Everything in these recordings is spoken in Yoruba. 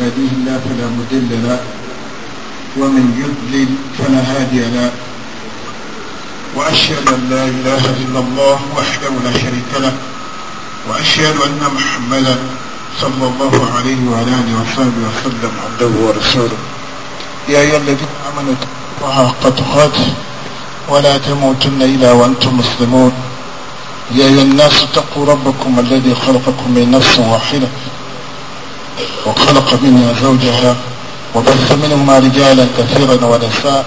يهديه الله فلا مضل له ومن يضلل فلا هادي له وأشهد أن لا إله إلا الله وحده لا شريك له وأشهد أن محمدا صلى الله عليه وعلى آله وصحبه وسلم عبده ورسوله يا أيها الذين آمنوا اتقوا الله حق تقاته ولا تموتن إلا وأنتم مسلمون يا أيها الناس اتقوا ربكم الذي خلقكم من نفس واحدة وخلق منها زوجها وبث منهما رجالا كثيرا ونساء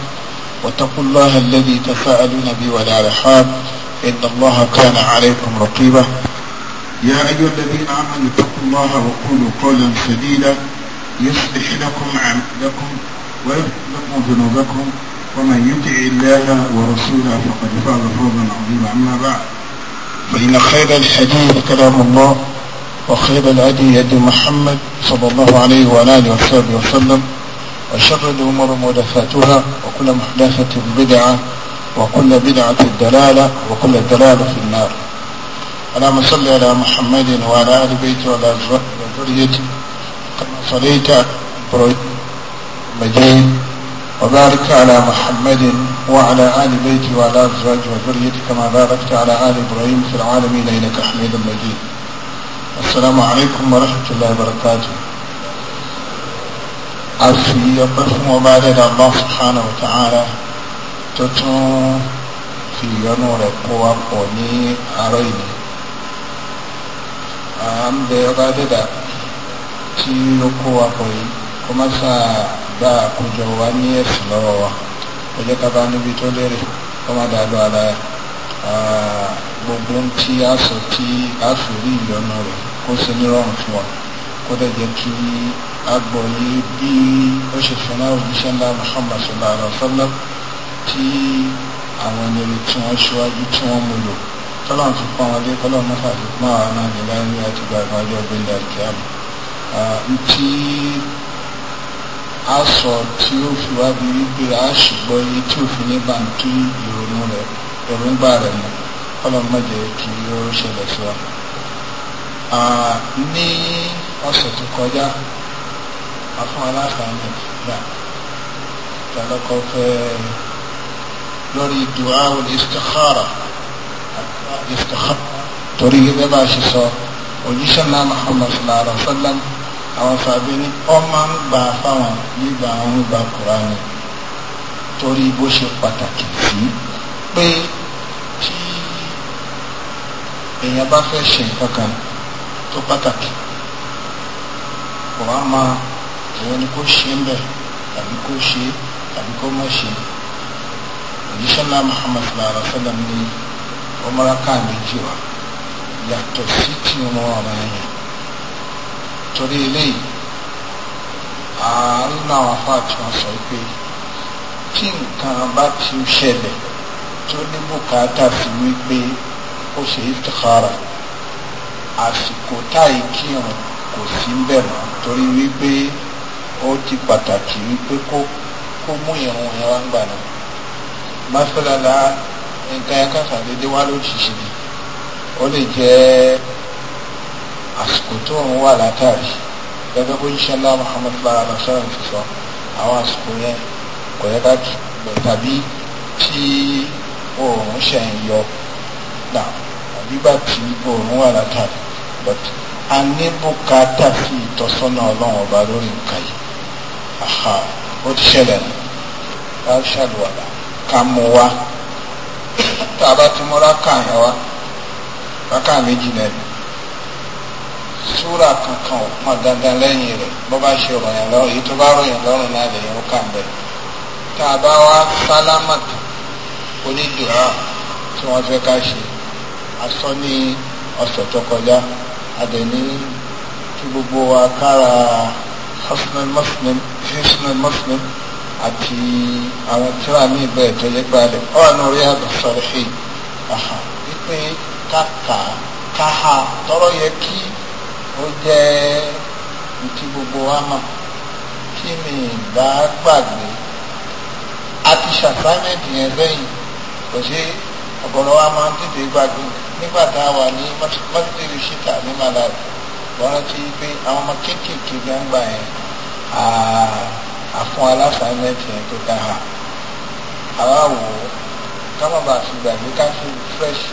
واتقوا الله الذي تساءلون به والارحام ان الله كان عليكم رقيبا يا ايها الذين امنوا اتقوا الله وقولوا قولا سديدا يصلح لكم عملكم ويغفر لكم ذنوبكم ومن يطع الله ورسوله فقد فاز فوزا عظيما اما بعد فان خير الحديث كلام الله وخير الهدي هدي محمد صلى الله عليه وعلى آله وصحبه وسلم وشر الأمور محدثاتها وكل محدثة بدعة وكل بدعة دلالة وكل دلالة في النار اللهم صل على محمد وعلى آل بيته وعلى ذريته كما صليت مجيد وبارك على محمد وعلى آل بيته وعلى أزواجه وذريته كما باركت على آل إبراهيم في العالمين إنك حميد مجيد السلام عليكم ورحمة الله وبركاته a fi ọpẹ́ fún ọba adẹ́dà Allah subhanahu wa ta'ala tó tún fi ìyọ́nú rẹ̀ kó wa pọ̀ ní àárọ̀ ìlú à ń bẹ ọba adẹ́dà tí ó kó wa pọ̀ yìí kó má sáà gba àkójọ wa ní ẹ̀sìn lọ́wọ́ wa ó jẹ́ ká bá níbi tó lérè kó má dá lọ àlàyé gbogbo ń tí a sọ tí a sì rí ìyọnu rẹ̀ kó ṣe nírọ̀rùn fún wa kó dẹ̀ jẹ́ kí a gbọ́ yé bí ó ṣe fún náà òjíṣẹ́ ńlá Muhammad sallallahu alaihi wa sallam tí àwọn ènìyàn tí wọ́n ṣíwájú tí wọ́n mú lò tọ́lọ́n fi pọ́n wọlé kọ́lọ́ mọ́fà fi pọ́n àwọn náà ní láyé àti gbàgbà ọjọ́ gbẹ̀lẹ̀ àkíyàmù ntí a sọ tí ó fi wá bí wípé a ṣùgbọ́n yìí tí òfin ní bá ń tún ìrònú rẹ̀ èròǹgbà rẹ̀ mọ̀ ọlọ́mọdé kì í ó ṣẹlẹ̀ sí wa. ní ọ̀sẹ̀ tó kọjá afún aláfààní náà tọ́lọ́kọ́ fẹ́ lórí dùá istikhara istikhara torí gẹ́gẹ́ bá a ṣe sọ òjíṣẹ́ náà Muhammad sallallahu alaihi wa sallam àwọn fàbí ní ọmọ ń gbà fáwọn nígbà àwọn ìgbà kúránì torí bó ṣe pàtàkì sí. Si pé tí èèyàn bá fẹ́ ṣe nǹkan kan tó pàtàkì kò wá máa èèyàn ni kó ṣe ń bẹ̀ tàbí kó ṣe tàbí kó má ṣe òjíṣẹ́ náà Muhammad sallallahu alaihi wa sallam ní ọmọláka méjì wa yàtọ̀ sí tí wọn wà báyìí torí eléyìí àárín náà wà fún àtúnṣe pé tí nǹkan bá ti ṣẹlẹ̀ tó ní bùkátà sí wípé ó ṣe istikhara àsìkò táì kírun kò sí ń bẹ̀ mọ́ torí wípé ó ti pàtàkì wípé kó kó mú ìrun yẹn wá ń gbà náà mọ́sálálá nǹkan ẹ̀ka sàdédé wá lóṣìṣẹ́ ni ó lè jẹ́ àsìkò tó ń wà látàrí gẹ́gẹ́ bó ń ṣe ńlá Muhammad bára lọ́sọ̀rọ̀ ń sọ àwọn àsìkò yẹn kò yẹ ká tàbí tí oòrùn ṣe ń yọ náà nígbà tí oòrùn wà látàrí but a ní bùkátà sí ìtọ́sọ́nà ọlọ́run ọba lórí nǹkan yìí aha ó ti ṣẹlẹ̀ nù bá ṣàlùwàlà ká mú wa tá a bá ti múra káàyàn wa rákà méjì lẹ́nu súra kankan ò pọn dandan lẹ́yìn rẹ̀ bó bá ṣe ròyìn lọ́rùn èyí tó bá ròyìn lọ́rùn náà lè yẹn ó kà ń bẹ̀ tá a bá wá sálámà tán onídùá tí wọ́n fẹ́ ká ṣe asọ́ ní ọ̀sẹ̀ tó kọjá adẹ̀ní kí gbogbo wa kára hafnan muslim hafnan muslim àti àwọn tíra mi bẹ́ẹ̀ tó yẹ gbàdẹ̀ ọ̀rọ̀ náà rí àgbà sọ̀rọ̀ ṣe wípé káka káha tọrọ yẹ kí ó jẹ́ ìtí gbogbo wa mọ̀ kí mi bá gbàgbé a ti yẹn lẹ́yìn kò ṣe ọ̀pọ̀lọ́ wa máa ń tètè gbàgbé nígbà tá a wà ní mọ́tìtìrì ṣìkà ní malawi lọ́rọ́ tí pé àwọn ọmọ kéékèèké gbẹ́ngbà yẹn àfún aláfàámẹ́tì yẹn tó ká hà àwa wò ó ká má fi gbàgbé ká fi fresh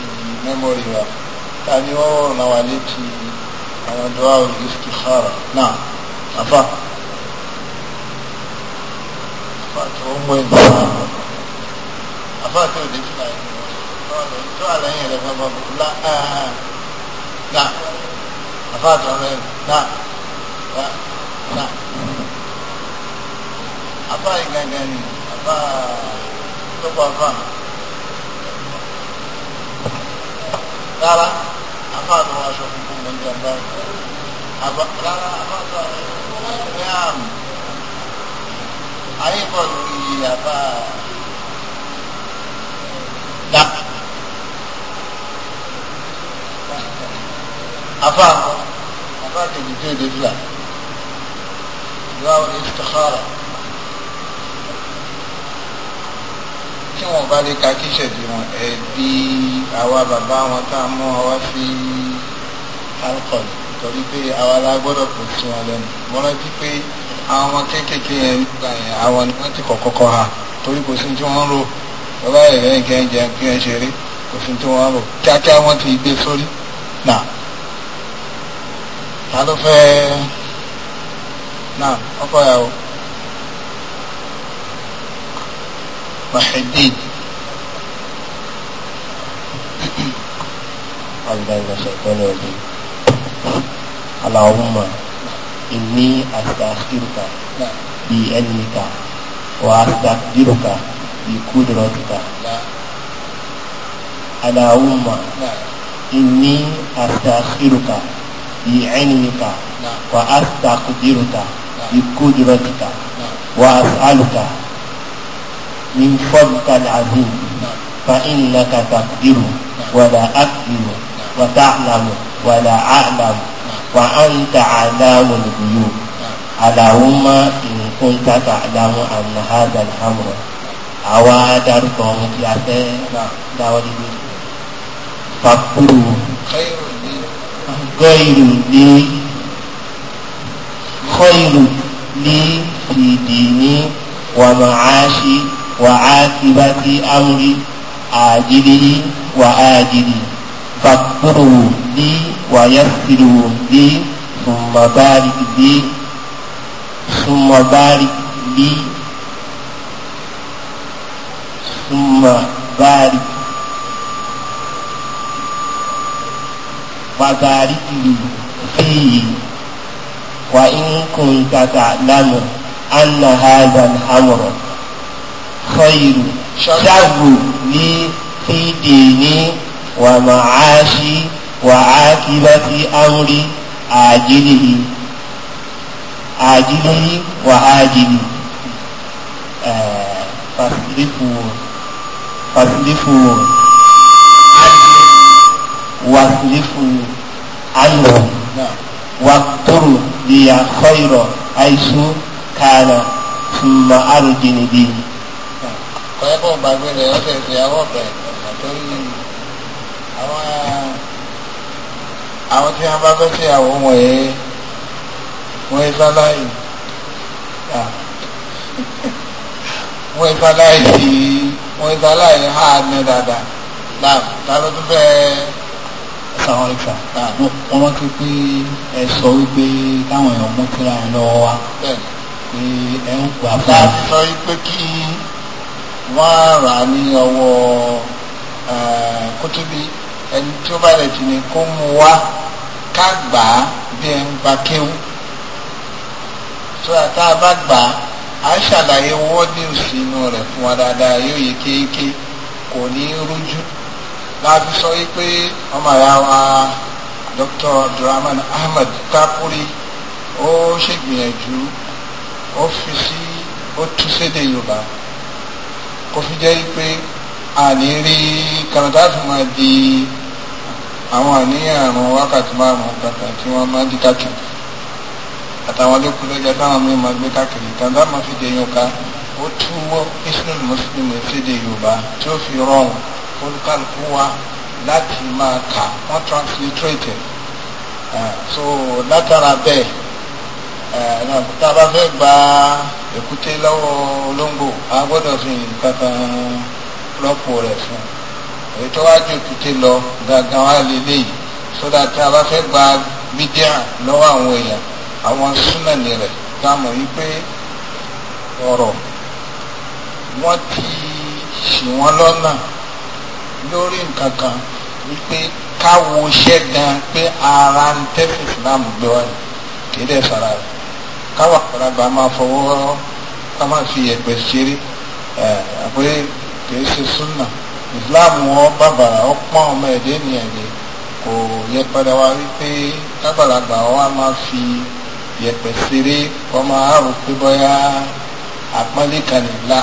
memory wa tàbí wọ́n wọ̀ náà wà létí àwọn dọ́wà olùdíṣkì xara náà àfà àfà tó ń mú ìgbà náà. آپ سے آپ آپ تھوڑا سو آئی پر la afa afa kejì tó yẹ dèbìlà du'a istikhara tí wọn bá lè ka kí ṣẹ̀dí wọn ẹbí àwa bàbá wọn tá a mú àwa fi alcohol torí pé àwa la gbọ́dọ̀ kò tún wọn lẹ́nu mo rántí pé àwọn kéékèèké yẹn nígbà yẹn àwọn ni wọ́n ti kọ̀kọ́kọ́ ha torí kò sí tí wọ́n ń rò bàbá rẹ̀ rẹ̀ jẹun jẹun kí wọ́n ṣeré òfin tó wọ́n rò kíákíá wọ́n ti gbé sórí náà ta ló fẹ́ náà ọkọ yà ó wàhídìn اللهم إني أستغفرك بأنك وأستقدرك بقدرتك اللهم إني أستأخرك بعلمك وأستقدرك بقدرتك وأسألك من فضلك العظيم فإنك تقدر ولا أقدر وتعلم ولا أعلم وأنت علام الغيوب اللهم إن كنت تعلم أن هذا الأمر àwa dárúkọ wọn tí a fẹ́ dáwọ́ nínú fàkúrò gọ́ìrù ní kọ́ìrù ní fìdí ní wàmàáṣí wàákìbátí amúrí àjílẹ̀ wà ájílẹ̀ fàkúrò ní wàyásìrò ní sùmọ̀bárì ní sùmọ̀bárì ní. ثم بارك وبارك لي فيه وإن كنت تعلم أن هذا الأمر خير شر لي في ديني ومعاشي وعاقبة أمري عاجله عاجله وعاجله فاصرفوا fasilifu wasilifu alo wakuturu liya khoiro aisu kaala suma arujini dini. kọ́ẹ́kọ́ gbàgbé rẹ̀ ọ̀sẹ̀ ṣe àwọn ọ̀bẹ̀ àtọ́rí àwọn àwọn tí wọ́n bá fẹ́ ṣe àwọn ọmọ yẹn wọ́n yẹ sáláì wọ́n yẹ sáláì sí i wọn ìgbà láàyè ha ní dáadáa náà dáná tó bẹ́ẹ̀ sàwọn ìgbà náà wọ́n wá ké pé ẹ sọ wípé káwọn èèyàn mú kíra wọn lọ́wọ́ wa pé ẹ ń gbà fún wa. láti sọ wípé kí wọ́n rà á ní ọwọ́ kótóbi ẹni tí ó bá rẹ̀ ti ní kó mú wa ká gbà á bí ẹ ń gba kéwù. sọ́dà tá a bá gbà á à ń ṣàlàyé wọ́dìlù sínú rẹ̀ fún wa dáadáa yóò yé kéèké kò ní rújú láti sọ wípé ọmọ ìyá wa Dr. Abdulrahman Ahmed Kakuri ó ṣègbìyànjú ó fi sí ó tú sédè Yorùbá kò fi jẹ́ pé àní rí kànáńtà tó máa di àwọn àníyàn àrùn wákàtí márùn-ún kàkà tí wọ́n máa di kákìtì àtàwọn olókùn lọ́jà táwọn míì máa gbé káàkiri tàbí àmọ́ fi dé yín ká ó túwọ́ islam muslim ìfẹ́dé yorùbá tí ó fi rọrùn olùkálùkù wa láti máa kà wọ́n transliterate so látara bẹ́ẹ̀ tá a bá fẹ́ gba èkúté lọ́wọ́ olóńgbò a gbọ́dọ̀ fi nǹkan kan rọ́pò rẹ̀ fún èyí tó wájú èkúté lọ gàgàn wa lélẹ́yìí sódà tí a bá fẹ́ gba bídíà lọ́wọ́ àwọn èèyàn àwọn súnàní rẹ̀ tá a mọ̀ wípé ọ̀rọ̀ wọ́n ti ṣì wọ́n lọ́nà lórí nǹkan kan wípé káwo iṣẹ́ gan pé ara ń tẹ́lẹ̀ Islam gbé wa kì í dẹ̀ fara rẹ̀ káwọn àgbàlagbà máa fọwọ́ ká má fi ẹ̀gbẹ́ ṣeré àpé kì ṣe súnà Islam wọn bàbàrà ọpọ́n ọmọ ẹ̀dẹ́ nìyẹn kò yẹ padà wá wípé kágbàlagbà wa máa fi yẹ̀pẹ̀ ṣeré ọmọ àrùn pé bọ́yá àpọ́nlé kan nìlá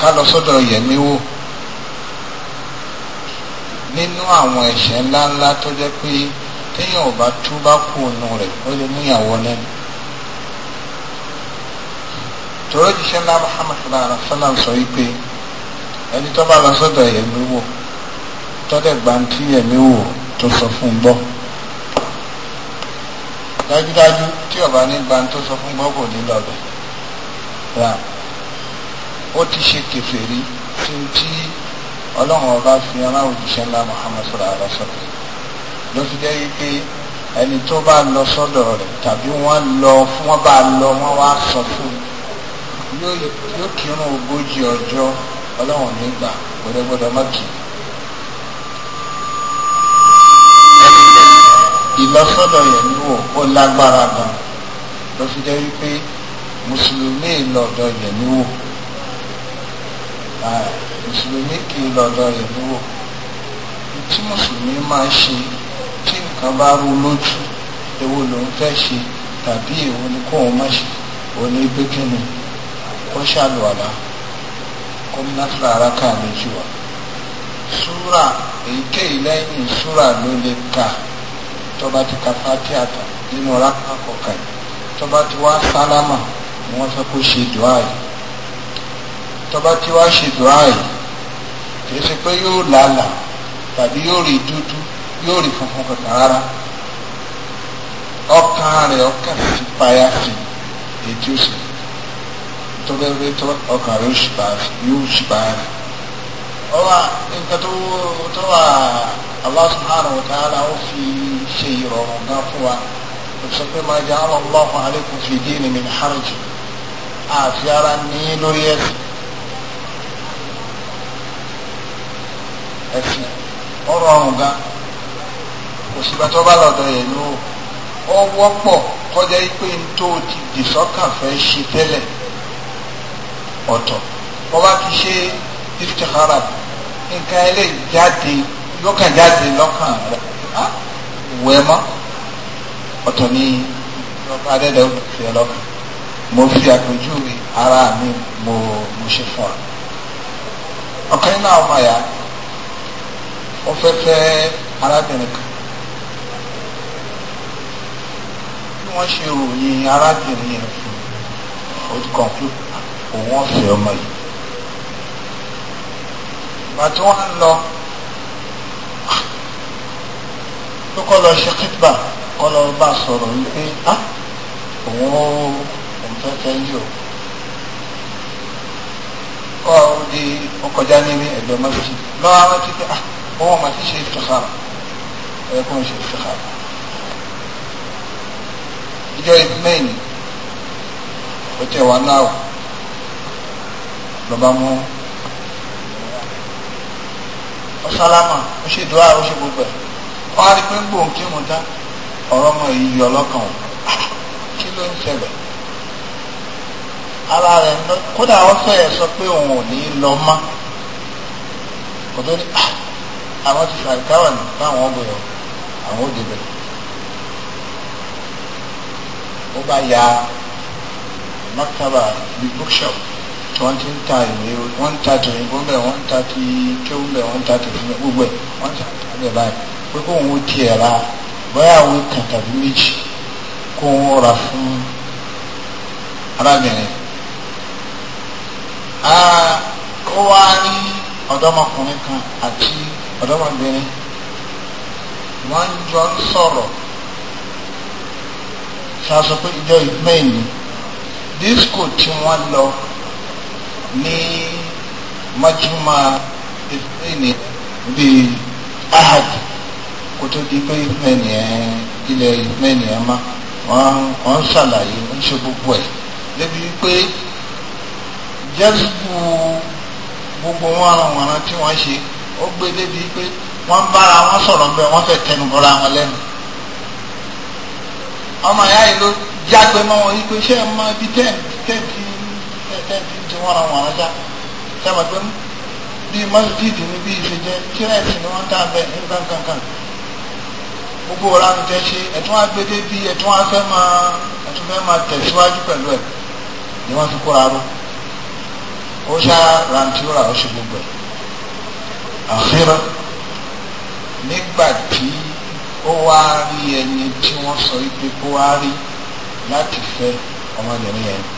ká lọ sọ́dọ̀ yẹ̀mí wò nínú àwọn ẹ̀ṣẹ̀ ńláńlá tó jẹ́ pé téèyàn ò bá tú bá kú ònú rẹ̀ ó lè mú ìyàwó lẹ́nu. tòró jíṣẹ́ ńlá Muhammad sallallahu alaihi sọ wípé ẹni tó bá lọ sọ́dọ̀ yẹ̀mí wò tọ́tẹ̀ gbàǹtí yẹ̀mí wò tó sọ fún un gbọ́ dájúdájú tí ọba ní gba tó sọ fún gbọ́kò ní lọ́bẹ̀ ra ó ti ṣe kèfèrí tí ń tí ọlọ́run ọba fi ara òjíṣẹ́ ńlá Muhammad sọ̀rọ̀ àrà sọ̀rọ̀ ló fi jẹ́ wípé ẹni tó bá lọ sọ́dọ̀ rẹ̀ tàbí wọ́n lọ wọ́n bá lọ wọ́n wá sọ fún yóò kírun ogójì ọjọ́ ọlọ́run nígbà gbọdọgbọdọ mọ́kì ìlọsọ́dọ̀ yẹn ni wò ó lágbára gan ló fi jẹ́ wípé mùsùlùmí ìlọ̀dọ̀ yẹn ni wò ah, mùsùlùmí kì í lọ̀dọ̀ yẹn ni wò tí mùsùlùmí máa ń ṣe tí nǹkan bá rú lójú èwo lòun fẹ́ ṣe tàbí èwo ni kóun má ṣe òun ní gbé kíni kó ṣàlùwàlá kó rárá káà méjì súrà èyíkéyìí lẹ́yìn súrà ló lè kà tọba ti ka fati àtọ nínú rákà kọkàn tọba ti wá sálámà ni wọn fẹ́ kó ṣe dùá yìí tọba ti wá ṣe dùá yìí kìí ṣe pé yóò làálà tàbí yóò rí dúdú funfun kankan rárá ọkàn rẹ̀ ọkàn ti payá sí ètí òsì tó bẹ́ẹ̀ bẹ́ẹ̀ tó ọkàn rẹ̀ yóò ṣì bá rẹ̀ ọwà nǹkan tó tó wà Allah subhanahu wa ta'ala ó fi ṣe ìrọ̀rùn gan fún wa kò sọ pé máa jẹ́ àwọn ọlọ́kùn alaykum fi dini min haraj àfi ara ní lórí ẹ̀sìn ẹ̀sìn ọ̀rọ̀ ọ̀rùn gan kò sígbà tó bá lọ́dọ̀ yẹn ló ó wọ́pọ̀ kọjá pé n tó ti dìsọ́kàn ṣe tẹ́lẹ̀ ọ̀tọ̀ wọ́n bá ti ṣe ìtìkárà nǹkan eléyìí jáde lọ́kàn jáde lọ́kàn rẹ̀ wẹ́ mọ́ ọ̀tọ̀ ni ọba adẹ́dẹ́ ó fi ọ lọ́kàn mo fi àpèjúwe ara mi mo mo ṣe fún ọ. ọ̀kan nínú àwọn ọmọ àyà ó fẹ́ fẹ́ arábìnrin kan bí wọ́n ṣe ròyìn arábìnrin yẹn fún un ó kàn pé òun ọ̀fẹ́ ọmọ yìí ìgbà tí wọ́n ń lọ tó kọ́ lọ ṣe kíkbà kọ́ lọ bá sọ̀rọ̀ wípé á òun ó òun fẹ́ fẹ́ yí o kọ́ ọ di ọkọjá níbi ẹ̀gbẹ́ mọ́tò lọ́wọ́ àwọn ti pé á òun ọmọ ti ṣe ìtọ́sára ẹ̀kún ṣe ìtọ́sára ìjọ ìdílẹ́yìn ó tẹ̀ wá náà lọ́ba mú ó sálámà ó ṣe dùá ó ṣe gbogbo ẹ̀ wọ́n á rí pé gbòòn kí mo dá ọ̀rọ̀ ọmọ yìí yọ lọ́kàn o kí ló ń ṣẹlẹ̀ ara rẹ̀ ń lọ kódà ó fẹ́ẹ̀ sọ pé òun ò ní lọ mọ́ kò àwọn ti ṣàìkáwà ní báwọn ọgbọ̀n yọ àwọn ò débẹ̀ ó bá ya mọ́tàbà bíi bookshop wọ́n ti ń ta ìwé wọ́n ń ta tòyìnbó bẹ́ẹ̀ one ń ta ti kéwù bẹ́ẹ̀ wọ́n ń ta tòyìnbó gbogbo ẹ̀ wọ́n ti ta bẹ́ẹ̀ báyìí pé kóun ó tiẹ̀ ra bóyá àwọn kan tàbí méjì kóun ó ra fún arábìnrin ó wá ní ọ̀dọ́mọkùnrin kan àti ọ̀dọ́mọbìnrin wọ́n jọ ń sọ̀rọ̀ ṣáṣọ pé ìjọ ìgbẹ́yìn disco tí wọ́n lọ ní májúmọ́ ìfẹ́ni bíi ahad kó tó di pé ìfẹ́ni ẹ̀ ilẹ̀ ìfẹ́ni ẹ̀ má wọ́n ń ṣàlàyé ń ṣe gbogbo ẹ̀ débi pé jẹ́sùkú gbogbo wọn àwọn tí wọ́n ṣe ó gbé débi pé wọ́n bára wọn sọ̀rọ̀ bẹ́ẹ̀ wọ́n fẹ́ tẹnu bọ́ra wọn lẹ́nu ọmọ ìyá yìí ló jágbe mọ́ wọn yìí pé ṣé ẹ mọ ibi tẹ́ǹtì tí wọ́n ra wọn ajá sábà pé bíi masjid ni bíi ṣe jẹ́ kírẹ́ẹ̀tì ni wọ́n dà bẹ́ẹ̀ ní kankankan gbogbo ọ̀la ń tẹ́ ṣe agbede bíi ẹ̀tún afẹ́ máa ẹ̀tún fẹ́ máa tẹ̀síwájú pẹ̀lú ẹ̀ ni wọ́n fi kóra ró ó ṣá rántí ó rà ó ṣe gbogbo ẹ̀ nígbà tí ó wá rí ẹni tí wọ́n sọ wípé kó wá rí láti fẹ́ ọmọbìnrin yẹn.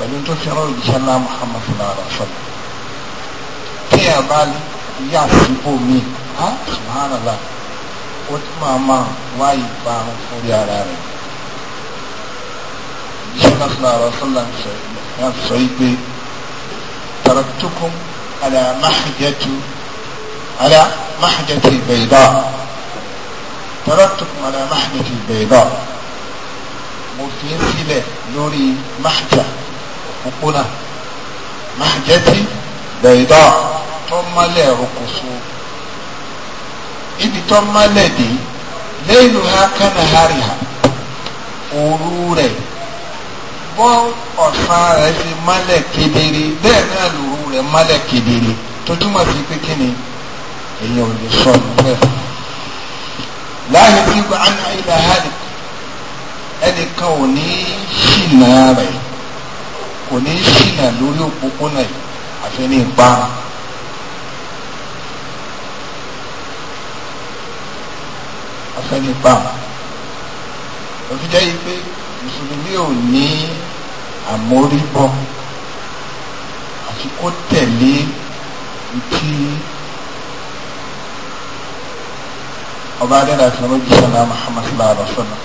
domin tó ti rán ìdíṣẹ́ ńlá muhammad sallallahu alaihi wa sallam tí ẹ bá yà síbò mi á subhanallah ó tún máa máa wá ìparun fún rí ara rẹ̀ ìdíṣẹ́ ńlá sallallahu alaihi wa sallam yà sọ yìí pé taraktukum ala mahjatu ala mahjati bayda taraktukum ala mahjati bayda mo fi ń sílẹ̀ lórí mahjati. òpópónà máa jẹ́ tí bẹ̀yìdọ́ tọ́mọ́lẹ̀ okòso ibi tọ́mọ́lẹ̀ dé lẹ́yìnlú ha kánà hárì ha òru rẹ̀ bọ́ ọ̀sán rẹ̀ fi mọ́lẹ̀ kedere bẹ́ẹ̀ náà lòru rẹ̀ mọ́lẹ̀ kedere tó túmọ̀ sí pé kí ni èèyàn ò lè sọ ọ̀nà bẹ́ẹ̀ láàyè tí gbà ilẹ̀ hárì ẹnìkan ò ní ṣìnà rẹ̀ kò ní ṣìnà lórí òpópónà yìí àfi ní ìparun. afẹ́ni báwọn òfin jẹ́ pé mùsùlùmí ò ní àmóríbọ́ àti kó tẹ̀lé ìtì ọba adéla sọlọ́jì sọlá Muhammad sallallahu alaihi wa sallam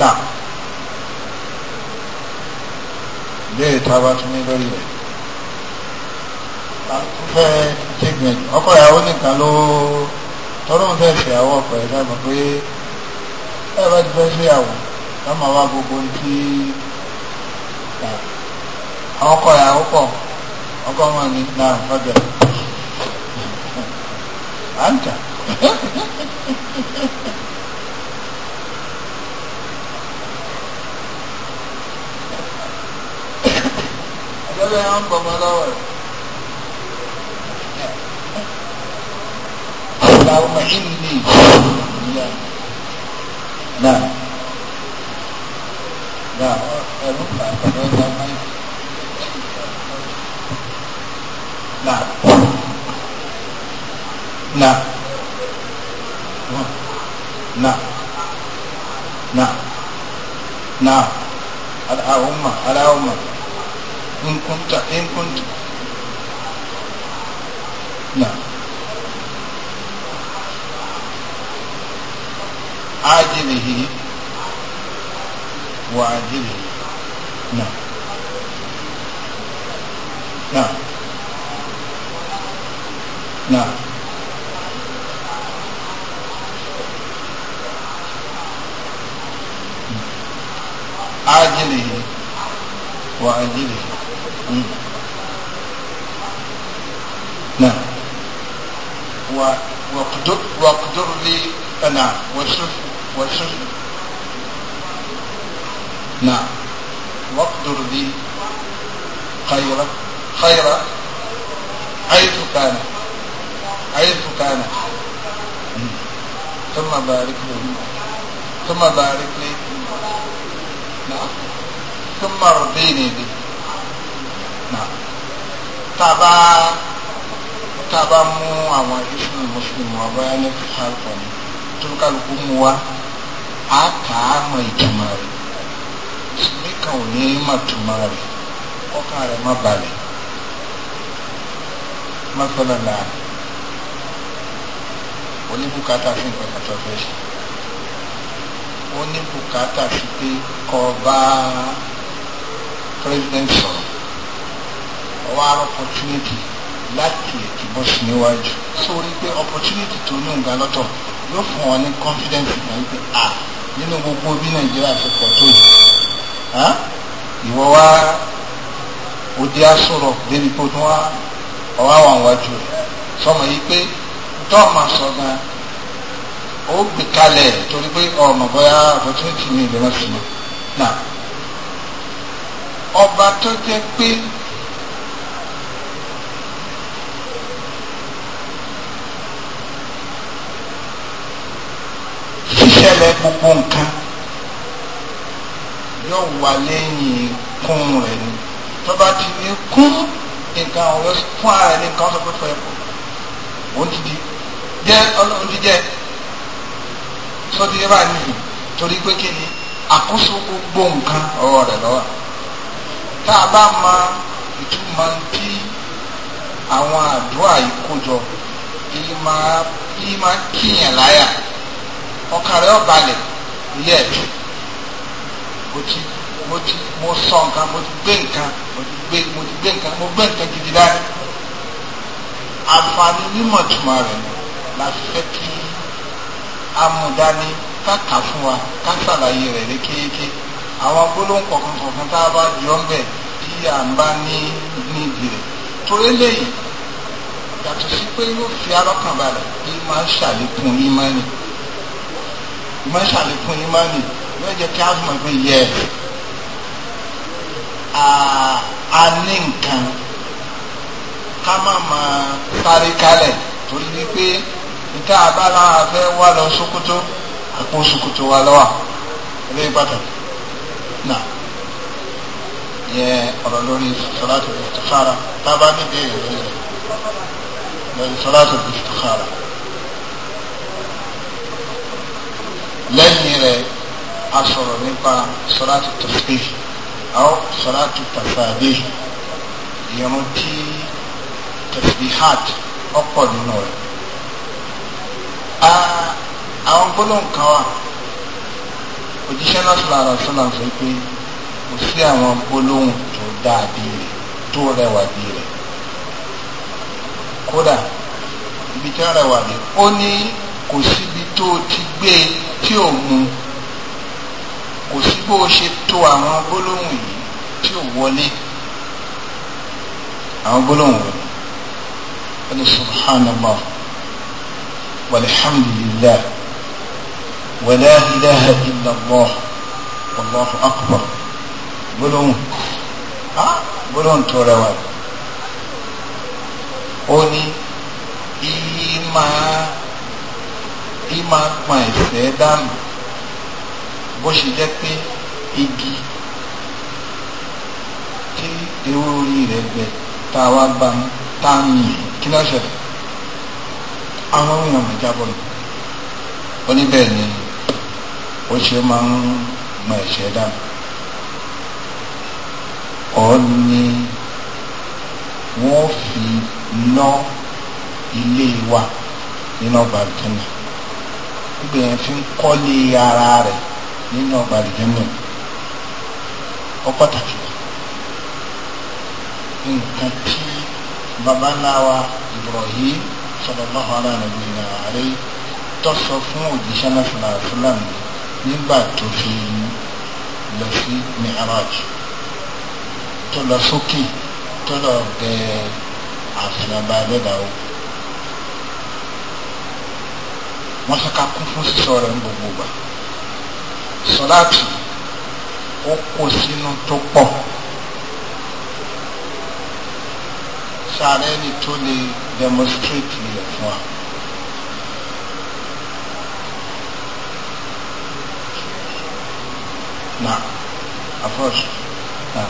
náà. ìbéèrè tó a bá tún ní lórí rẹ̀ fẹ́ jẹ́gbẹ̀ẹ́ ọkọ ìyàwó nìkan ló tọ́lọ́ fẹ́ fi àwọn ọkọ ẹ̀dá mọ̀ pé ẹ bá ti fẹ́ sí àwọn ká máa wá gbogbo ní kí àwọn ọkọ ìyàwó pọ̀ ọkọ ọmọ ní náà fọ́jọ́ à ń tà. ولا ينضم ولا ولد اللهم إني نعم نعم نعم نعم نعم نعم نعم على أمة على أمة إن كنت إن كنت نعم عاجله وعاجله نعم نعم نعم عاجله وعاجله واقدر واقدر لي أنا وشف وشف نعم واقدر لي خيرا خيرا حيث كان حيث كان ثم بارك لي ثم بارك لي نعم ثم ارضيني به نعم طبعا tá a bá mú àwọn ìṣúná mùsùlùmí wa ní fífàlùfọ̀ ni tó kálukú mú wa á kà á mọ ìtumọ̀ rẹ̀ mùsùlùmí kan ò ní mọ̀ ìtumọ̀ rẹ̀ kọ́kàn rẹ̀ má balẹ̀ má fẹ́lẹ̀ náà oníbùkátà fún ìpẹ́kẹ́ tó fẹ́ oníbùkátà sí pé kọ́ bá president sọ̀rọ̀ ọwọ́ àrùn opportunity láti èkì bó sì níwájú sórí pé opportunity tó ní nǹkan lọ́tọ̀ yóò fún wọn ní confidence ìgbà wípé à nínú gbogbo bí nàìjíríà ti pọ̀ tó yìí ìwọ wá òde asọ̀rọ̀ débi kó tún wá ọwọ́ àwọn àwájú rẹ̀ sọmọ yìí pé tọ́ọ̀mà sọ gan ó gbé kalẹ̀ torí pé ọmọ bóyá opportunity mi ìbẹ̀rẹ̀ sí mi náà ọba tó jẹ́ pé ìṣẹ̀lẹ̀ gbogbo nǹkan yóò wà lẹ́yìn kún rẹ̀ ni tó bá ti ní kún nǹkan ọ̀rọ̀ fún ara ẹni nǹkan sọ pé fẹ́ pọ̀ òun ti di jẹ́ ọlọ́run ti jẹ́ sọ́dí yẹn bá torí pé kí ni àkóso gbogbo nǹkan ọ̀rọ̀ rẹ̀ lọ́wọ́ tá a bá ma ìtumọ̀ tí àwọn àdúrà yìí kó jọ ìmọ̀ ìmọ̀ kíyàn láyà ọkàn rẹ̀ ọ̀balẹ̀ ilé ẹ̀dùn mo ti mo ti mo sọ nǹkan mo ti gbé nǹkan mo ti gbé mo ti gbé nǹkan mo gbé nǹkan gidi dání àǹfààní mímọ̀túmọ̀ rẹ̀ la fẹ́ kí amúdání káka fún wa ká ṣàlàyé rẹ̀ ní kéèké àwọn gbólóhùn kọ̀ọ̀kan kọ̀ọ̀kan tá a bá jọ ń bẹ̀ tí à ń bá ní ní ìdí rẹ̀ torí lẹ́yìn yàtọ̀ sí pé yóò fi alọ́kàn balẹ̀ bí máa ń ṣàlékún ìmọ̀ ẹni ìmọ̀ ṣàlékún ní mánì yóò jẹ́ kí á mọ̀ pé yẹ a ní nǹkan ká má máa parí kalẹ̀ torí wípé níta abala afẹ́ wà lọ Sókótó àpò Sókótó wa lọ́wọ́ ilé pàtàkì náà yẹ ọ̀rọ̀ lórí sọ́láàtò ìtìfára tá a bá níbi èrè lórí sọ́láàtò ìtìfára. lẹ́yìn rẹ̀ a sọ̀rọ̀ nípa sọ́láàtì tẹ̀sí àwọn sọ́láàtì tàfàdé ìrun tí tẹ̀síhàt ọ̀pọ̀ nínú rẹ̀. àwọn gbólóhùn kan wà òjíṣẹ́ náà sọ̀rọ̀ àrà sọ́nà sọ pé kò sí àwọn gbólóhùn tó dáa rẹ̀ tó rẹwà bí rẹ̀ kódà ibi tí wọ́n rẹwà bí ó ní kò síbi tó o ti gbé e tí ò mu kò sí bó o ṣe to àwọn gbólóhùn yìí tí ò wọlé àwọn gbólóhùn wọlé wọ́n subhanallah walhamdulillah wala illallah wallahu akbar gbólóhùn gbólóhùn tó rẹwà ó ní ìyí máa máa pọn ẹ̀fẹ́ dànù bó ṣe jẹ́ pé igi tí ewé orí rẹ̀ gbẹ tá a wá gbà mú tá a yìn kí ló ṣẹlẹ̀ àwọn èèyàn mọ̀ jábọ̀ ni ní bẹ́ẹ̀ ni ó ṣe máa ń mọ ẹ̀ṣẹ̀ dànù ọ̀ ni wọ́n fi ná ilé wa nínú ọgbà ìtúnà ibẹ̀ fi ń kọ́lé ara rẹ̀ nínú ọgbà àlùjànnà ọ pàtàkì nǹkan tí baba ńlá wa Ibrahim sallallahu alaihi wa sallam tó sọ fún òjíṣẹ́ náà fúlàní fúlàní nígbà tó fi lọ sí mi'raj tó lọ sókè tó lọ bẹ àfìlàbà ẹlẹ́dàá o. wọ́n fẹ́ ká kún fún sísọ rẹ̀ ní gbogbo gbà sọláàtù ó kó sínú tó pọ̀ sáré ni tó lè demonstrate rẹ̀ fún wa. na approach na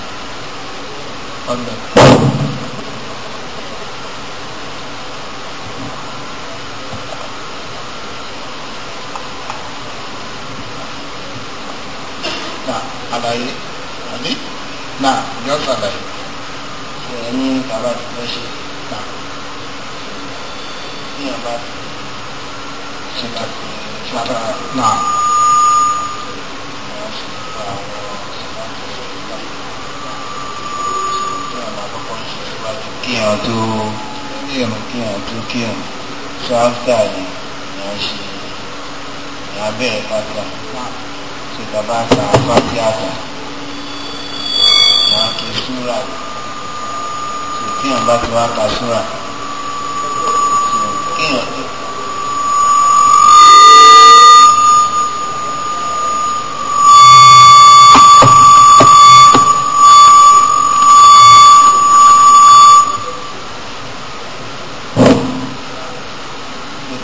ọ̀dọ̀. àlàyé àbí Nah, ìjọ sàlàyé Ini ní masih àtúntò Ini náà ní ọba Nah, ìṣàtà náà. kíyàn tó kíyàn kíyàn tó kíyàn so after yìí ni wọ́n ṣe ìyàbẹ̀rẹ̀ pátá ṣe bàbá àtà àbájí àtà máa ké súrà tó kéèyàn bá ti wá ka súrà tó kéèyàn tó.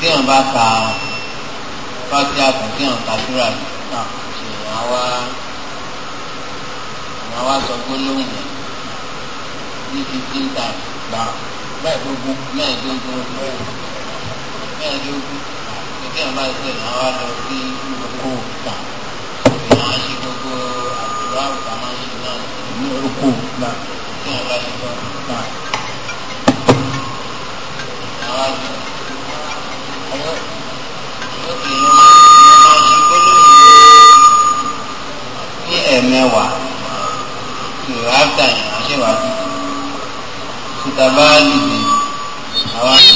kéèyàn bá ka fásitì àtúntì hàn kásúrà náà wa àmọ́ wa sọ gbólóhùn bí fifteen times gbà mẹ́ẹ̀ẹ́dógún mẹ́ẹ̀ẹ́dógún mẹ́ẹ̀ẹ́dógún kí ẹ̀ máa ṣe àwọn wa lọ sí oko gbà ìyá ṣe gbogbo àtúrò àwùjọ máa ṣe náà ní oko gbà kí ẹ̀ máa ṣe gbogbo gbà. àwọn àgbẹ̀ lẹ́ẹ̀mẹ́wàá ìwà àtàyàn àṣewàdí tìtàbáàlì àwọn.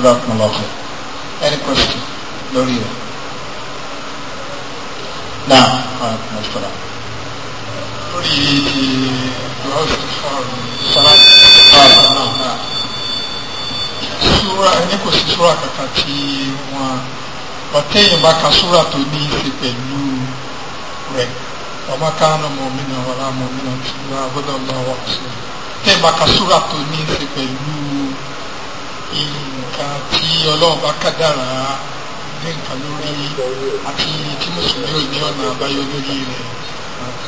Jazakumullahu khair. Any question? No rẹ̀. Now, àwọn ọmọ ìṣọ̀rọ̀. Lórí ti Rọ́ọ̀sì Fọ́ọ̀rù Sàlàyé Báàlù náà. Súra ẹni kò sí súra kankan tí wọ́n ọ̀tẹ́yìn bá ka súra tó ní í ṣe pẹ̀lú rẹ̀. Ọmọ káánù mọ̀mínà wàlá mọ̀mínà tí wọ́n agbọ́dọ̀ lọ́wọ́ sí. Tẹ́yìn bá ka súra tó ní í ṣe pẹ̀lú ìyìn nǹkan tí ọlọ́run bá kádàrá ní nǹkan lórí àti tí mùsùlùmí ò ní ọ̀nà àbáyọ lórí rẹ̀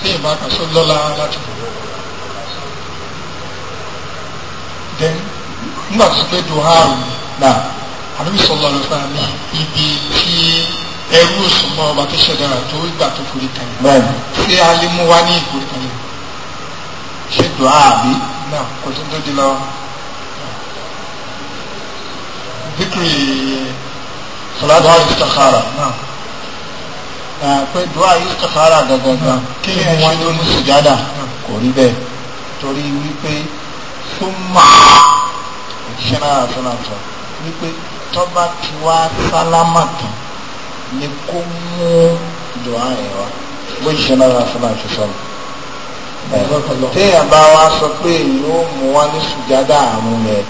ní ìbákan sọ lọ́la láti bọ̀. then nígbà tó pé duha náà àbí sọlọ rẹ fún mi ibi tí ẹrú òṣùnmọ́ ọba tó ṣẹ̀dá rẹ̀ tó ìgbà tó forí kan yìí ṣé a lè mú wá ní ìforí kan yìí ṣé duha àbí náà kò tó tó di lọ́wọ́. ذكر صلاة دعاء الاستخارة نعم pé dùá istikhara gangan kí ẹ ṣe lórí sùjádà kò rí bẹ́ẹ̀ torí wípé súnmọ́ òṣìṣẹ́ náà sọ́nà sọ wípé tọ́ba tí wá sálámà tán ni kó mú dùá ẹ̀ wá bó ṣiṣẹ́ náà sọ́nà ti sọ̀rọ̀ téèyàn bá wá sọ pé èyí mú wá ní sùjádà àrùn rẹ̀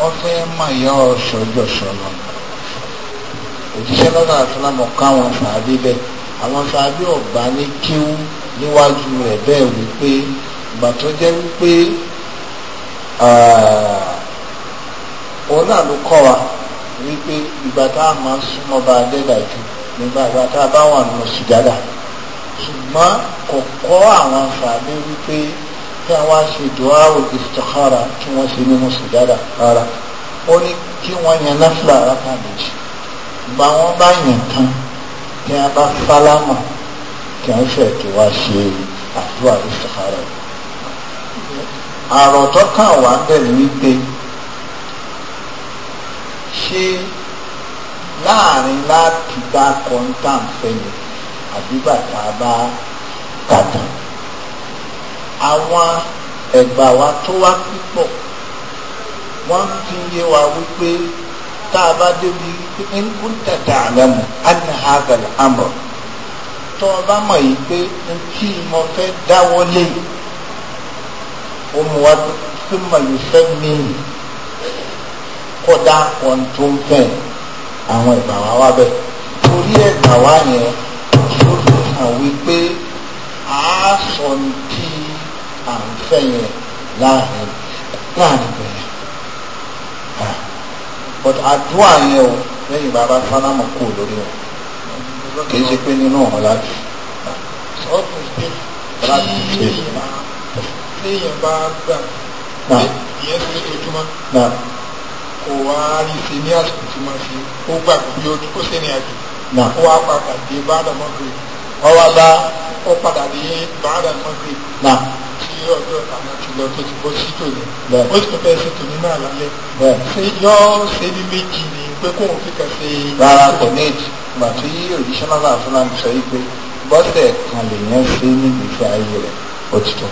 wọ́n fẹ́ mọ̀ yọ ọ̀ṣọ́jọ́ sọ̀rọ̀ òjíṣẹ́ lọ́dọ̀ àfúlámọ̀ káwọn fàábí bẹ́ẹ̀ àwọn fàábí ọ̀gbá ní kíú níwájú rẹ̀ bẹ́ẹ̀ wípé ìgbà jẹ́ wípé òun ló kọwa wípé ìgbà tá a bá ṣùgbọ́n kò wípé kí wọ́n ṣe dùá istikhara kí wọ́n ṣe nínú sùjádà rárá ó ní kí wọ́n yan náfìlà rákà méjì ìgbà wọn bá yàn tán kí wọ́n bá fálámà kí wọ́n fẹ́ kí wọ́n ṣe àdúrà istikhara àròtọ́ kan wà bẹ̀rẹ̀ wípé ṣé láàrin láti bá kọ́ńtà ń fẹ́ ni àbí bàtà bá kàtàn àwọn ẹ̀gbà wa tó wá pípọ̀ wọ́n fi yé wa wípé tá a bá débi wípé ń kún tẹ̀tẹ̀ àlẹ́mù anna hazel amọ̀ tó o bá mọ̀ yìí pé n tí mo fẹ́ dáwọ́ lé ọmọ wa tó mọ̀ yìí fẹ́ mí kódà ohun tó ń fẹ́ àwọn ẹ̀gbà wa wá bẹ̀ torí ẹ̀gbà wa yẹn ló fi hàn wípé a sọ ní fẹ̀yìn rẹ̀ láàrin láàrin but àdúrà yẹn o lẹ́yìn bàbá sálámù kú lórí o kì í ṣe pé nínú ọ̀hún láti. ọ̀pọ̀ pé tí èèyàn bá gbà ìyẹn fi ojúmọ́ kò wá rí i ṣe ní àsìkò tí wọ́n ṣe ó gbà pé ojú kò sẹ́ni àjò ó irú ọjọ́ àná jùlọ tó ti bọ́ sí tòní ó sì fẹ́ sí tòní náà lálẹ́ ṣé yọ ṣe ní méjì ni pé kóun fi kàn ṣe. rárá kò ní ìgbà tí òjíṣẹ́ máa bá fúnra mi sọ yìí pé bọ́sẹ̀ kan lèèyàn ṣe ní ìgbésí ayé rẹ̀ òtítọ́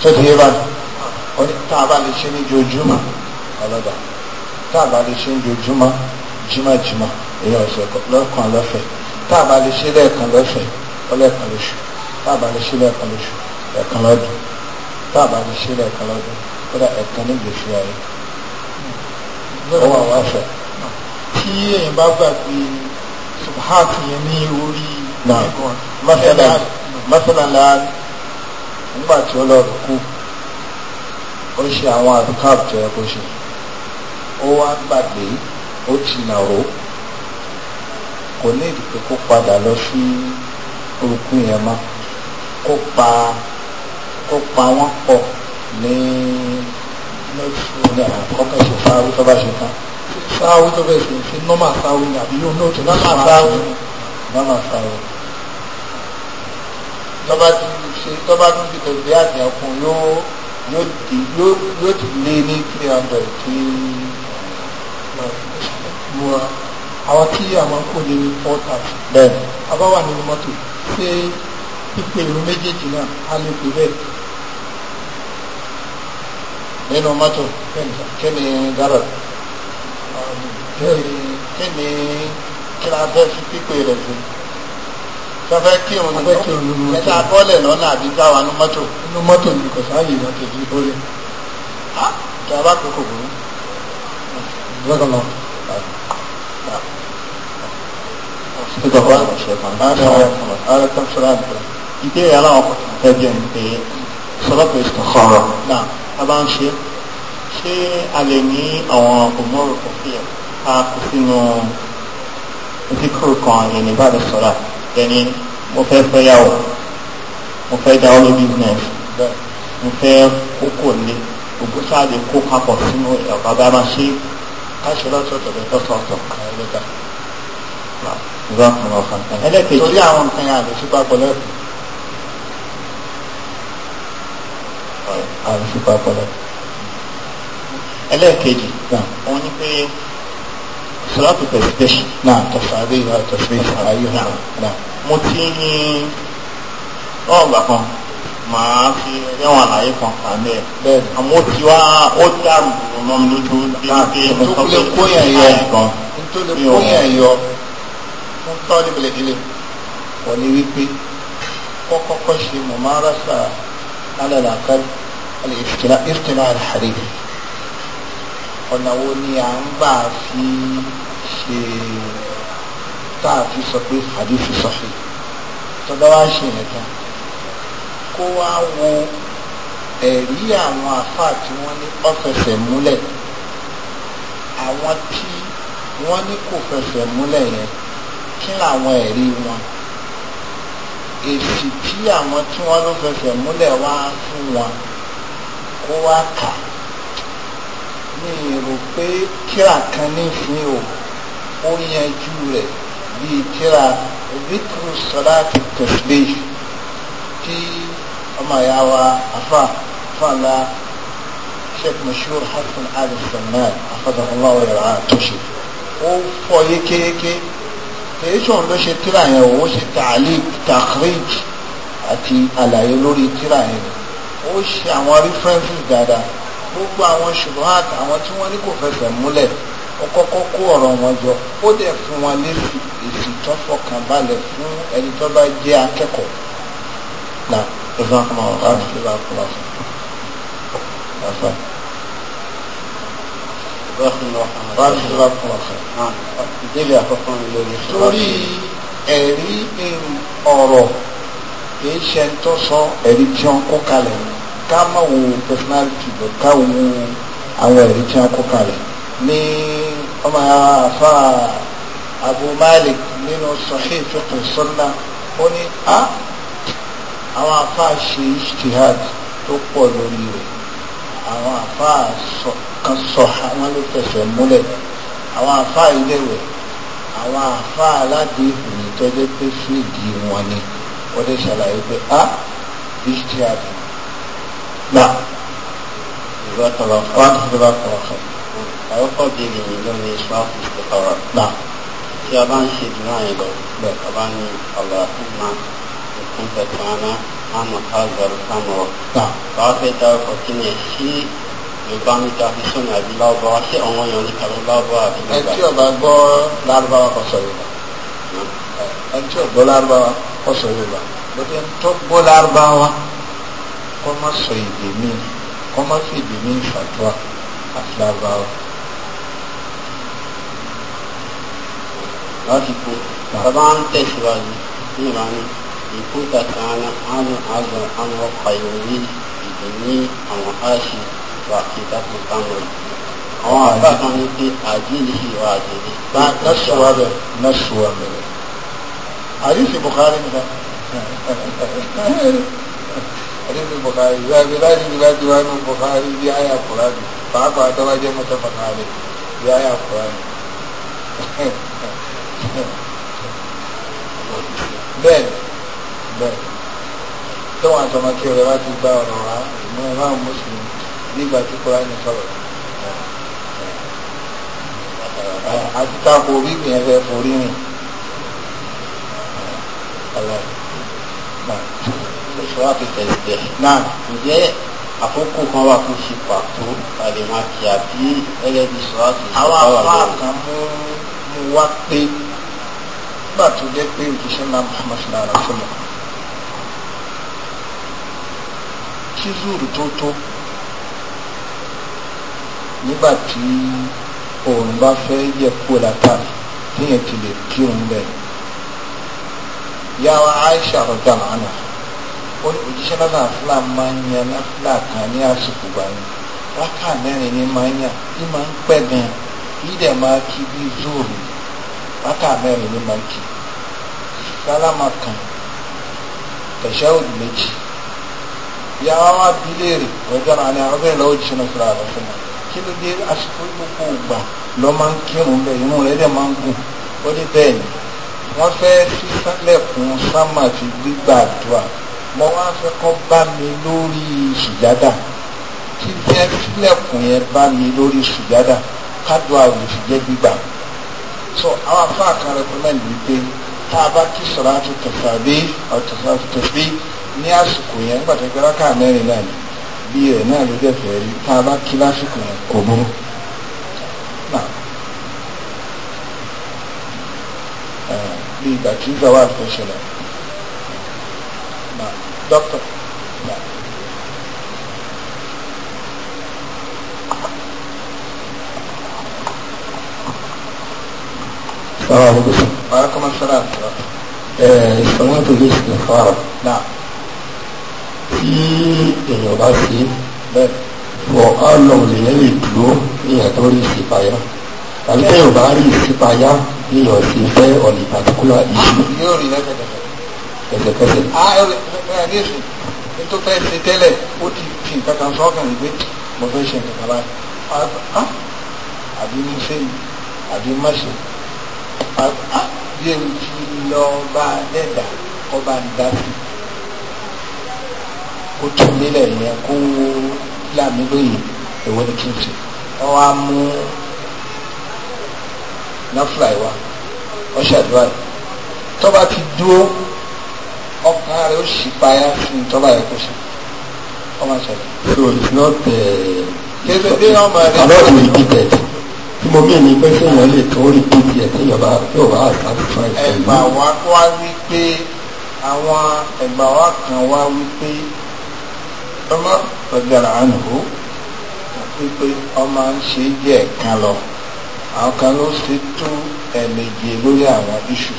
tó ti yé báyìí ó ní tá a bá lè ṣe ní ojoojúmọ́ ọlọ́dà tá a bá lè ṣe ní ojoojúmọ́ èèyàn ọ̀sẹ̀ lọ́kàn lọ́fẹ̀ẹ́ tá a bá lè ṣe lẹ́ẹ̀kan lọ́fẹ̀ẹ́ ọlẹ́ẹ̀kan lóṣù táàbà lè ṣe lóṣù ẹ̀kan lọ́dún táàbà lè ṣe lẹ́ẹ̀kan lọ́dún kódà ẹ̀kan ní gbèsè ayé ọwọ́ àwọn aṣọ. tí èèyàn bá gbàgbé subhat yẹn ní orí ẹ̀gbọ́n mọ́sálà láàrín ṣe àwọn àdúkàbù tó yẹ ṣe ó wá gbàgbé ó ti kò ní kó padà lọ sí kó pa kó pa wọ́n pọ̀ ní lọ́sùn ní àkọ́kọ́ ṣe fáwọn tó bá ṣe tán fáwọn tó bẹ̀rẹ̀ sí ṣe nọ́mà fáwọn ni àbí yóò nóòtù nọ́mà fáwọn ni nọ́mà fáwọn tọ́ba tún ṣe tọ́ba tún fi tẹ̀lé àti ọkùn yóò yóò di yóò yóò ti lé ní three hundred tí wọ́n àwọn tí àwọn kò ní four thousand. bẹ́ẹ̀ abáwà nínú mọ́tò ṣé pípé irun méjèèjì náà á lè pè bẹ́ẹ̀ nínú mọ́tò kíni dára kíni kí la fẹ́ fi pípé rẹ̀ sí sọfẹ́ kí òun ní mọ́tò ẹ̀ta bọ́lẹ̀ lọ́nà àbí táwa ní mọ́tò nínú mọ́tò ní kò sáàyè wọn kejì bọ́lẹ̀ kí a bá kókò burú lọ́kànlọ́ Thank you ìbéèrè aláwọ̀ ẹ̀jẹ̀ ń pè é sọlọ́pẹ̀ ìsọ̀rọ̀ náà a bá ń ṣe ṣé a lè ní àwọn òmòrò kòfíà a kò sínú ìdíkùrù kan lè ní bàbá sọ̀rọ̀ ẹni mo fẹ́ fẹ́ yàwó mo fẹ́ dáwọ́ lé business mo fẹ́ kókò lé gbogbo sáà lè kó papọ̀ sínú ọ̀gá bá máa ṣe káṣí lọ́sọ̀tọ̀ lọ́sọ̀tọ̀ kan ẹlẹ́gbẹ̀ẹ́ ẹlẹ́kẹ̀ẹ́ torí àwọn nǹkan yẹn àrùsùpá pọlọ. ẹlẹ́ẹ̀kejì náà wọ́n ní pé sọ́láàtù tẹ̀síkẹ́sì náà tọ̀sàrí àtọ̀sàrí àráyé náà mo ti ní ọ̀gbà kan màá fi ẹ̀wọ̀n àlàyé kan kà ní ẹ̀ àmọ́ ti wá ó dàrú ọ̀nà mi lójú bí pé mo sọ pé kò sí àyè kan mi ò mọ̀ mo tọ́ níbi lè délé wọ́n ní wípé kọ́kọ́kọ́ ṣe mọ̀márásà على الأقل الافتلاء الحريري ọ̀nà wo ni à ń gbà fi ṣe tá a fi sọ pé hadithi sahih tó bá wá ṣe nìkan kó wá wo ẹ̀rí àwọn àfáà tí wọ́n ní ó fẹsẹ̀ múlẹ̀ àwọn tí wọ́n ní kò fẹsẹ̀ múlẹ̀ yẹn kí làwọn ẹ̀rí wọn èsì tí àwọn tí wọ́n ló fẹsẹ̀ múlẹ̀ wá fún wọn kó wá kà ní ìrò pé kíra kan nífin o ó yanjú rẹ̀ bíi kíra vikru salati tasbih tí ọmọ ìyá wa afa fàlà sheikh mashur hasan ali sanad afadàkùnláwọ̀ yàrá tó ṣe ó fọ yékéyéké èyí sọ̀rọ̀ ló ṣe tíra yẹn ó ṣe tààlí takrij àti àlàyé lórí tíra yẹn ó ṣe àwọn references dáadáa gbogbo àwọn ṣùgbọ́n àwọn tí wọ́n ní kò fẹsẹ̀ múlẹ̀ ó kọ́kọ́ kó ọ̀rọ̀ wọn jọ ó dẹ̀ fún wọn lésì èsì tó fọkàn balẹ̀ fún ẹni tó bá jẹ́ akẹ́kọ̀ọ́ náà ìfọ̀nkọ́mọ́ ọ̀rọ̀ àti ìfọ̀nkọ́mọ́ ọ̀rọ̀ àti ìfọ̀nkọ́mọ́ ọ̀rọ̀ ìbéèrè àkọ́kọ́ ni lórí torí ẹ̀rí ọ̀rọ̀ kì í ṣe tó sọ ẹ̀rí tí wọ́n kó kalẹ̀ ká má wo personality lọ ká wo àwọn ẹ̀rí tí wọ́n kó kalẹ̀ ní ọmọ afa Abu Malik nínú Sahih Fiqh Sunnah ó ní a ah, àwọn afa ṣe ijtihad tó pọ̀ lórí rẹ̀ àwọn àfáà kan sọ àwọn ló fẹsẹ̀ múlẹ̀ àwọn àfáà iléèwé àwọn àfáà aládé ìròyìn tọ́jú pé fíìdì wọn ni wọ́n lè ṣàlàyé pé a bíṣẹ́ àbí gbà ìrọ̀tọ̀lọ́fọ́ àtúntò àwọ́pọ̀ bèèrè yìí ló ní ìṣọ́ọ̀kù ìpẹ̀tọ̀rọ̀ gbà tí a bá ń ṣe ìdúná yẹn lọ a bá ní ọ̀làkùnmá ìkúnpẹ̀tọ̀ àná kama kazar kama wa fẹ́ dárúkọ kí ni ṣí yorùbá ní ká fi sọnà àbí láwùbáwá ṣé ọmọ yẹn ní kàwé láwùbáwá àbí láwùbáwá. ẹni tí ó bá gbọ́ lárúbáwá kò sọ yorùbá ẹni tí ó gbọ́ lárúbáwá kò sọ yorùbá lókè tó gbọ́ lárúbáwá kó má sọ èdè mi kó má fi ìkúta kan àwọn àgbọn àwọn ọ̀pàyọ̀wé ìdíní àwọn aṣì wà kíkà tó kánú. àwọn àgbà kan ní pé àjílì ìwà àjílì. bá a ká sọ wa bẹ ná sọ wa bẹ. àdìsí Bukhari nìkan. àdìsí Bukhari ìwà mi láti ní láti wá nù Bukhari bí àyà Kùránì pàápàá bẹ́ẹ̀ tọ́wọ́n àtọmọkí rẹ̀ wá ti gba ọ̀rọ̀ wá ìmọ̀ ìmáà mùsùlùmí nígbà tí kọ́ra ní sọ̀rọ̀ àti tako orí yẹn fẹ́ forí rìn. náà ǹjẹ́ àkókò kan wà fún ṣe pàtó àlèmọ́kì àbí ẹlẹ́bi sọ́ọ́ àti ìṣẹ́ àwọn àwọn àkàn mú wá pé nígbà tó jẹ́ pé òjíṣẹ́ náà Muhammad náà rà fún mi. kí zúrù tó tó nígbà tí òòrùn bá fẹ́ yẹ kó látà téèyàn ti lè kírun bẹ́ẹ̀ yàrá Aisha rọjà lánàá ó ní òjíṣẹ́ náà fúlà máa ń yan náfúlà kan ní àsìkò báyìí rákà mẹ́rin ní máa ń yàn ní máa ń pẹ́ gan yìí dẹ̀ máa kí bí zúrù rákà mẹ́rin ní máa kí sálámà kan tẹ̀síọ́ òdì méjì ìyàwó wa bí léèrè náà ni àwọn bẹ́ẹ̀ lọ́wọ́ jìnnà fúra rẹ̀ fún mi kí ló dé àsìkò gbogbo ògbà lọ́ máa ń kírun bẹ́ẹ̀ inú rẹ̀ dẹ̀ máa ń gùn ó ní bẹ́ẹ̀ ni wọ́n fẹ́ sísálẹ̀kùn sámà fi gbígbàdúrà mo wá fẹ́ kọ́ bá mi lórí sùjádà kí fẹ́ sílẹ̀kùn yẹn bá mi lórí sùjádà kádùá ò fi gbígbà so àwọn afáàkàn rẹ̀ pẹ́mẹ́lì wípé tá a bá kí sọ̀rọ̀ àti tẹ̀sàbí ọ̀tẹ̀sàbí ní àsìkò yẹn nígbà tó ń mẹ́rin náà ni bí rẹ̀ náà ló dẹ̀ fẹ́ rí tá a bá kí lásìkò yẹn kò burú. bí ìgbà tí zawal fẹ́ ṣẹlẹ̀ dókítà. السلام عليكم. وعليكم السلام. الصلاة الجيش الكفارة. نعم tí èèyàn bá ṣe bẹ́ẹ̀ bọ̀ á lọ lèyàn lè dúró èèyàn tó rí ìṣèpáyà àbí téèyàn bá rí ìṣèpáyà èèyàn sì fẹ́ ọ̀nì particular issue. yóò rí lẹ́sẹ̀kẹsẹ̀. lẹ́sẹ̀kẹsẹ̀. a ah, ẹ ẹ ní èsì tó fẹ́ ṣe kan sọ́kàn kan báyìí ah, ah, àbí ní sẹ́yìn àbí mọ́sùn bí èyí ti lọ bá dẹ́dà kọ́ dá sí i kó tún lélẹ̀ yẹn kó láàmì lóye èwo ni kí n ṣe wọ́n wá mú náfìlà ìwà wọ́n ṣàdúrà tọ́ba ti dúró ọkàn rẹ̀ ó sì payá fún tọ́ba yẹn kó ṣe ọmọ ṣàdúrà. so it's not uh, kéde dé ọmọ rẹ. àlọ́ ìwé ìdíje tí mo mí ni pé sèèyàn lè tó rí ìdíje tí yọba yóò bá àtàkùn ẹ̀gbà wa wá wípé àwọn ẹ̀gbà wa kan wá wípé. Umar radiyallahu anhu wípé ọmọ ń ṣe jẹ́ ẹ̀kan lọ àwọn kan ló ṣe tó ẹ̀mẹ̀jẹ̀ lórí àwọn iṣu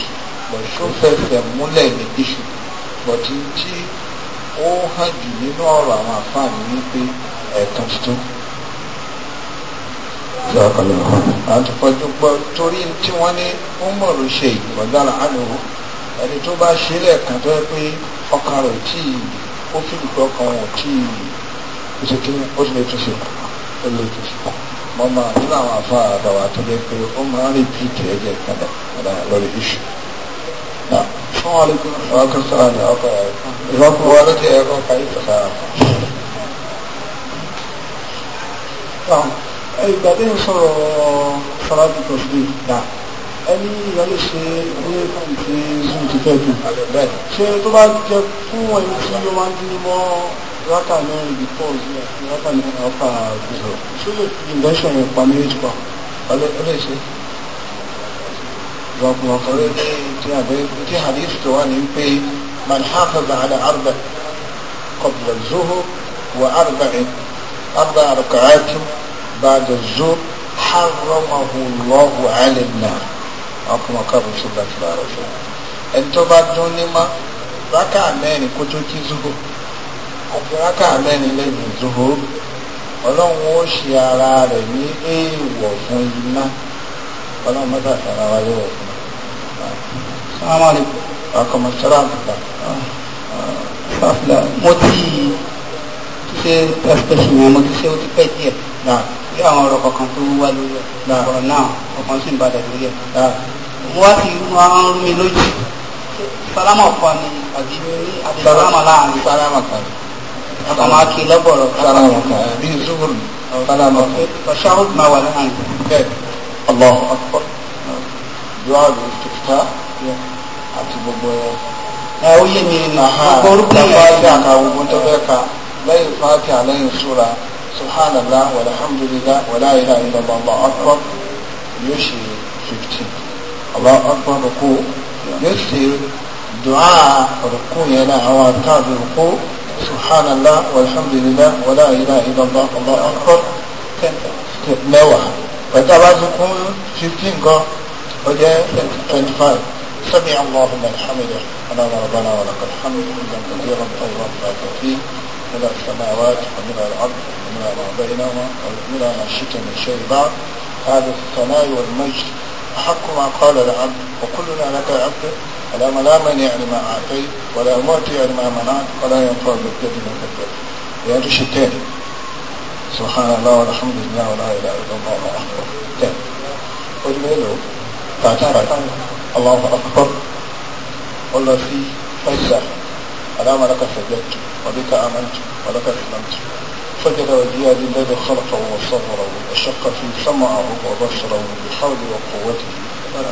bọ̀ ṣó fẹsẹ̀ múlẹ̀ ní iṣu bọ̀ tí tí ó hàn jù nínú ọ̀rọ̀ àwọn àfáàní wípé ẹ̀kan tuntun. àtùpọ̀jù gbọ́ torí tí wọ́n ní ó ṣe ìgbọ̀dára àlọ́ ẹni tó bá ṣe lẹ́ẹ̀kan tó yẹ pé ọkàn rẹ̀ tíì ó fi ìgbọ́ kan wọn kí ìṣèkínní ó sì lè tún ṣe ó lè tún ṣe mo máa nínú àwọn àfa àdàwà tó jẹ́ pé ó máa ń rìpíìtì ẹ̀jẹ̀ padà padà lórí iṣu. Fún wa lókun ọkọ̀ sáà ní ọkọ̀ rẹ̀ ìrọ́pò wa lókè ẹ̀kọ́ parí ìtọ́ka. Ìgbà tí ń sọ̀rọ̀ sọ́lá ti kò sí ìgbà ẹni ìyá lè ṣe ilé ìṣe zoom ti fẹ́ jù ṣe tó bá jẹ fún ẹni tí ó máa ń dín mọ́ rákà mẹ́rin before ìyá rákà mẹ́rin rákà gbèsò ṣé lè fi invention yẹn pa méjì pa ọlẹ́ ṣe ìwàkùn ọ̀kọ̀rẹ́ tí àbẹ́ tí hadith tó wà ní pé man hafaza ala arba qabla zuhur wa arba arba raka'at ba'da zuhur حرمه الله على النار àwọn kò mọ káàbọ̀ ṣùgbọ́n tó bá rọṣọ ẹni tó bá dún ní mọ́ rákà mẹ́rin kó tó kí zugo àti rákà mẹ́rin lẹ́yìn zugo ọlọ́run ó ṣe ara rẹ̀ ní èèwọ̀ fún iná ọlọ́run mọ́tà sára wa yóò wọ̀ fún un. sàmà ni àkọ́mọ sọ́ra àbùkà. mo ti ṣe pẹ́sipẹ́sì yẹn mo ti ṣe ó ti pẹ́ díẹ̀ bí àwọn ọ̀rọ̀ kọ̀ọ̀kan tó wá lórí ọ̀rọ̀ náà ọ̀kan sì ń padà lórí ẹ̀ mo wá sí mo máa ń rú mi lójú sálámà ọ̀pá ni àbí àbí sálámà láàrin. sálámà kan. àbá máa kí lọ́bọ̀rọ̀. sálámà kan bí zuhur. sálámà kan. ọ̀ṣáhùd máa wà láàrin. bẹ́ẹ̀ Allahu akbar dua ìtòkítà àti gbogbo ẹ̀. ẹ ó yé mi gbogbo orúkọ yẹn. fàtí àka gbogbo tó fẹ́ ka lẹ́yìn fàtí àlẹ́yìn súra subhanallah walhamdulillah wàlá ilaha illallah Allahu yóò ṣe fifteen. الله أكبر ركوع يكثر دعاء ركوع يلا أو أركان ركوع سبحان الله والحمد لله ولا إله إلا الله الله أكبر mẹ́wàá pẹ̀lú abájúkún fifteen gan 25 سمع الله من sami أنا ربنا ولك الحمد wa كثيرا hamdu lillahi kathiran من السماوات ومن الأرض ومن ما بينهما ومن ما شئت من شيء بعد هذا الثناء والمجد أحق ما قال العبد وكلنا لك عبد ولا لا يعني ما أعطي ولا معطي ما منعت ولا ينفع بالجد من الجد يعني شتين سبحان الله والحمد لله ولا إله إلا الله والله أكبر تاني وجميله تعترك الله أكبر والله فيه فجأة ألا ما لك سجدت وبك آمنت ولك أسلمت فجر زياد الذي خلقه وصبره وشق في سمعه وبصره بحوله وقوته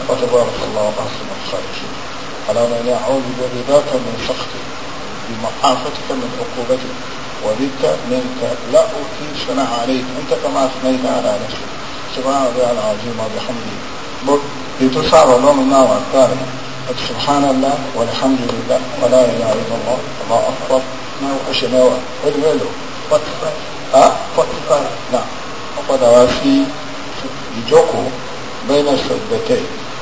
وتبارك الله احسن الخالقين على اني اعوذ برضاك من سخطك بمعافتك من عقوبتك وبك منك لا اوتي ثناء عليك انت كما اثنيت على نفسك سبحان ربي العظيم وبحمده لتصعب النار واكثارنا سبحان الله والحمد لله ولا اله الا الله الله اكبر ما اشي ما هو forty five na wọ́n padà wá sí ìjókòó bẹ́ẹ̀ni ṣọ̀gbẹ̀tẹ̀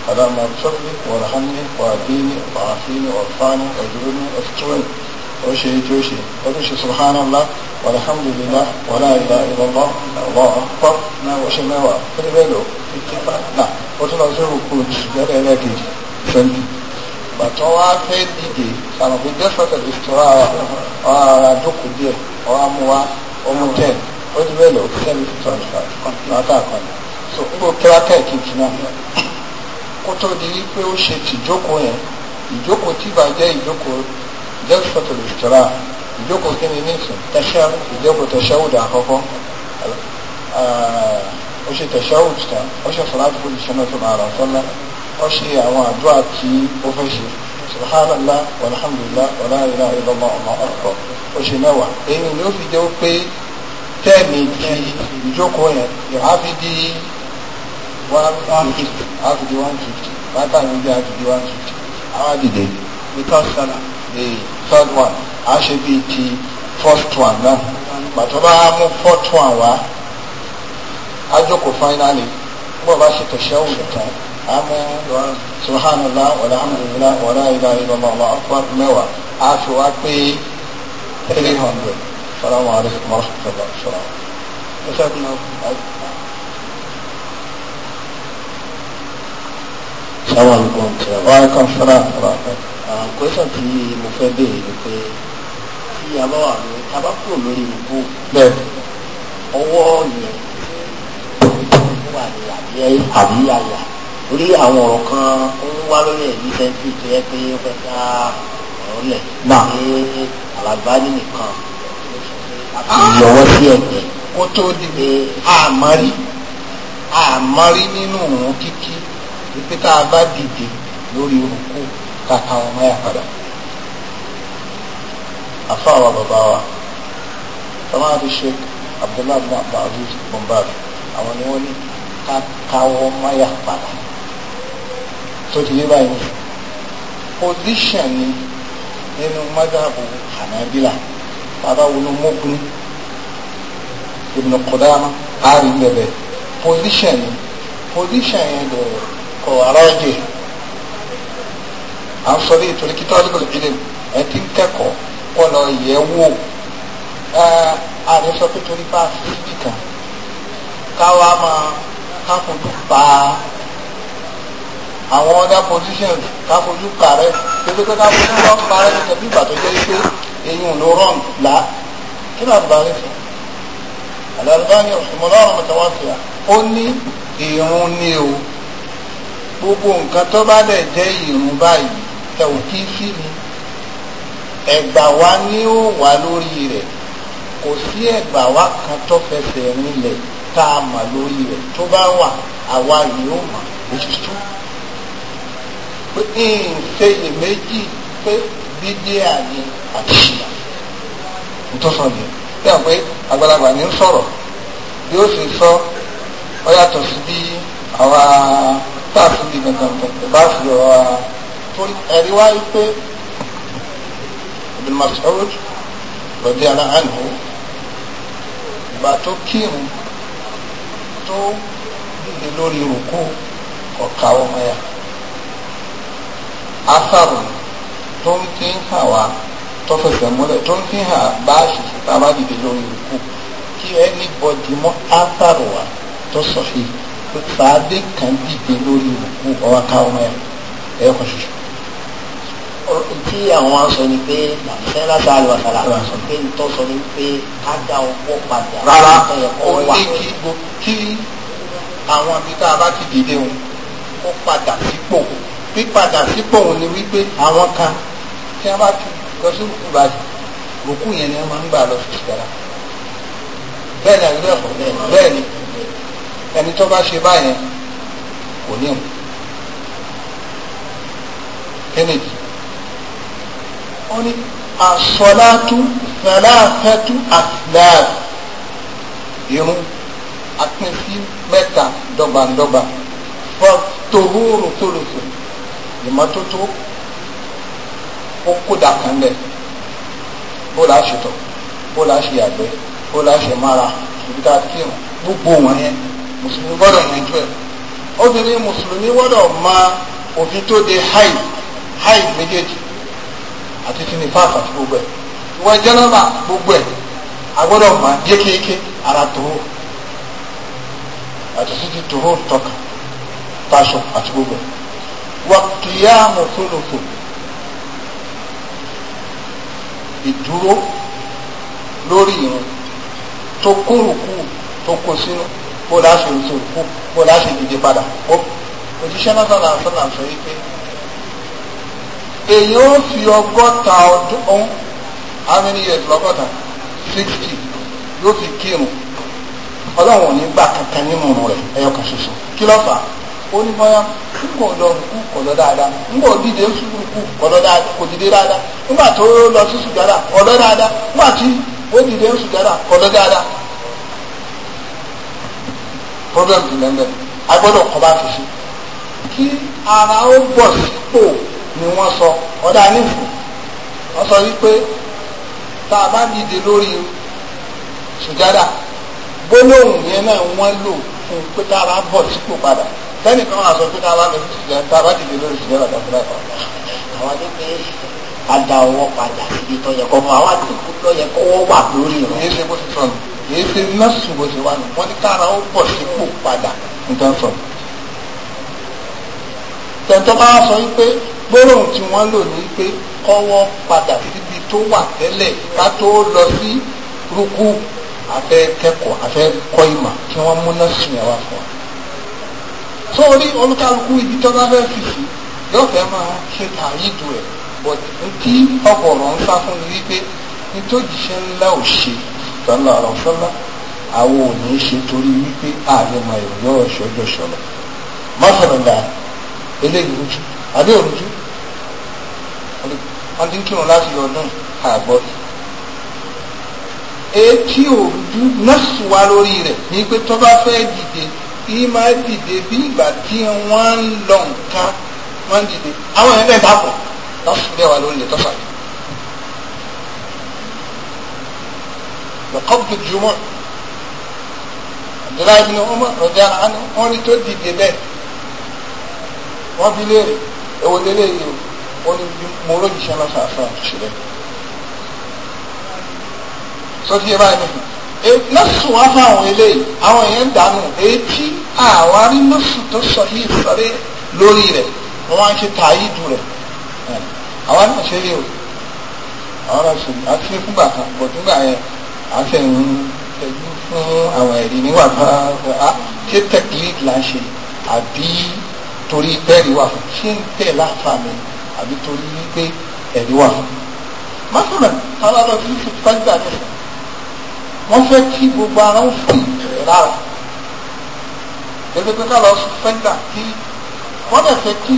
alama sọ́kì wàlhámi wàdíni wàhásíni wàfáni wàdúróní wàsítúrẹ́ni ó ṣe tí ó ṣe ó tún ṣe subhanallah walhamdulillah wàlá ìlà ìlọ́lọ́ àwọn ọ̀pọ̀ náà wọ́n ṣe mẹ́wàá ó ti bẹ́ẹ̀ lò ó ti pa náà ó tún lọ sí òkú ìṣùgbẹ́rẹ́ ẹlẹ́gẹ̀ẹ́jì twenty gbàtọ́ wá fẹ́ dìde sàmùkú jọ́sọ̀tọ̀ ti tọ́ ara dókòó díẹ̀ ọ̀rá mú wa ọmú tẹ̀ ó ti bẹ́ẹ̀ lọ ó ti tẹ̀ mí tọ́ kọ̀ǹtínátà kan so n kò kíra kẹ́ẹ̀kejì náà kó tó di wípé ó ṣe tìjókòó yẹn ìjókòó tí bá jẹ́ ìjókòó jọ́sọ̀tọ̀ ti tọ́ra ìjókòó kí ni nísìn tẹ̀sẹ̀ ìjókòó tẹ̀sẹ̀ òdà àkọ́kọ́ ó ṣe tẹ̀sẹ̀ òdà ó ṣe sọ̀rọ̀ àdúgbò ìṣẹ́nà tó ó ṣe àwọn àdúrà tí ó fẹ́ ṣe subhanallah walhamdulillah wala ilaha illallah Allahu akbar ó ṣe mẹ́wàá èyí ni ó fi jẹ́ pé tẹ́ẹ̀mì ti ìjókòó yẹn yóò á fi di one fifty á fi one fifty bàtà mi jẹ́ á fi di one fifty àwọn àdìdè the third salah the third one á ṣe bíi ti first one náà pàtó bá mú fourth one wá á jókòó finally bó o bá ṣe tẹ̀síọ́ òun nìkan àmọ́ subhanallah alhamdulillah wàlá ilà ìlọ́lá ọ̀la akbar mẹ́wàá a fi wá pé three hundred salamu alaykum wa rahmatulah salaam. ẹ ṣẹ́gun náà. sáwọn olùkọ́ ìtura wa kan fara fara fẹ́. àwọn kwẹ́sàn tí mo fẹ́ béèrè ni pé tí a bá wà lórí a bá kúrò lórí ìbú. bẹ́ẹ̀ ọwọ́ yẹn wà ní àbí àyà torí àwọn ọ̀rọ̀ kan ó ń wá lórí ẹ̀mí sẹ́ńtì tó yẹ pé ó fẹ́ ká ọ̀rọ̀ lẹ̀ pé Al-Albani nìkan ah. ìyọwọ́ sí ẹ̀gbẹ́ kó tó di pé àmọ́rí àmọ́rí nínú òun kíkí wípé tá a bá dìde lórí òkú kàkà ọmọ yà padà afáwa bàbá wa tọ́mọ́tò Sheikh Abdullahi abdulaziz bombard àwọn ni wọ́n ní ká káwọ́ máyà padà tó ti yé báyìí position ni nínú madhabu hanabila bàbá wọnú mọ́kùnrin Ibn Qudama ari bẹ̀bẹ̀ position ni position yẹn lọ kọ aráàjẹ à ń sọ bí ìtòlí kí tọ́lẹ́kọ̀ lè bílẹ̀ ẹ ti ń kẹ́kọ̀ọ́ kọ́ lọ ààrẹ sọ pé torí bá a fi síbì kan káwa máa kákùn tó pa á àwọn other position ká fojú kàrẹ́ pépé pé ká fojú wọ́n parẹ́ ní tẹ̀bí ìgbà tó jẹ́ pé eyín ló rọ̀n là kí ló àgbà rẹ̀ sọ. àlàlùbá ni ọ̀sùnmọ́lá ọ̀rọ̀ mọ̀tàwáfíà ó ní ìrun ni o gbogbo nǹkan tó bá dẹ̀ jẹ́ ìrun báyìí tẹ̀ ò kí sí ni ẹ̀gbà wa ni ó wà lórí rẹ̀ kò sí ẹ̀gbà wa kan tó fẹsẹ̀ rinlẹ̀ tá a mọ̀ lórí rẹ̀ tó bá wà àwa yìí ó mọ̀ òtútù pé nǹkan èyí méjì pé bíbíà ni àti ìyá ntọ́sọ̀ ni bí wọ́n pé àgbàlagbà ní ń sọ̀rọ̀ bí ó sì sọ ọ yàtọ̀ sí bí àwa táàfin bí gangan bá fi ọ̀rọ̀ torí ẹ̀rí wá pé Ibn Mas'ud rọ̀dí aláhánú ìgbà tó kírun tó dìde lórí òkú ọ̀ka ọmọ yàtọ̀ asaru tó ń fi ń hàn wá tó fẹsẹ̀ tó ń fi hàn bá ṣiṣẹ́ tá a bá dìde lórí ìkú kí anybody mọ́ asaru wa tó sọ yìí pé fàádé kan dìde lórí ìkú ọwọ́ káwọn ẹ̀ ẹ̀ kọ́ ṣiṣẹ́. tí àwọn sọ ni pé sẹ́lá tá a lè wà sára àwọn sọ pé nítorí sọ ni pé ká dá ọwọ́ padà. rárá ó ní kí gbogbo kí àwọn ibi tá a bá ti dìde òun kó padà sípò pípadà sípò òun ni wípé àwọn kan tí wọ́n bá ti lọ sí òkú báyìí òkú yẹn ni wọ́n máa ń gbà lọ sí ìgbàlá bẹ́ẹ̀ ni àgbẹ̀ ọ̀pọ̀ bẹ́ẹ̀ ni ẹni tó bá ṣe báyẹn kò ní òun kẹ́nẹ̀dì ó ní àsọlátú fẹláfẹtú àfìláàbì irun apínfín mẹ́ta dọ́gbandọ́gba fọ́ tòhóró tòlòfò ìmọ́tótó ó kódà kan lẹ̀ bó la ṣe tọ̀ bó la ṣe àgbẹ̀ bó la ṣe mara ibi tá a kírun gbogbo wọn yẹn mùsùlùmí gbọ́dọ̀ yanjú ẹ̀ obìnrin mùsùlùmí gbọ́dọ̀ ma òfin tó de haid haid méjèèjì àti sinifas àti gbogbo ẹ̀ ìwọ jẹ́nàmà gbogbo ẹ̀ agbọ́dọ̀ ma yékéyéké ara tòró àti títí tòró tọkà táṣọ àti gbogbo ẹ̀ wàkìyàmù tólótò ìdúró lórí irun tó kórùkù tó kó sínú kó láṣẹ ìṣòkú kó láṣẹ ìdìde padà ó òjíṣẹ́ náà sọ̀rọ̀ àṣọ̀nà sọ wípé èyí ó fi ọgọ́ta ọdún how many years lọ́gọ́ta sixty yóò fi kírun ọlọ́run ò ní gbà kankan nínú rẹ̀ ẹyọ kan ṣoṣo kí ló fà á ó ní bọ́yá kò lọ kú kò lọ dáadáa nígbà ó dìde sùkú kú kò lọ dáadáa kò dìde dáadáa nígbà tó lọ sí sùjára kò lọ dáadáa nígbà tí ó dìde sùjára kò lọ dáadáa. problem ti lẹ́lẹ̀ a gbọ́dọ̀ kọ́ bá fi ṣe kí ara ó bọ̀ sípò ni wọ́n sọ ọ̀dà nífù wọ́n sọ wípé tá a bá dìde lórí sùjára gbólóhùn yẹn náà wọ́n lò fún pé kára bọ̀ sípò padà tẹ́nìkan wà sọ pé ká bá bẹ̀rẹ̀ ìṣẹ̀lẹ̀ tá a bá dìde lórí ìṣẹ̀lẹ̀ bàtà fúnra ẹ̀ àwọn tó pé ada ọwọ́ padà ibi tó yẹ kó mọ àwọn àdìkú tó yẹ kó wọ́n wà lórí rẹ̀. kì í ṣe bó ti sọnù kì í ṣe nọ́ọ̀sì bó ti wà nù wọ́n ní kára ó pọ̀ sípò padà nǹkan sọ. tẹ̀tọ́ bá sọ wípé gbólóhùn tí wọ́n lò ní pé kọ́wọ́ padà síbi tó wà tẹ́lẹ̀ ká tó lọ sí rúkú afẹ́ kẹ́kọ̀ọ́ ìmọ̀ kí wọ́n mú nọ́ọ̀sì yẹn wá fún wa sórí olúkálukú ibi tó bá fẹ́ fi sí yóò fẹ́ máa ṣe tààyídù ẹ̀ but tí ọkọ̀ ọ̀rọ̀ ń sá fún mi wípé ní tó jíṣẹ́ ńlá ò ṣe sọlá ọ̀rọ̀ sọlá àwọn ò ní ṣe torí wípé ààrẹ máa yọ ọ̀ṣọ́jọ́ sọlọ mọ́sàlọ́dà eléyìí rújú àbí òrújú wọ́n ti ń kírun láti ọdún àgbọ̀ etí òrújú nọ́ọ̀sì wá lórí rẹ̀ ní pé tó bá fẹ́ dìde yìí máa dìde bí ìgbà tí wọ́n ń lọ nǹkan wọ́n ń dìde àwọn èèyàn bẹ́ẹ̀ bá pọ̀ lọ́sùn bẹ́ẹ̀ wà lórí ìtọ́sà yìí. lọ́kọ́ tó jùmọ̀ Abdullahi bin Umar rọ̀jà àánú wọ́n rí tó dìde bẹ́ẹ̀ wọ́n fi léèrè èwo lélẹ̀ yìí ó ní mo rọ́jì sẹ́lá sàásà ṣẹlẹ̀ sọ́tí ẹ báyìí nìkan. E, lọ́sùn wá fún àwọn eléyìí àwọn èèyàn ń dànù èyí tí àwọn arínlọ́sùn tó sọ yìí sọrí lórí rẹ̀ wọ́n wá ń ṣe tààyídù rẹ̀ àwọn náà ṣe rí o àwọn náà ṣe àti fúngbà kan bọ̀ fúngbà yẹn àfẹ̀yìn pẹ̀lú fún àwọn ẹ̀rí níwà bá a ṣe tẹ̀kílíìkì là ń ṣe àbí torí bẹ́ẹ̀rì wà fún ṣé ń tẹ̀ láǹfààní àbí torí wípé ẹ̀rí wà fún. máfàmẹ́ táwa lọ sí fún fáńgbà wọ́n fẹ́ kí gbogbo ara ń fi ìbẹ̀rẹ̀ lára pẹ̀lú pé ká lọ sí fẹ́ńtà kí wọ́n dẹ̀ fẹ́ kí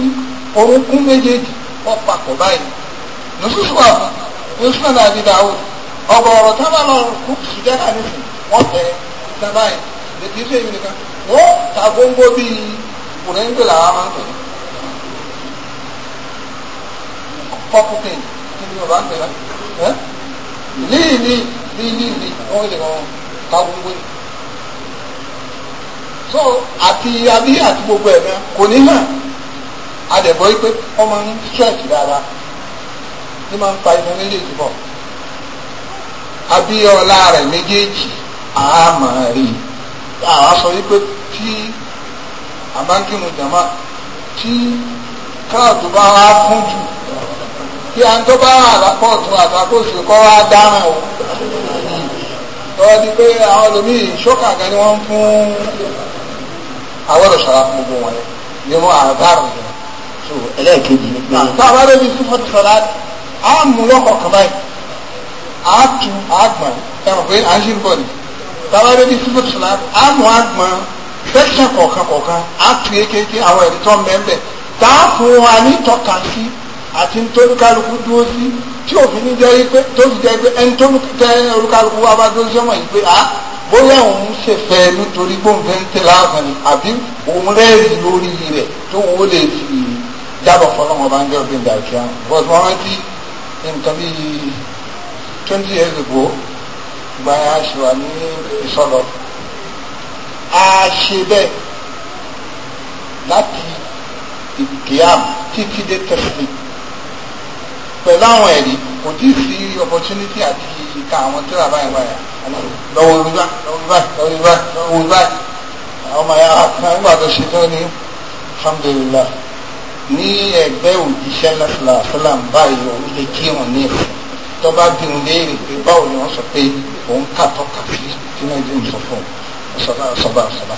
orúnkún méjèèjì wọ́n papọ̀ báyìí lóṣooṣù wà fún lóṣù náà láti dáwọ́ ọgbà ọ̀rọ̀ tá a bá lọ kú sí dáadáa nísìn wọ́n tẹ̀ ẹ́ báyìí lè kí í ṣe ìrìnká wọ́n ta góńgó bíi kùrẹ́ńgbè làwọn máa ń tẹ̀lé pọ́pù kìnnì kí ni Yorùbá ń tẹ̀lé ẹ́ lini linini wọn lè wọn ka gbogbo ni so àti abí àti gbogbo ẹ̀ náà kò ní hàn adẹ̀bọ̀ yìí pé wọ́n máa ń stress dáadáa ní máa ń fa ìmọ̀ méjèèjì bọ̀ abíọ́lá rẹ̀ méjèèjì á máa rí i àwa sọ yìí pé tí àbánkìrún jàmá tí káàtó bá wá fún jù kí a ń tó bá àlápọ̀ tún àtàkóso kọ́ wá dáràn o tọ́wọ́ di pé àwọn ẹlòmíì ṣókà gan ni wọ́n ń fún àwọ̀rọ̀ ṣọ̀rọ̀ gbogbo wọn ni wọ́n àbárò yẹn. so ẹlẹ́ẹ̀kejì ni pé. táwa lè ní fífọ́ ti sọ̀rọ̀ á mú lọ́kọ̀ kan báyìí á tu á gbọ̀n ẹ̀rọ pé à ń ṣe bọ̀ ni táwa lè ní fífọ́ ti á mú á gbọ̀n fẹ́kṣẹ̀ kọ̀ọ̀kan kọ̀ọ̀kan á tu yékéyéké àwọn ẹ̀rí tó ń bẹ́ẹ̀ bẹ́ẹ̀ tá a fún wa ní tọ́ka sí àti ntólúkálukú dúró sí tí òfin ní jẹ́ pé tó fi jẹ́ pé ẹni tó tẹ olúkálukú wa bá dúró sọ́mọ̀ yìí pé ah bóyá òun ṣe fẹ́ nítorí gbòǹfẹ́ ń tẹ̀ láàbọ̀ ni àbí òun rẹ́ẹ̀rì lórí rẹ̀ tó wọ́n lè fi jábọ̀ fọlọ́mọ bá ń jẹ́ òbí ìdàkíá bọ́s wọ́n rántí nǹkan bíi twenty years ago gba aṣèwà ní ìsọlọ a ṣe bẹ́ẹ̀ láti ìgbéyàwó títí dé tẹ̀sílẹ̀ pẹ̀lú àwọn ẹ̀rí kò tí ì sí opportunity àti ìka àwọn tíra báyìí báyìí lọ́wọ́ orí báyìí lọ́wọ́ orí báyìí lọ́wọ́ orí báyìí àwọn ọmọ ya kan nígbà tó ṣe tó ní alhamdulillah ní ẹgbẹ́ òjíṣẹ́ lọ́sọ̀lá báyìí òun lè kí wọn ní ẹ̀fọ́ tó bá bí wọn léèrè pé báwo ni wọ́n sọ pé òun kà tọ́ka sí kí wọ́n dín sọ fún un sọba sọba sọba.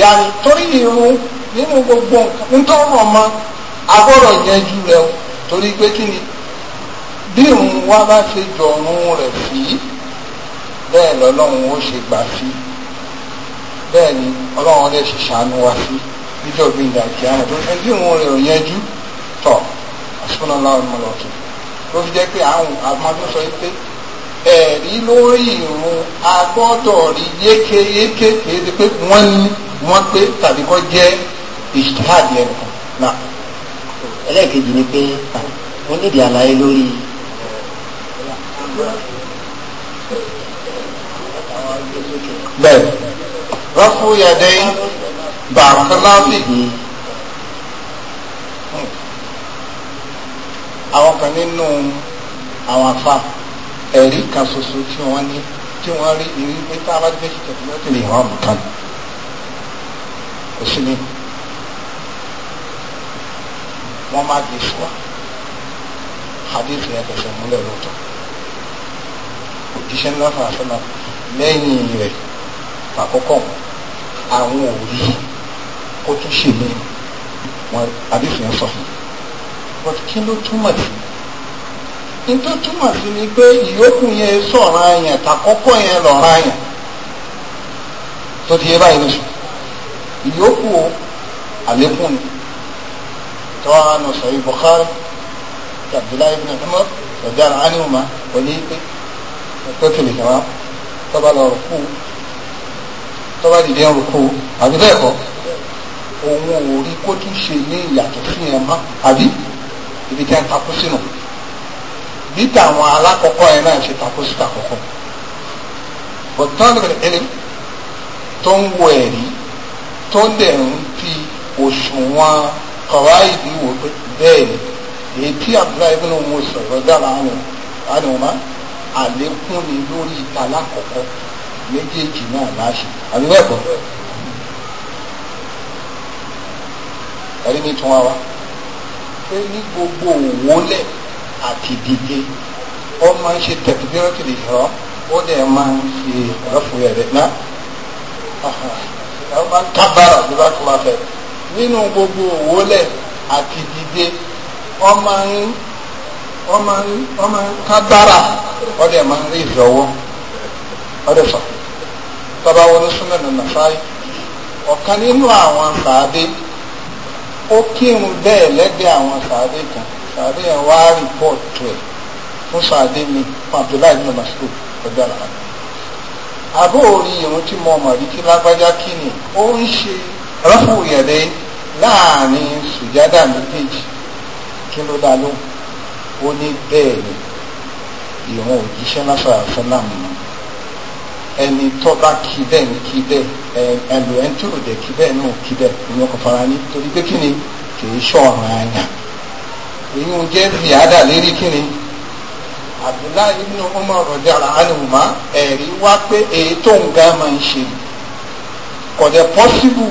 yàrá torí irun nínú gbogbo nǹkan ń tọrọ ọmọ agbọ́dọ̀ yẹn ju rẹ o torí pé kí ni bí òun wá bá ṣe jọ̀run rẹ̀ fi bẹ́ẹ̀ lọ́lọ́run ó ṣe gbà fi bẹ́ẹ̀ ni ọlọ́run lè ṣe ṣàánú wa fi níjọ́ bí ìgbà kí á tó ṣe bí òun rẹ̀ ò yanjú tọ̀ àṣùnà láwọn ọmọ lọ́tọ̀ ló fi jẹ́ pé àwọn àmọ́tún sọ pé ẹ̀rí lórí ìrun agbọ́dọ̀ rí yékéyéké kéde pé wọ́n ní wọ́n pé tàbí kọ́ jẹ́ ìṣtáàdì ẹnìkan náà ẹlẹ́ẹ̀kejì ni pé wọ́n nídi àlàyé lórí. bẹ́ẹ̀ rọ́fù yàdé bàkálàfì ni àwọn kan nínú àwọn afa ẹ̀rí kan ṣoṣo tí wọ́n ní tí wọ́n rí ìrírí pé tá a bá gbé ṣe tẹ̀síwájú lè hàn kan kò wọ́n má gbé fún wa hadith yẹn kò fẹ́ múlẹ̀ lóòótọ́ òjíṣẹ́ ńlá fún àfẹ́nà lẹ́yìn rẹ̀ àkọ́kọ́ àwọn òbí kó tún ṣe mí wọn hadith yẹn sọ fún but kí ló túmọ̀ sí ní tó túmọ̀ sí ni pé ìyókù yẹn sọ̀rọ̀ àyàn tàkọ́kọ́ yẹn lọ̀rọ̀ àyàn tó ti yé báyìí lóṣù ìyókù àlékún ni. طبعا وصحيح البخاري عبد الله بن عمر رضي الله عنهما وليك وطفل كمان طبعا لو ركوع طبعا دي ركوع àbí bẹ́ẹ̀ kọ́ òun ò rí kó tún ṣe ní ìyàtọ̀ fún yẹn mọ́ àbí ibi tí a takú sínú bí tàwọn alákọ̀ọ́kọ́ yẹn náà ṣe takú sí takọ̀kọ́ bọ̀tán ẹni tó ń wo ẹ̀rí tó ń dẹ̀ ń fi òṣùwọ̀n kọ̀wá ìdí wò bẹ́ẹ̀ ni èyí tí abdullahi ibn umar sọ̀rọ̀ dára àwọn àdùnmá àlékún ni lórí ìtàlá kọ̀kọ́ méjèèjì náà láṣẹ àbíwẹ̀kọ̀ ẹ̀rí mi tún wá wá pé ní gbogbo òwòlẹ̀ àti dìde ó máa ń ṣe tẹ̀kíbírọ́tì lè sọ ó dẹ̀ máa ń ṣe rọ́fù rẹ̀ náà ó máa ń kábàárà bí bá tó máa fẹ́ nínú gbogbo òwòlẹ̀ àkìdìde ọmọ ń ọmọ ń ọmọ ń kágbára ọdẹ máa ń rí ìfọwọ́ ọdẹ fà tọ́ba wọlé súnmọ́ ní nàfáì ọ̀kan nínú àwọn sàádé ó kírun bẹ́ẹ̀ lẹ́gbẹ̀ẹ́ àwọn sàádé kan sàádé yẹn wá rìpọ́ọ̀tù ẹ̀ fún sàádé mi fún Abdullahi bin Masud ọjọ́ àlàkà àbó orí irun tí mo mọ̀ rí kí lágbájá kí ni ó ń ṣe rọ́fù yẹ̀dẹ́ láàrin sùjádà méjèèjì kí ló dá ló ó ní bẹ́ẹ̀ ni ìwọ̀n òjíṣẹ́ lásàásán láàmú ẹni tọ́ba kí bẹ́ẹ̀ ni kí bẹ́ẹ̀ ẹlò ẹni tí ò dẹ̀ kí bẹ́ẹ̀ náà kí bẹ́ẹ̀ ìyẹn kò fara ní torí pé kí ni kì í ṣọ̀ràn àyàn èyí ń jẹ́ fìyàdà lérí kí ni abdullahi ibn umar rọjàlá anuma ẹ̀rí wá pé èyí tó ń ga máa ń ṣe kọ̀dẹ̀ pọ́síbù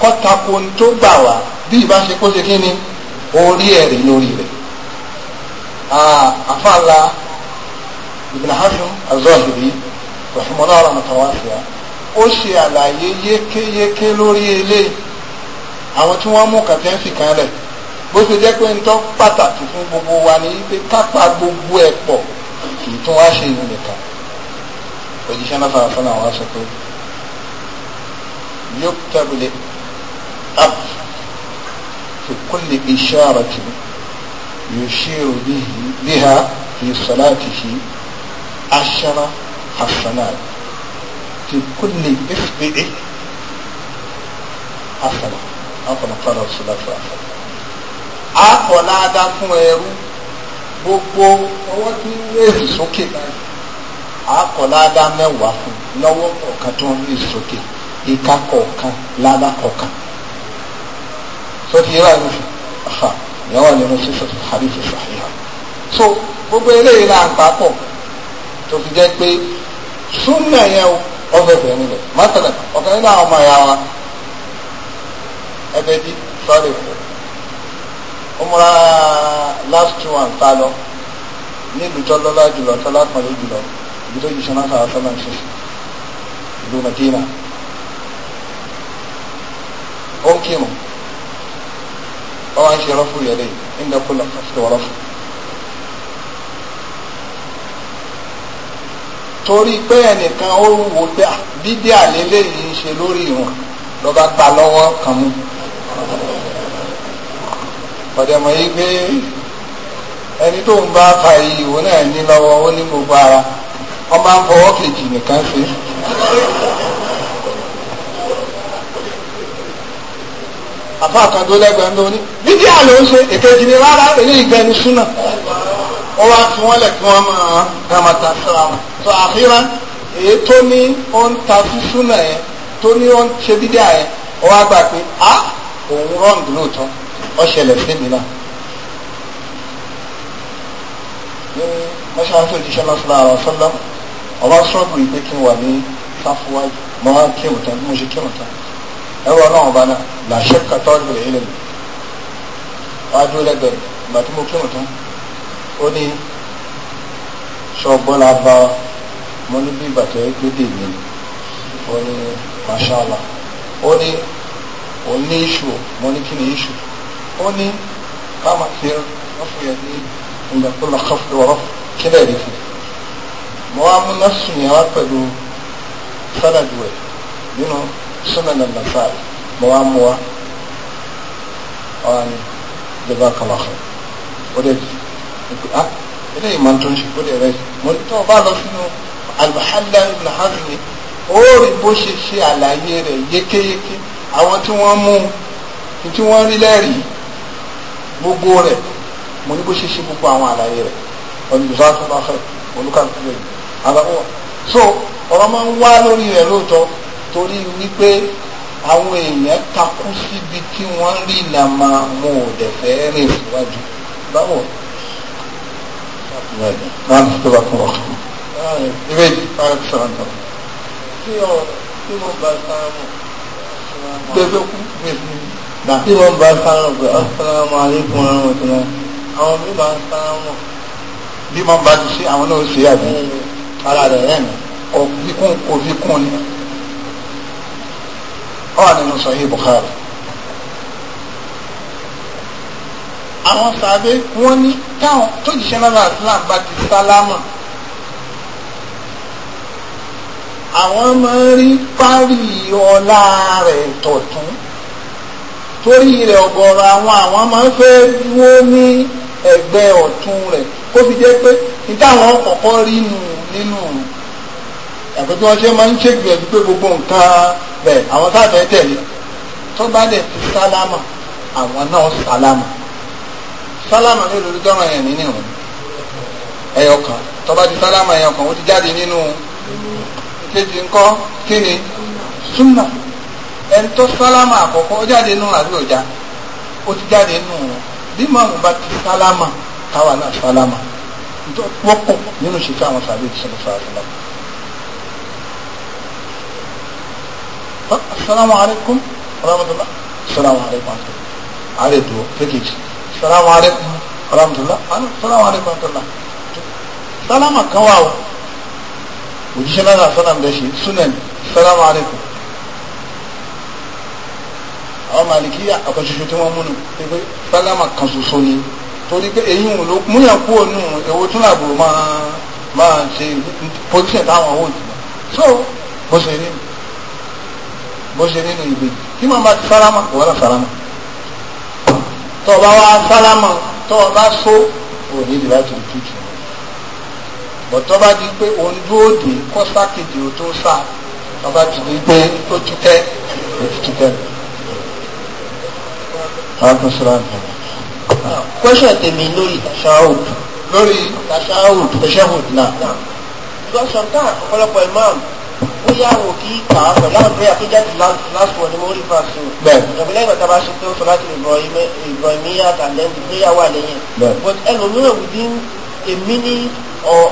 kọ́tako tó gbà wá bí ìbá ṣe kó ṣe kí ni orí ẹ̀rí lórí rẹ̀ àfàlà Ibn Hazm az-Zahiri rahimahullah rahmatan wasi'a ó ṣe àlàyé yékéyéké lórí eléyìí àwọn tí wọ́n mú kàtẹ́ǹsì kan lẹ̀ bó ṣe jẹ́ pé ń pàtàkì fún gbogbo wa ni pé kápá gbogbo ẹ̀ pọ̀ kì í tún wá ṣe ìlú nìkan òjíṣẹ́ náà fara fún àwọn aṣọ pé yóò tẹ́bùlẹ̀ الأرض في كل إشارة يشير به بها في صلاته عشر حسنات في كل إصبع حسنة أقول قال رسول الله صلى الله عليه هذا fún ẹrú gbogbo ọwọ́ tí ń rèé sókè báyìí akọ̀ládá mẹ́wàá fún lọ́wọ́ kọ̀ọ̀kan tó ń rèé sókè ìka kọ̀ọ̀kan lábá kọ̀ọ̀kan tó ti yẹra ìlú aha ìyẹn wà nínú sísọ hadith sahiha so gbogbo eléyìí náà ń papọ̀ tó fi jẹ́ pé súnmọ̀ yẹn ọbẹ̀ bẹ̀rẹ̀ nílẹ̀ mọ́tàlẹ̀ ọ̀kan nínú àwọn ọmọ ẹ̀yà wa ẹbẹ̀ bí sọ́ọ̀lì kù ó múra last two and tá lọ ní ìlú tó lọ́lá jùlọ tó lápọ̀lẹ́ jùlọ ibi tó yìí sọ́nà sáà sọ́nà ṣe ìlú Madina ó ń kírun ọwọ́ ń ṣe rọ́fù yẹn lẹ́yìn nínú kúlọ̀ fún rọ́fù. torí pé ẹnìkan ó wò pé dídí ah, àlélẹ́ yìí ń ṣe lórí ìwọ̀n lọ́ba gbà lọ́wọ́ kan mú. ọ̀dẹ̀mọ̀ yìí pé ẹni tó ń bá fa iyì òun náà ní lọ́wọ́ ó ní gbogbo ara ọmọ àfọwọ́ kejì nìkan ṣe. àfa kan tó lẹ́gbẹ̀ẹ́ ló ní bíbí àlọ́ ń ṣe èkejì ni rárá eléyìí gbẹni súnà ó wá fi wọ́n lẹ̀ kí wọ́n máa ramata sára wọn tó àfihàn èyí tó ní ó ń ta sí súnà yẹn tó ní ó ń ṣe bíbí àyẹn ó wá gbà pé a òun rọ́ǹgì lóòótọ́ ó ṣẹlẹ̀ sí mi náà. mọ́ṣáláṣí òjíṣẹ́ lọ́sọ̀lá àwọn sọ́lá ọba sọ́ọ̀bù ìgbé kí n wà ẹwọ náà ọba náà làṣẹ kàtọ ìbìlẹ ilẹ mi wàá dúró lẹ́gbẹ̀ẹ́ ìgbà tí mo kí wọn tán ó ní ṣọgbọ́n la bá mo ní bí bàtà yẹn gbé dèmi ó ní mashallah ó ní òun ní iṣu mo ní kí ni iṣu ó ní káma fi rọ́fù yẹn ní ìgbàkúlọ̀ kọ́fù rọ́fù kílẹ̀ rí fi mo wá mú sùn yẹn wá pẹ̀lú sádàdù rẹ̀ nínú sunan an-nasai mo wá mú wa ọ̀hún jẹba kàwáhùn ó dẹ̀ ah ilé ìmọ̀ tó ń ṣe ó dẹ̀ rẹ̀ mo ní tó o bá lọ sínú al-muhalla ibn hazmi ó rí bó ṣe ṣe àlàyé rẹ̀ yékéyéké àwọn tí wọ́n mú tí wọ́n rí lẹ́rìí gbogbo rẹ̀ mo ní bó ṣe ṣe gbogbo àwọn àlàyé rẹ̀ ọ̀nà ìzákùnbáfẹ́ olùkàkùnrin àlàó so ọ̀rọ̀ máa ń wá lórí rẹ̀ lóòótọ́ torí wípé àwọn èèyàn takú síbi tí wọ́n rí ìlànà àwọn òdẹ̀ fẹ́ rìn síwájú báwo. láti tó bá fún wa. ìwé ìdíkà sọ̀rọ̀ náà. tí o tí mo bá sára mọ̀. bẹ́ẹ̀ kú bẹ́ẹ̀ ni. tí mo bá sára mọ̀ asalaamu aleykum wa rahmatulah. àwọn mi bá sára mọ̀. bí wọ́n bá ti ṣe àwọn náà ṣe àbí ara rẹ̀ rẹ̀ nù. kò fi kún kò fi kún ni ọ̀rọ̀ nínú sọ̀hí Bukhari àwọn sàbẹ wọn ní táwọn tó jìṣẹ́ lára islam bá ti sálámà àwọn máa ń rí parí ọlá rẹ̀ tọ̀tún torí rẹ̀ ọ̀gọ̀rọ̀ àwọn àwọn máa ń fẹ́ wó ní ẹ̀gbẹ́ ọ̀tún rẹ̀ kó fi jẹ́ pé ní táwọn kọ́kọ́ rí nù nínú rẹ̀ ẹ̀kọ́ tí wọ́n ṣe máa ń ṣègbìyànjú pé gbogbo nǹkan bẹ̀ àwọn táàbẹ̀ tẹ̀lé tó bá dẹ̀ ti sálámà àwọn náà sálámà sálámà ní olórí tọ́rọ yẹn nínú ìrùn ẹyọkan tó bá ti sálámà ẹyọkan ó ti jáde nínú kejì ńkọ́ kíni súnà ẹni tó sálámà àkọ́kọ́ ó jáde nínú àbí òjá ó ti jáde nínú bí màmú bá ti sálámà táwa náà sálámà wọ́pọ̀ nínú ṣètò àwọn sàbẹ̀ ìṣẹ̀lẹ̀ sọ̀rọ̀ sọ̀rọ̀ السلام عليكم ورحمة الله السلام عليكم ورحمة الله عليه دو فكيش السلام عليكم ورحمة الله السلام عليكم ورحمة الله سلام كواو وجيش لنا سلام دشي سنن السلام عليكم àwọn màlìkíyà àkànṣoṣo tí wọ́n múnu pé sálámà kan ṣoṣo ni torí pé èyí ń lo múyà kú ònú ewu tún làbò máa máa ṣe pòtíṣẹ̀ táwọn ò jù lọ so bó ṣe rí mi bó ṣe nínú ìgbè tí màá bá ti sálámà wọ́n sálámà tó o bá wá sálámà tó o bá so ò ní ìdí láti tútù bọ̀ tó bá di pé òun dúró dé kó sákèjì ò tó sá tó bá ti di pé ó ti tẹ́ ó ti ti tẹ́ question tèmi lórí tashahud lórí tashahud tashahud náà because sometimes ọ̀pọ̀lọpọ̀ imam bóyá àwọn kì í kà á pẹ̀lú àwọn prayer tó jẹ́ last word mo rí fà so ìrọ̀lẹ́ ìgbà tá a bá ṣe pé ó sọ láti ìbọn mi yàtà lẹ́yìn tí prayer wà lẹ́yìn but ẹlòmíràn within a minute or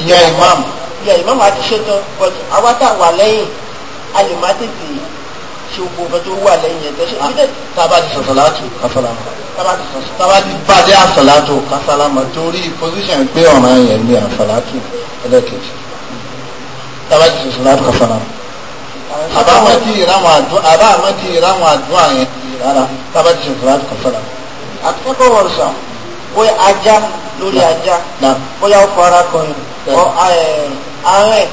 ìyá imam ìyá imam àti ṣetán but àwa tá a wà lẹ́yìn a lè má tètè ṣe gbogbo nǹkan tó wà lẹ́yìn ẹ̀ tẹ́ṣẹ́ tábà ti sọ̀tọ̀ láti kásálámà tábà ti bàjẹ́ àsàlátò kásálámà torí position pé ọ̀ràn yẹn ni àsàlátò ẹlẹ́kẹ̀ẹ́ tàbá ti sùn láti kà fara àbá má ti ìrànwọ́ àdúrà àbá má ti ìrànwọ́ àdúrà yẹn rárá tàbá ti sùn láti kà fara. àtúntò wọ̀rọ̀ sàn bóyá ajá lórí ajá bóyá ó fara kọyìn ọ ààrẹ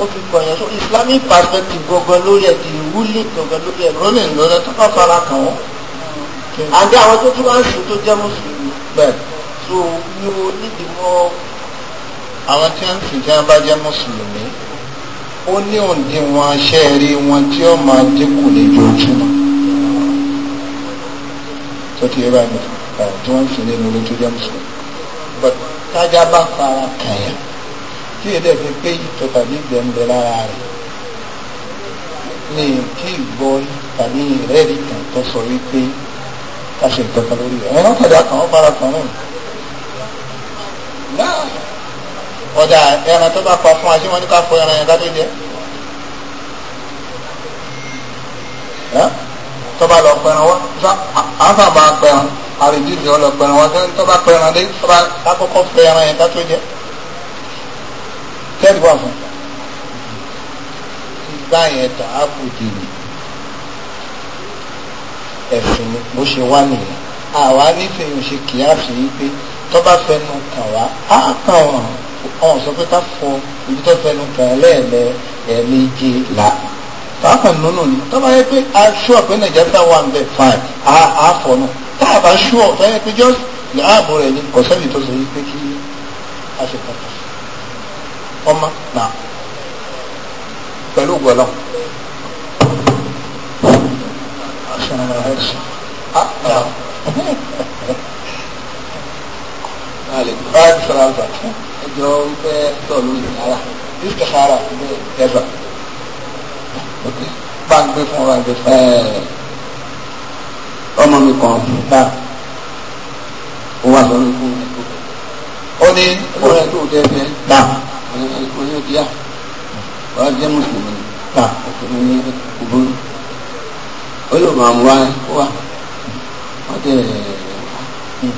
ó fi kọyìn so islamic perspective gangan lórí ẹ̀ ti wúlé gangan lórí ẹ̀ rolling lọ́dọ̀ tó bá fara kàn wọ́n àbí hmm. àwọn tó tún wá ń sùn tó jẹ́ mùsùlùmí so ni o nídìí mọ́. àwọn tí wọ́n ń sìn bá jẹ́ mùsùlùmí ó ní òǹdíwọ̀n aṣẹ́ rí wọn tí ó máa dínkù lójoojúmọ́ tó ti yẹra mi ọ̀rọ̀ tí wọ́n ń sìn nínú lójú jẹ́ mùsùlùmí but tájá bá fara kàyà tí èdè fi pé ìtọ̀ tàbí gbẹ̀ǹgbẹ̀ lára rẹ̀ ní tí ìgbọ́ tàbí ìrẹ́rìí kan tó sọ wípé ká ṣe nǹkan kan lórí rẹ̀ ẹ̀rọ kàdá kan ó fara kan náà ọ̀dà ẹran tó bá pa fún wa ṣé wọ́n ní ká fọ ẹran yẹn ká tó jẹ tó bá lọ pẹran wá àǹfà bá pẹran àrídìdì ọlọ pẹran wá tó bá pẹran dé tó bá kọ́kọ́ fẹ ẹran yẹn ká tó jẹ tẹ́lifà fún báyẹn tà á kù dìrì ẹ̀sìn bó ṣe wá nìyẹn àwa nífẹ̀ẹ́ òṣèkìyà fi wípé tó bá fẹnu kàn wá á kàn wọ́n àwọn sọ pé ká fọ ibi tó fẹnu kàn lẹ́ẹ̀mẹ́ ẹ̀ẹ́mẹ́jẹ là pàápàá nínú ni tó bá yẹ pé aṣọ àpẹ nàìjíríà wà ń bẹ fine á fọ nù tá a bá ṣú ọ̀ tó yẹ pé just láàbò rẹ̀ ni kò sẹ́ni tó sọ yìí pé kí a ṣe pàtàkì ọmọ náà pẹ̀lú gbọ́lọ́ Alek, bak, salam, bak jọ ń fẹ́ tọ̀ lórí ara ní kẹsàrà ní ìjẹba bá ń gbé fún ọ̀rọ̀ àgbẹ̀ fún ọmọ mi kan bá ó wà lọ́rùn fún mi ó ní ọ̀rẹ́ tó dẹ́ fẹ́ bá ọ̀rẹ́ díà wàá jẹ́ mùsùlùmí bá ọ̀sùn ní kúburú ó lò máa mú wa wá wọ́n tẹ̀ ẹ̀ ẹ̀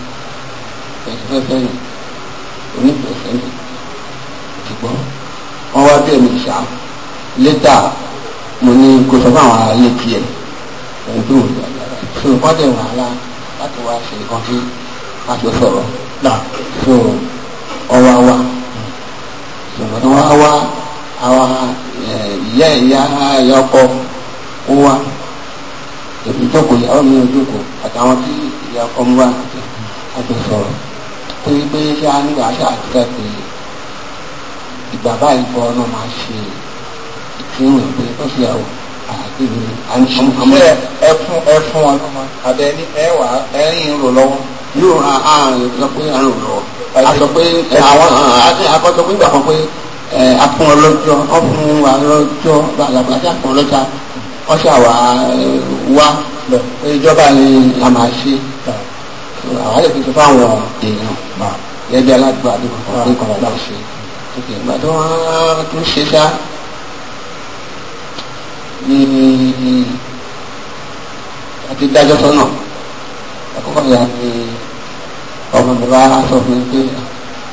fẹ́fẹ́ yìí onífẹsẹ ní ìgbọ́ wọn wá bí èmi ṣá létà mo ní kó sọ fún àwọn ará ilé tiẹ̀ òun tó wù so wọn dẹ̀ wà á láti wá ṣe nǹkan tí a ti sọ̀rọ̀ náà so ọwọ́ wa ṣùgbọ́n tí wọ́n wá àwọn ìyá ìyá ìyá ọkọ ó wá èmi jókòó ìyàwó mi ò jókòó àtàwọn tí ìyá ọkọ ń wá àti sọ̀rọ̀ pé pé ṣé a nígbà ṣe àdúrà pé ìgbà báyìí bọ́ ọ́nà máa ṣe ìkírun pé ó ṣe àwọn àgbèrè àníṣe. ẹ fún ẹ fún wọn abẹ ní ẹ wà ẹ rìn rò lọ́wọ́. yóò ra àrùn sọ pé àrùn lọ a sọ pé àwọn akọ́sọ pé ìgbà kan pé apọn ọlọ́jọ́ ọ̀fun ọlọ́jọ́ làgbàdà kan ọlọ́jà ọ̀ṣà wà ìjọba ni a máa ṣe àwọn lè fi sọ fáwọn èèyàn mà gẹ́gẹ́ aládùúgbò àdúgbò kan pé kan bàbá ṣe òkè ìgbà tó wọ́n tún ṣe dá ní àti dájọ́ sọ́nà àkọ́kọ́ ìyá ni ọmọ bàbá sọ fún mi pé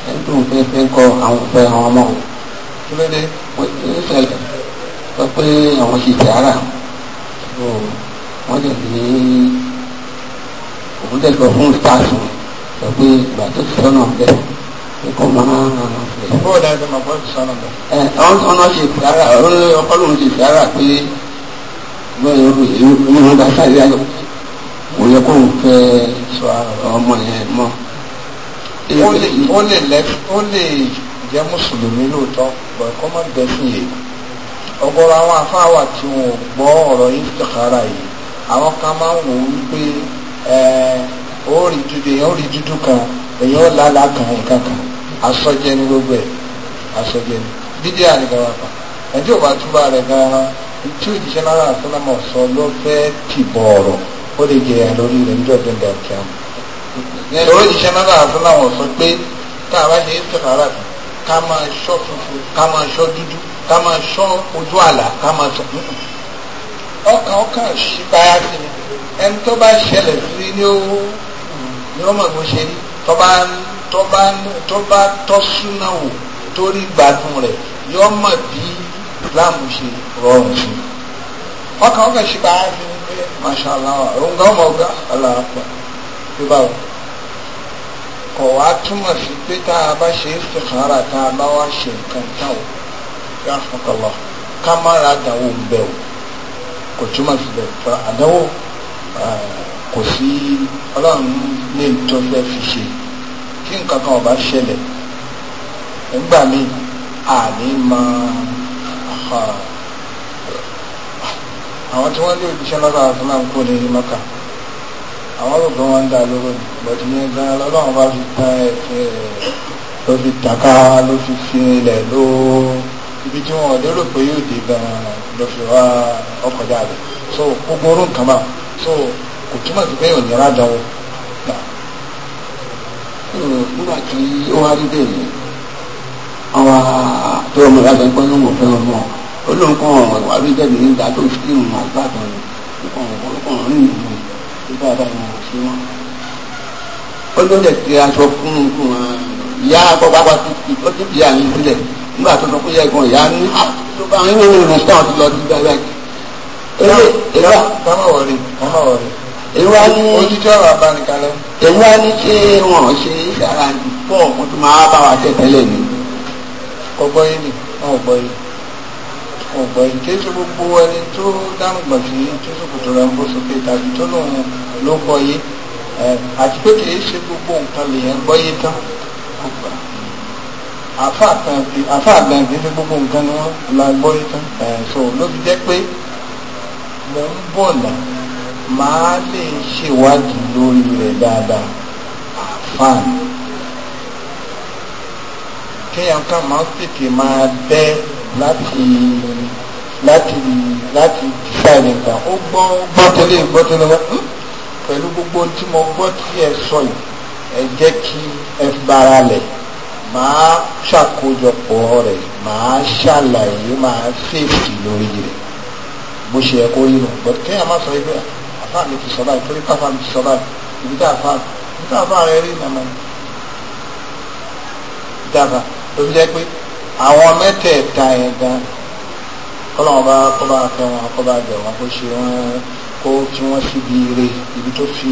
ẹ̀dùn pé pé ń kọ àwọn òfẹ́ àwọn ọmọ òun tó lédè wọ́n ti ń ṣẹlẹ̀ sọ pé àwọn ṣe tẹ̀ ara wọ́n jẹ̀ ní òun dẹ̀ lọ fún sítáàsì sọ pé ìgbà tó ti sọ́nà bẹ́ẹ̀ kò máa rẹ̀. bó o dáa tó máa bọ́ ti sọ́nà bẹ́ẹ̀. ẹ ọ̀n ọ̀nà ṣe fìlàrà ọkọ lòun ṣe fìlàrà pé ìwọ̀n gba sáré ayọ̀ kò yẹ kó n fẹ́ ọmọ yẹn mọ́. ó lè lẹ́fí ó lè jẹ́ mùsùlùmí lóòótọ́ bọ̀ kọ́ má bẹ́ sí yìí ọ̀gọ̀rọ̀ àwọn afáwà tí wọn gbọ́ ọ̀rọ̀ yìí tẹ̀kára yìí àwọn kan máa ń wò wípé ó rí dudu kan eyi ó lálàá kan nǹkan asọ́jẹ́ ní gbogbo ẹ̀ asọ́jẹ́ ní dídí àríga wa pa bá rẹ̀ gan-an tí sọ ló fẹ́ tìbọ̀ ọ̀rọ̀ ó lè lórí rẹ̀ ìṣòro sọ pé tá a bá ṣe é sọ̀rọ̀ ká máa ṣọ́ funfun ká máa ṣọ́ dúdú ká máa ṣọ́ ojú àlà ká máa ṣọ́ ọkàn ọkàn ṣípayá sí ni ẹni tó bá ṣẹlẹ̀ sí ni ó ní ó mọ̀ bó ṣe rí tó bá tó bá tó bá tọ́ súná wò torí gbádùn rẹ̀ yọ mọ̀ bí láàmú ṣe rọrùn sí ọkàn ọkàn ṣípayá sí ni pé masha allah òun gan mọ̀ ọgá aláàpá bí báwo kọ̀ wá túmọ̀ sí pé tá a bá ṣe istikhara tá a bá wá ṣe nǹkan táwọn yàtọ̀ kọlọ ká má ra dàwọ̀ ń bẹ̀ kò túmọ̀ sí bẹ́ẹ̀ fọ àdánwò kò sí ọlọ́run ní tó fẹ́ fi ṣe kí nǹkan kan ọba ṣẹlẹ̀ nígbà míì àní máa àwọn tí wọ́n lé òjíṣẹ́ lọ́dọ̀ àti náà kó ní mọ́kà àwọn rò pé wọ́n ń dá lóró ni bọ̀dé yẹn gan lọ́lọ́run bá fi tán ẹ̀ ló fi tàká ló fi fi ilẹ̀ ló ibi tí wọ́n lérò pé yóò dé gan-an lọ́sọ̀rọ̀ ọkọ̀já rẹ̀ so gbogbo orú nǹkan bá so kò túmọ̀ sí pé yóò nira dán o gbà hmm, nígbà tí ó wá rí bẹ́ẹ̀ ni àwa tó ọmọ ìyàgbẹ́ gbọ́n ló ń wọ̀ fẹ́ ọmọ olóhùn kan ọ̀rọ̀ wà rí jẹ́bi nígbà tó fi ń mọ̀ gbàgbọ́n ni nǹkan ọ̀rọ̀ rí ìlú nígbà báyìí mọ̀ sí wọn. ó ló lè ti aṣọ fún un ìyá àkọ́kọ́ tó ti ìyá yín sílẹ̀ nígbà tó sọ pé yẹ gan ìyá ní ah! àwọn ìwé ìrìn tí wọn ti lọ dídá yá kí. èrè èrè kámá wọlé kámá wọlé. èrè ní ojútùú ọ̀rọ̀ abánikalẹ. èrè ní ṣé wọn ṣe ìṣàrà pọ kó tó máa bá wa tẹ tẹ́lẹ̀ ni. ọgbọ yìí ni wọn ò gbọ́ yìí wọn ò gbọ́ yìí kí gbogbo ẹni tó dáhùn gbọ̀nsẹ̀ yìí tó sọ kòtò rẹ̀ ń bó sókè tàbí tó lòun ló gbọ́ yìí àti pé kì í ṣe gbogbo nǹkan lèèyàn gbọ́ yìí tán àfa kan ti àfa àgbọn kì í ṣe gbogbo nǹkan ni wọ́n la gbọ́ yìí tán ẹ̀ so ló fi jẹ́ pé mo ń bọ̀ là máa lè ṣèwádìí lórí rẹ̀ dáadáa àfa ni kéèyàn kan máa tètè máa bẹ́ láti láti láti ṣàlẹ̀ nǹkan ó gbọ́ gbọ́tẹ́lẹ̀ gbọ́tẹ́lẹ̀ wọn pẹ̀lú gbogbo tí mo gbọ́ tí ẹ sọ yìí ẹ jẹ́ kí ẹ bára lẹ̀ màá ṣàkójọpọ̀ rẹ̀ màá ṣàlàyé màá ṣèṣì lórí rẹ̀ bó ṣe yẹ kó rí nù gbọ́dọ̀ kéèyàn má sọ ẹgbẹ́ àfa mi ti sọ báyìí torí káfa mi ti sọ báyìí ibi tá àfa ibi tá àfa rẹ rí nàmọ ibi tá àfa ló fi jẹ́ pé àwọn mẹ́tẹ̀ẹ̀ta yẹn gan kọ́lọ́wọ́n bá kọ́ bá fẹ́ wọn kọ́ bá jẹ wọn kó ṣe wọn kó tí wọ́n síbi ire ibi tó fi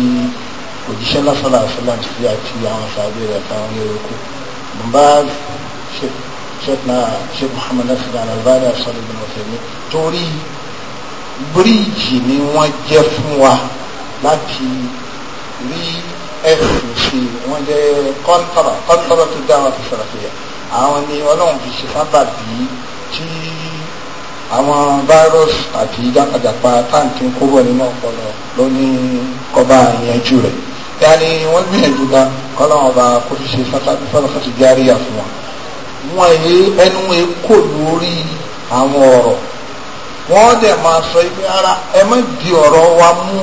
òjíṣẹ́ lásán làásán láti fi àti àwọn sàbẹ̀ rẹ̀ àtàwọn yẹ̀rọ kù. بن باز شيخنا شيخ محمد ناصر al-Albani sọ́lé bin ọ̀sẹ̀mí torí bíríìjì ni wọ́n jẹ́ fún wa láti rí ẹ̀sìn sí wọ́n jẹ́ kọ́ńtọ́rọ̀ kọ́ńtọ́rọ̀ tó dá wọn fi sọ̀rọ̀ àwọn ni ọlọ́run fi ṣe sábàbí tí àwọn virus àti jákàjàpá táǹkì ń kó bọ̀ nínú ọpọlọ ló ní kọ́ba ìyẹn jù rẹ̀ yàní wọ́n gbìyànjú gan kọ́lọ́wọ́n ọba kó fi ṣe sákàtì sọ́dọ̀kàtì járíyà fún wa wọn èyí ẹnu èkó lórí àwọn ọ̀rọ̀ wọ́n dẹ̀ máa sọ ibi ara ẹ má di ọ̀rọ̀ wa mú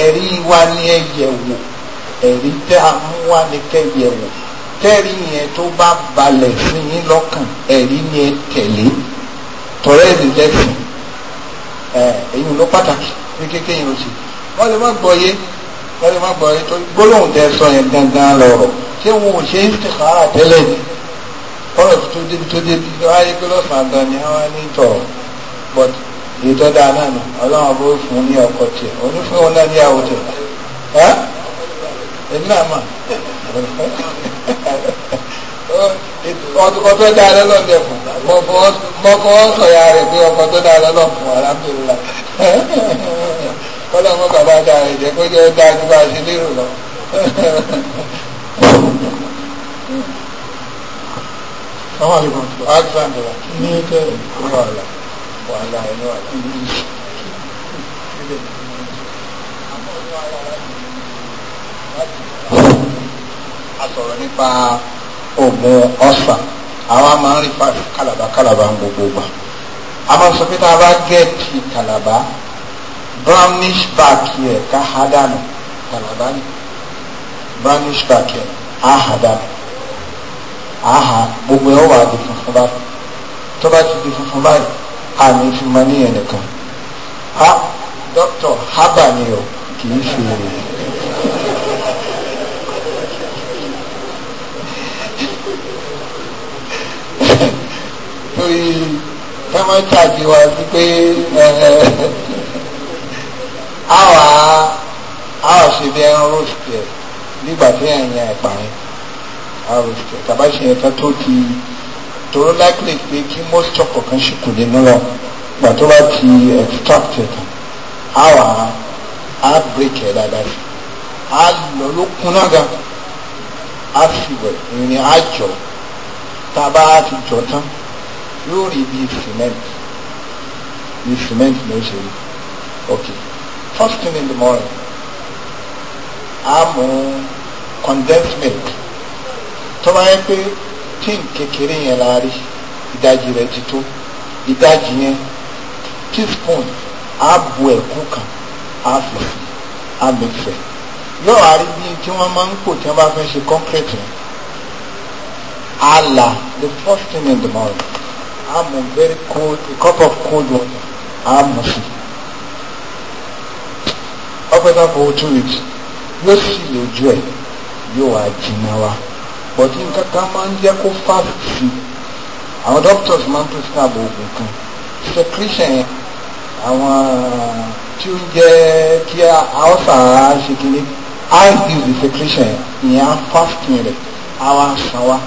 ẹ̀rí wa ní ẹ̀yẹ̀ wò ẹ̀rí tẹ́ a mú wa ní kẹ́yẹ̀ wò tẹ́rí yẹn tó bá balẹ̀ sí yín lọ́kàn ẹ̀rí yẹn tẹ̀lé tọ̀rẹ́ ẹ̀rí lẹ́sìn ẹ̀ èyí ló pàtàkì ní kékeré yìí ló ṣe wọ́n lè má gbọ́ yé lọ́dẹ má gbọ́ yẹn tó gbólóhùn tẹ sọ yẹn gangan lọ́rọ̀ ṣé wọn ò ṣe é ti kàrà tẹ́lẹ̀ ni ọ̀rọ̀ tó débi tó débi wáyé pé lọ́sàn-án gan ni wọ́n á ní tọ̀ but èyí tó nù ọlọ́run bó fún un ní ọkọ tiẹ̀ onífẹ́ wọn náà ní àwọn tẹ̀ ẹ́ èmi náà mà ọkọ tó dáa lọ́lọ́ ń dẹ̀kun mọ fọwọ́ sọ rẹ̀ pé ọkọ tó dáa lọ́lọ́ fún wa alábẹ́rẹ́ la kọ́lọ́ mọ́ bàbá da ẹ̀jẹ̀ kó jẹ́ dáa ju bá a ṣe lérò lọ. àwọn nípa oògùn ọ̀sà àwa máa ń rí kàlàbà kàlàbà ń gbogbo gbà a máa sọ pé tá a bá gẹ̀ẹ́tì kàlàbà brownish back here ká há dànù kàlàbá ni brownish back here á há dànù á há gbogbo ẹ̀ wà á di funfun báyìí tó bá ti di funfun àwà àwà ṣe bí ẹran roast ẹ̀ nígbà tí ẹ̀yìn ẹ̀pà rẹ̀ àwà roast ẹ̀ tàbá ṣe ẹ̀ka tó ti tòró láìpẹ́ pé kí mọ́sítọ̀ kọ̀ọ̀kan ṣì kù nínú lọ gbà tó bá ti extract ẹ̀ tán àwà á break ẹ̀ dáadáa rẹ̀ á lọ ló kún náà gan á fi wẹ̀ ìrìn á jọ tá a bá jọ tán yóò rí bí cement bí cement ló ṣe rí okay first thing in the morning a condensed milk tó bá yẹ pé tí kékeré yẹn la rí ìdajì rẹ̀ ti tó ìdajì yẹn teaspoon a bu ẹ̀kú kan a fi si a mẹ́fẹ̀ yóò wá rí bí tí wọ́n máa ń pò tí wọ́n bá fẹ́ ṣe concrete yẹn a the first thing in the morning a very cold a cup of cold water a mú ọpẹ́ bá two weeks yóò sì lójú ẹ̀ yóò wá jìnnà wa bọ̀dí nǹkan kan máa ń jẹ́ kó fáàlì sí àwọn doctors máa ń prescribe oògùn kan secretion yẹn àwọn tí ó ń jẹ́ kí aọ́sà ṣe kéré ice is the secretion yẹn ìyẹn á fasting rẹ̀ àwọn àṣà wa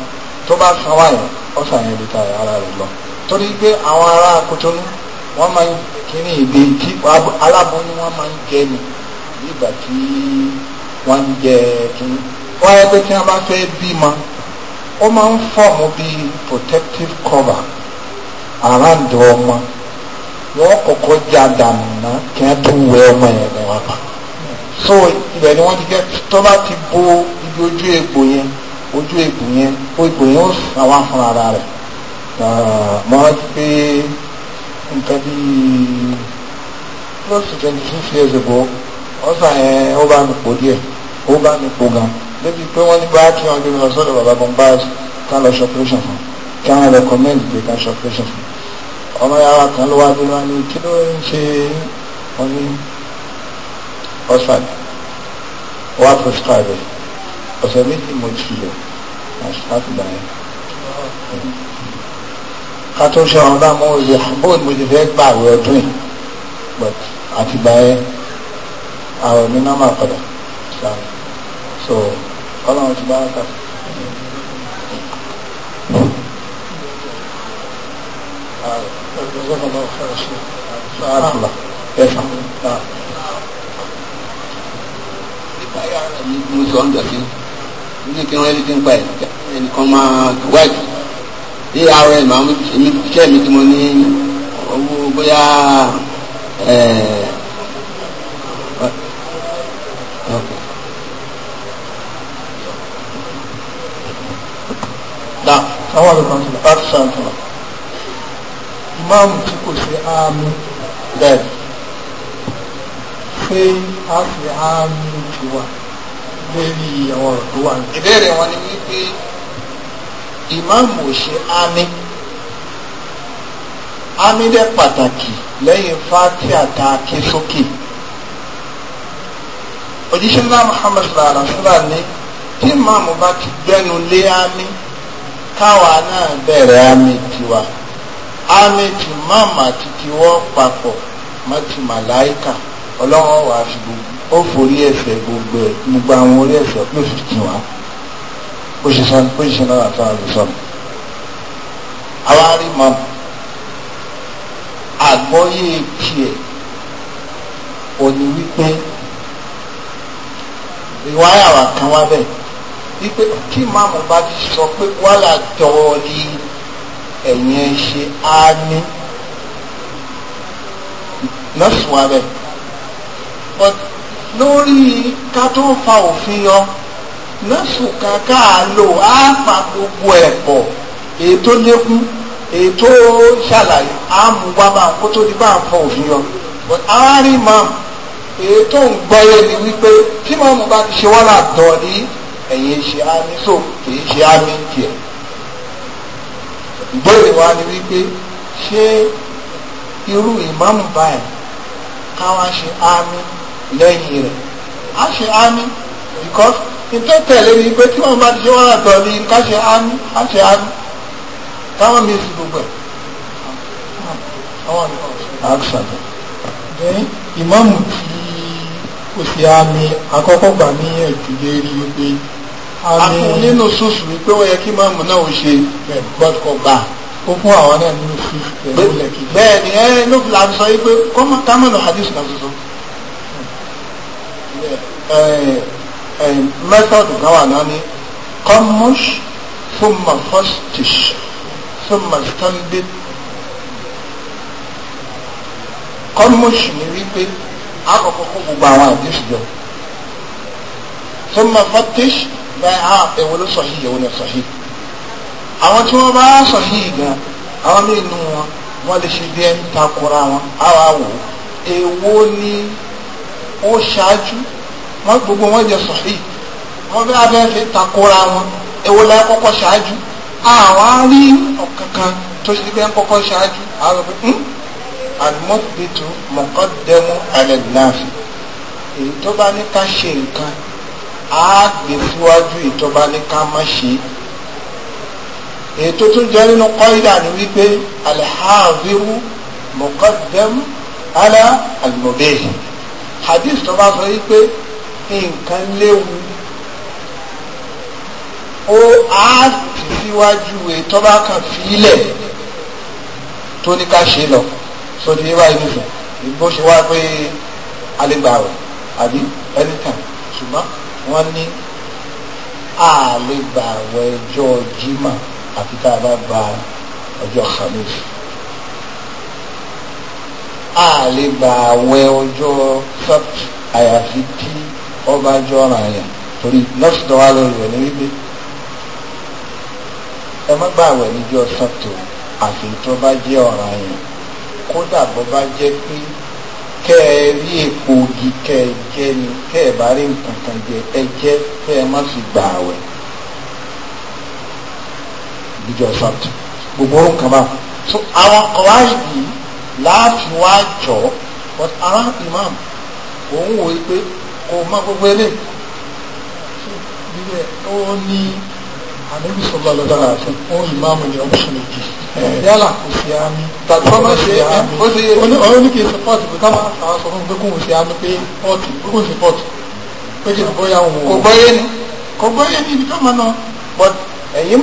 tó bá san wáyé ọ̀sà yẹn lè ta ara rẹ̀ lọ torí pé àwọn ará Kotonu wọ́n máa ń kíní ìbejì aláboyún wọ́n máa ń jẹ́ ni bí ìgbà tí wọ́n ń jẹ kíní wọ́n yẹ pé tí wọ́n bá fẹ́ bímọ ó máa ń fọ̀mù bí protective cover around ọmọ wọ́n kọ́kọ́ já dànù náà kí wọ́n tó wẹ ọmọ yẹn lọ́wọ́ pa so ibẹ̀ ni wọ́n ti jẹ́ tó bá ti bo ibi ojú egbò yẹn ojú egbò yẹn egbò yẹn ó sàn wá fún ara rẹ̀ mọ́ pé nǹkan bíi close to twenty six years ago wọ́n sàn yẹn ó bá mi pò díẹ̀ ó bá mi pò gan débi pé wọ́n ní bá kí wọ́n gbé mi lọ sọ́dọ̀ bàbá gan bá ká lọ ṣe operation fún kí wọ́n recommend pé ká ṣe operation fún ọmọ yàrá kan ló wá bí wọ́n ní kí ló ń ṣe wọ́n ní ọ̀sán wá prescribe ọ̀sẹ̀ méjì mo ti lò láti gbà yẹn ká tó ṣe ọ̀rọ̀ náà mo ò lè bóòdù mo ti fẹ́ gbà wẹ̀ ọdún yìí àtìgbà yẹn àwọn ní nọ́mà padà so ọlọ́run ti bá wà kà. mo sọ ọ́n dọ̀tí ní kí wọ́n ẹni tí ń pa ẹ̀ ẹnì kan máa wáìtì bí ara ẹ̀ máa ń ṣe mí tí mo ní owó bóyá ẹ̀ẹ́. da àwọn àgbẹ̀kan ti lọ àti ṣàǹtìlá ìmáàmù tí kò ṣe àmì bẹ́ẹ̀ pé a fi àmì tiwa lórí àwọn ọ̀rọ̀ tó wà ní. ìbéèrè wọn ni wípé ìmáàmù ò ṣe àmì àmì dẹ́ pàtàkì lẹ́yìn fati àtàkì sókè òjíṣẹ́ náà Muhammad sallallahu alaihi wasallam ní tí ìmáàmù bá ti gbẹ́nu lé àmì káwa náà bẹ̀rẹ̀ àmì tiwa àmì ti máàmà ti tiwọ́ papọ̀ mọ́ ti màláìkà ọlọ́wọ́ wà fi gbogbo ó forí ẹ̀fẹ̀ gbogbo ẹ̀ gbogbo àwọn orí ẹ̀fẹ̀ ló fi tì wá ó ṣe sọ ó ṣe náà àtàwọn àti sọnù àwa rí mọ́mù àgbọ́yé tiẹ̀ òní wípé ìwáyà wà kan wá bẹ́ẹ̀ wípé kí màmú bá ti sọ pé wàhálà dọ́ọ̀lì ẹ̀yìn ṣe á ní lọ́sùn abẹ lórí ká tó fa òfin yọ lọ́sùn kankan àlò á pa gbogbo ẹ̀ pọ̀ èyí tó lékún èyí tó ṣàlàyé á mú wá bá kó tó di bá ń òfin yọ àárín màmú èyí tó ń gbọ́yé ni wípé tí màmú bá ti ṣe wàhálà dọ́ọ̀lì ẹ̀yin ṣe á ní so kìí ṣe á ní tiẹ̀ ìbéèrè wa ni wípé ṣé irú ìmáàmù báyìí káwá ṣe ámì lẹ́yìn rẹ̀ á ṣe ámì because ìtọ́ tẹ̀lé ni pé tí wọ́n bá ti ṣe wọ́n àtọ̀ ní ká ṣe ámì á ṣe ámì táwọn mi fi gbogbo ẹ̀ àwọn àgbàdo. then ìmáàmù tí kò sí ámì akọ́kọ́ gbà ní ẹ̀jú lérí wípé akún nínú sùsù wípé wọ́n yẹ kí máàmù náà ò ṣe gbọ́dọ̀ gbà ó fún àwọn náà nínú sùsù pẹ̀lú lẹ́kì. bẹ́ẹ̀ ni ẹ ló fi làá sọ wípé kámọ́nù hadith náà tuntun mẹ́tọ̀dù kan wà náà ní kọ́mọ́ṣ fúnmọ̀ fọ́stìṣ fúnmọ̀ stọ́ndìt kọ́mọ́ṣ ni wípé akọ̀kọ́ kó gbogbo àwọn àdéṣù jọ fúnmọ̀ fọ́stìṣ pé a ah, ẹ̀wọ̀n ló sọ̀hí ẹ̀wọ̀n ló sọ̀hí àwọn tí wọ́n bá sọ̀hí gan àwọn mẹ́nu wọn wọ́n lè ṣe bí ẹni takora wọn àwa wò èwo ni ó ṣáájú wọ́n gbogbo wọn jẹ sọ̀hí wọ́n bẹ́ẹ̀ abẹ́ fi takora wọn èwo la kọ́kọ́ ṣáájú àwọn á rí ọ̀kankan tó ṣe bẹ́ẹ̀ kọ́kọ́ ṣáájú àwọn ọ̀bẹ alimọ́tò mọ̀kọ́dẹ́mú alẹ́ náà fi èyí tó bá ní ká ṣe nǹkan á gbé síwájú ìtọ́ba ní ká má ṣe ètò tó jẹ́ nínú kọ́ídà ni wípé alhaaziru muqaddam ala almubih hadith tó bá sọ wípé nǹkan léwu ó á fi síwájú ìtọ́ba kan fílẹ̀ tó ní ká ṣe lọ sọdí yé báyìí nìyẹn bó ṣe wá pé alẹ́ gbà rẹ̀ àbí anytime ṣùgbọ́n wọ́n ní ààlè gba àwẹ̀ ọjọ́ jimá àfi tá a bá gba ọjọ́ khamis ààlè gba àwẹ̀ ọjọ́ sabt àyàfi tí ọba jọra yẹn torí nọ́ọ̀sì tó wà lórí rẹ̀ ní wípé ẹ má gba àwẹ̀ níjọ́ sabt àfi tó bá jẹ́ ọ̀ràn yẹn kódà bó bá jẹ́ pé kẹ́ ẹ rí èpo ògì kẹ́ ẹ jẹ ni kẹ́ ẹ bá rí nǹkan kan jẹ ẹ jẹ kẹ́ ẹ má fi gbà àwẹ̀ ìjọ sọ́ọ̀tì gbogbo orun kan báwọn so àwọn ọ̀rá ìdí láàfin wá jọ but ara imam òun wòye pé kò má gbogbo eléyìí ó ní ànábì sọlá lọ́dọ̀ àti fún ìmáàmù ní ọdún méjì yálà kò sí àmì tàbí ọmọ ṣe ó ṣe ọyọ ní kí n sọpọ́ọ̀tì pé ká máa ta sọ fún pé kóun ṣe àmì pé pọ́ọ̀tì pé kóun ṣe pọ́ọ̀tì pé kí n bóyá òun wò. kò gbọ́yé ni kò gbọ́yé ni ibi tó máa nà but ẹ̀yìn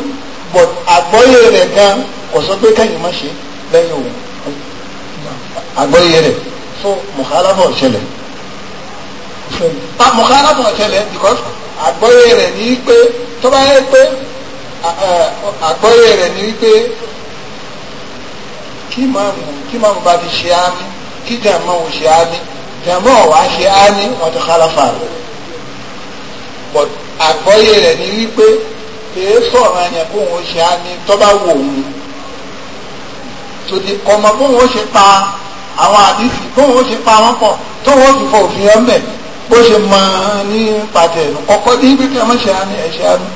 but àgbọ́yé rẹ̀ gan kò sọ pé kẹ́yìn má ṣe lẹ́yìn òun àgbọ́yé rẹ̀ so mùkálàfọ̀ ṣẹlẹ̀ mùkálàfọ̀ ṣẹlẹ̀ because àgbọ́yé rẹ̀ ní pé tó bá yẹ pé àgbọ́yé rẹ̀ ni wípé kí màmù kí màmù bá ti ṣe ámì kí jàmọ́ ò ṣe ámì jàmọ́ ò wá ṣe ámì wọ́n ti kálàfà rẹ̀ but àgbọ́yé rẹ̀ ni wípé kìí sọ̀rọ̀ àyàn kó òun ṣe ámì tó bá wò òun tòdì kọ́mọ kó òun ṣe pa àwọn àdìsí kó òun ṣe pa wọn pọ̀ tó wọ́n ti fọ òfin ẹ̀ bó ṣe mọ ní pàtẹ́ kọ́kọ́ ní pípẹ́ ọmọ ṣe ámì ẹ̀ ṣe ámì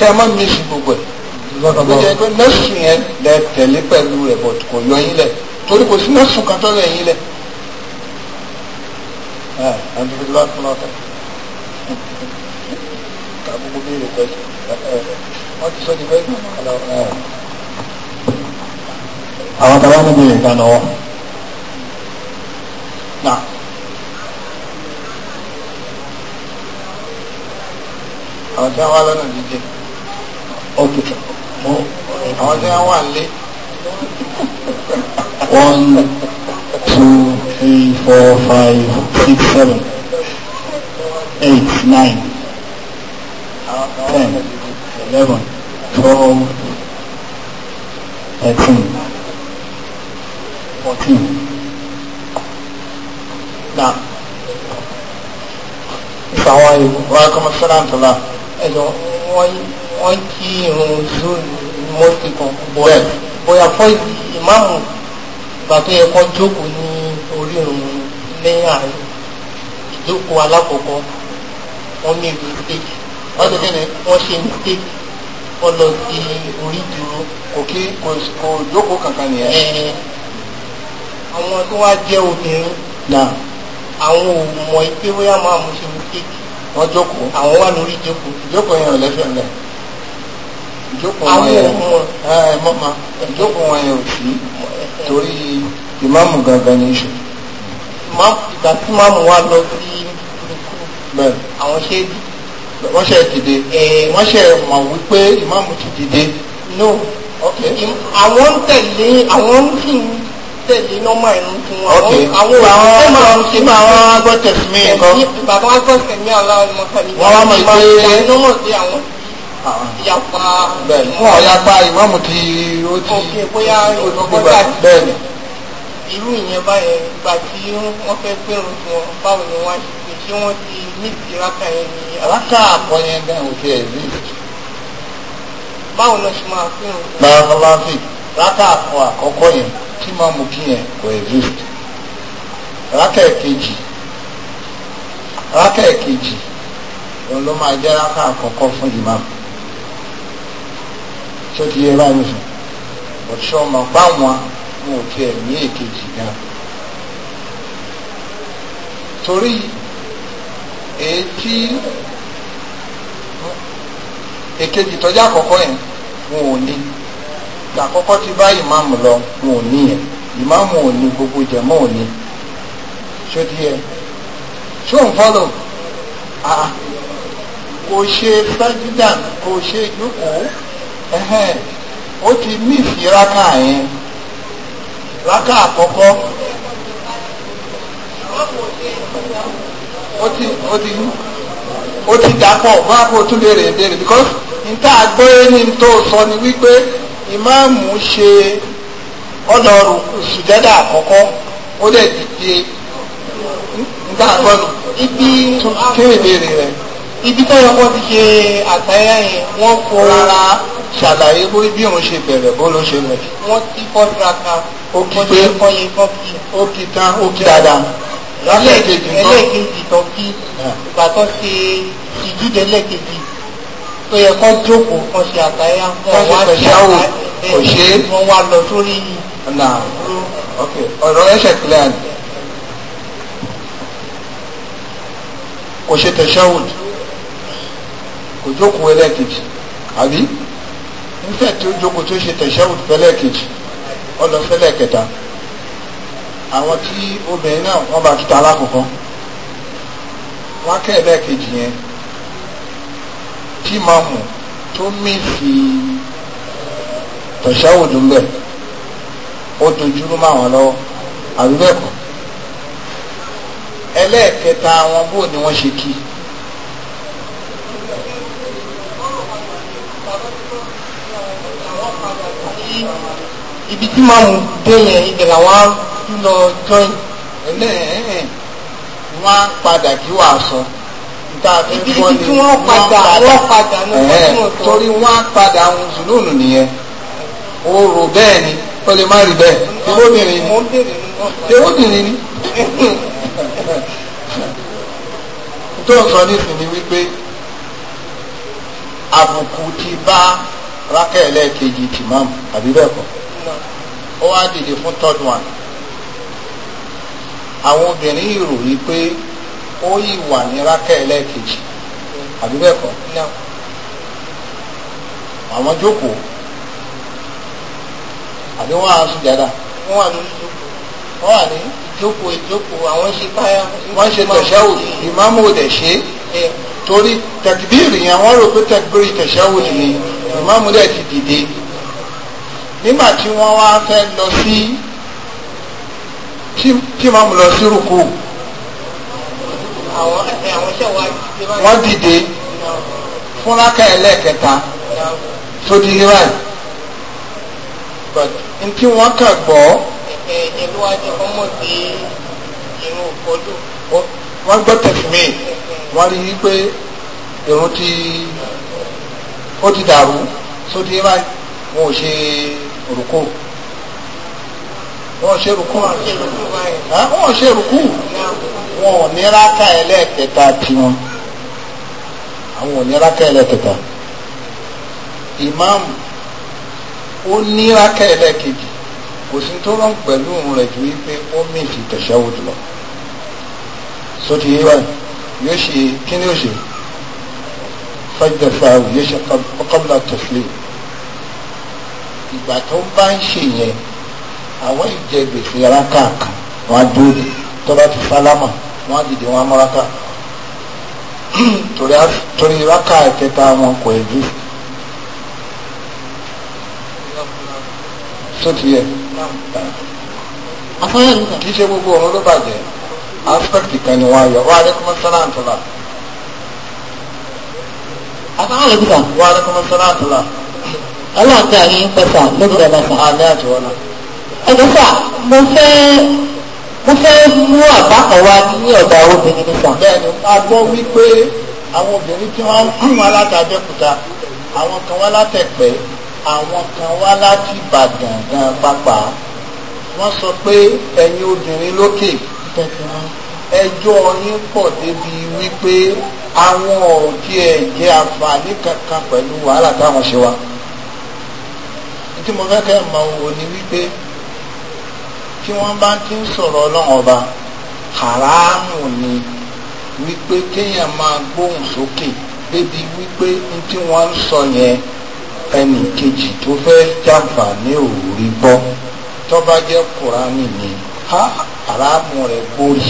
kẹ́ ẹ má mi sùn gbogbo ẹ̀ kò jẹ́ pé nọ́ọ̀sù yẹn lẹ tẹ̀lé pẹ̀lú rẹ̀ bọ̀ kò yọ yín lẹ̀ torí kò sí nọ́ọ̀sù kan tọ́lẹ̀ yín lẹ̀ ah, eh, eh, eh. àwọn tàbá níbi ìgbà náà náà àwọn tí wọn wá lọ́nà jíjìn ọdún mọ. àwọn tí wọn wà lé. one two three four five six seven eight nine ten eleven twelve thirteen fourteen. Now, ìfàwọn ìwà kọ́mọ́sọ́lá ń tọ́lá ẹ̀jọ̀ wọ́n yí wọ́n kí irun ìlú mọ́tì kan bọ́yà bọ́yà fọ́ ìmáàmù ìgbà tó yẹ kó jókòó ní orí irun lẹ́yìn àárín ìjókòó alákọ̀ọ́kọ́ wọ́n ní ìlú stage wọ́n ṣe kéde wọ́n ṣe ní stage wọ́n lọ sí orí ìdúró. kò kí kò jókòó kankan nìyẹn. àwọn tó wá jẹ́ obìnrin. àwọn ò mọ̀ pé bóyá máa mú ṣe mú kéèkì. wọ́n jókòó. àwọn wà lórí ìjókòó. ìjókòó yẹn ò lẹ́fẹ̀ẹ́ ìjókòó wọn yẹn ò sí torí ìmáàmù gangan ní ìṣù ìgbà tí máàmù wa lọ sí bẹ́ẹ̀ àwọn ṣe wọ́n ṣe dìde wọ́n ṣe mọ̀ wípé ìmáàmù ti dìde no àwọn ń tẹ̀lé àwọn ń fi tẹ̀lé nọ́mà ẹ̀rù fún wọn àwọn òṣìṣẹ́ máa ń ṣe máa wọ́n á gbọ́ tẹ̀sí mi nǹkan bàbá wọn gbọ́ tẹ̀mí aláwọ̀ ọmọ kan ní wọ́n á mọ̀ pé nọ́mọ̀ sí àwọn yapa bẹ́ẹ̀ni wọn ò yapa ìmáàmù tí ó ti òkè bóyá ìgbà bẹ́ẹ̀ni. irú ìyẹn báyẹn ìgbà tí wọ́n fẹ́ gbẹ̀rún fún ọ báwo ni wọ́n á ṣe pé kí wọ́n ti níbi rákà yẹn ni. rákà àpọ̀ yẹn o òkè ẹ̀ bí. báwo lọ ṣe máa fi hàn. bàbáfì rákà àpọ̀ àkọ́kọ́ yẹn tí máa mú kí yẹn kò ẹ̀ bí. rákà ẹ̀kejì rákà ẹ̀kejì òun ló máa jẹ́ rákà àkọ́kọ́ fún ìmáàmù ṣé di ẹ báyìí sùn ọ̀ṣọ́ ọmọ báwọn wọn ò tiẹ̀ ní èkejì náà torí èyí èkejì tọ́jú àkọ́kọ́ yẹn wọn ò ní àkọ́kọ́ ti bá ìmáàmù lọ wọn ò ní yẹn ìmáàmù ò ní gbogbo jẹ̀mọ́ ò ní ṣé di ẹ ṣó ń fọ́lọ̀ kò ṣe sájúdà kò ṣe ìjókòó. ẹ̀hẹ́n o ti mísì raka yẹn raka akọkọ ó ti dapọ ti ó ti dàpọ̀ báàbò tún léèrè ni wípé imamu ṣe ọlọ́rù sùjẹ́dà akọkọ o lè dìde n ibi tó yẹ kó ti ṣe àtàyà yẹn wọ́n fọlára ṣàlàyé bó bí òun ṣe bẹ̀rẹ̀ bó ló ṣe bẹ̀rẹ̀. wọ́n ti kọ́ tiraka ó kí pé ó kí tán ó kí dáadáa. lẹ́ẹ̀kejì ẹlẹ́ẹ̀kejì tó kí ah. ìgbà tó ṣe ìdíje lẹ́ẹ̀kejì tó yẹ kó jókòó kan ṣe àtàyà wọn wá ṣe àtàyà wọn wá lọ sórí yìí. ọ̀rọ̀ ẹ̀ṣẹ̀ clear kò ṣe tẹ̀síọ́wùdì kò jókòó ẹlẹ́ẹ̀kejì àbí nígbà tí ó jókòó tó ṣe tẹ̀síọ́wùd pẹ́lẹ́ẹ̀kejì ọlọ́fẹ́lẹ́ kẹta àwọn tí obìnrin náà wọ́n bá kíta alákọ̀ọ́kọ́ wọ́n kẹ́ ẹlẹ́ẹ̀kejì yẹn tí màmù tó mìsì tẹ̀síọ́wùd ń bẹ̀ ó dojúrú máwọn lọ́wọ́ àbí bẹ́ẹ̀ kọ́ ẹlẹ́ẹ̀kẹta àwọn bóò ni wọ́n ṣe kí i. ibi tí màmú dé yẹn ibẹ̀ làwọn lọ join. ẹlẹ́ẹ̀ wọ́n á padà kí wàá sọ. ibi tí wọ́n padà wọ́n padà ní tó. torí wọn padà ń zùlùnù nìyẹn o rò bẹ́ẹ̀ ni o lè má rí bẹ́ẹ̀ tewóbìnrin ni tewóbìnrin ni tó ń rákẹ́ ẹlẹ́ẹ̀kejì tìmáàmù àbí bẹ́ẹ̀ kọ́ ó wá dìde fún third one àwọn obìnrin yìí rò yí pé ó yìí wà ní rákẹ́ ẹlẹ́ẹ̀kejì àbí bẹ́ẹ̀ kọ́ àwọn jókòó àbí wọ́n á sùn dáadáa wọ́n wà lórí wọ́n wà ní jókòó ìjókòó àwọn ṣe báyà wọ́n ṣe tẹ̀síáwò ìmáàmù ò ṣe torí takbir yẹn wọ́n rò pé takbir tashahhud ni ìmáàmù dẹ̀ ti dìde nígbà tí wọ́n wá fẹ́ lọ sí tí ìmáàmù lọ sí rúkú wọ́n dìde fúnlákà ẹlẹ́ẹ̀kẹta tó di ríràn ntí wọ́n kàn gbọ́ ìlú ajé ọmọdé irun òkòdù wọ́n gbọ́ tẹ̀síwèé wọ́n rí i pé irun ti ó ti dàrú sódì ẹ̀ báyìí wọn ò ṣe òrùkọ wọn ò ṣe òrùkọ wọn ò ṣe òrùkọ wọn ò ní rákà ẹlẹ́ẹ̀kẹta tiwọn àwọn ò ní rákà ẹlẹ́ẹ̀kẹta ìmáàmù ó ní rákà ẹlẹ́ẹ̀kejì kò sí tó rán pẹ̀lú rẹ̀ ju wípé ó mì sí tẹ̀síwájú lọ sódì ẹ̀ báyìí yóò ṣe kí ni yóò ṣe fàjọfà yóò ṣe kọ́bùlà tẹ̀flé ìgbà tó bá ń ṣe yẹn àwọn ìjẹ gbèsè aráka kan wọn á dúró de tó bá ti fálámà wọn á dìde wọn á mọ́ráka torí ráka ẹ̀kẹta wọn kò ẹ̀ dúró. kì í ṣe gbogbo ọ̀run ló bàjẹ́ aspect kan ni wọ́n yọ wọ́n alẹ́kùnmọ́ sọ́lá ntọ́lá àtàwọn àlẹ́kùnmọ́ wọ́n alẹ́kùnmọ́ sọ́lá ntọ́lá aláǹtà yìí ń pẹ̀sà lókè ọ̀dàfà àlẹ́ àjọwọ́lá ẹ̀jẹ̀ sà mo fẹ́ mo fẹ́ mú àbá kan wá ní ọ̀dà obìnrin ní sà. bẹ́ẹ̀ni a gbọ́ wípé àwọn obìnrin tí wọ́n ń kún wọn látàbẹ́kúta àwọn kan wá látẹ̀pẹ́ àwọn kan wá láti Ìbàdàn gan pápá wọ́n sọ pé ẹ̀yin obìnrin lókè ẹjọ́ yín pọ̀ débi wípé àwọn ọ̀dí ẹ̀jẹ̀ àǹfààní kankan pẹ̀lú wàhálà táwọn ṣe wa tí mo fẹ́ kẹ́ ẹ̀ mọ̀ wò ni wípé tí wọ́n bá ti ń sọ̀rọ̀ ọlọ́run ọba haramu ni wípé kéèyàn máa gbóhùn sókè débi wípé n tí wọ́n ń sọ yẹn ẹnì kejì tó fẹ́ jàǹfààní òòrí gbọ́ tó bá jẹ́ ni ha haramu rẹ̀ borí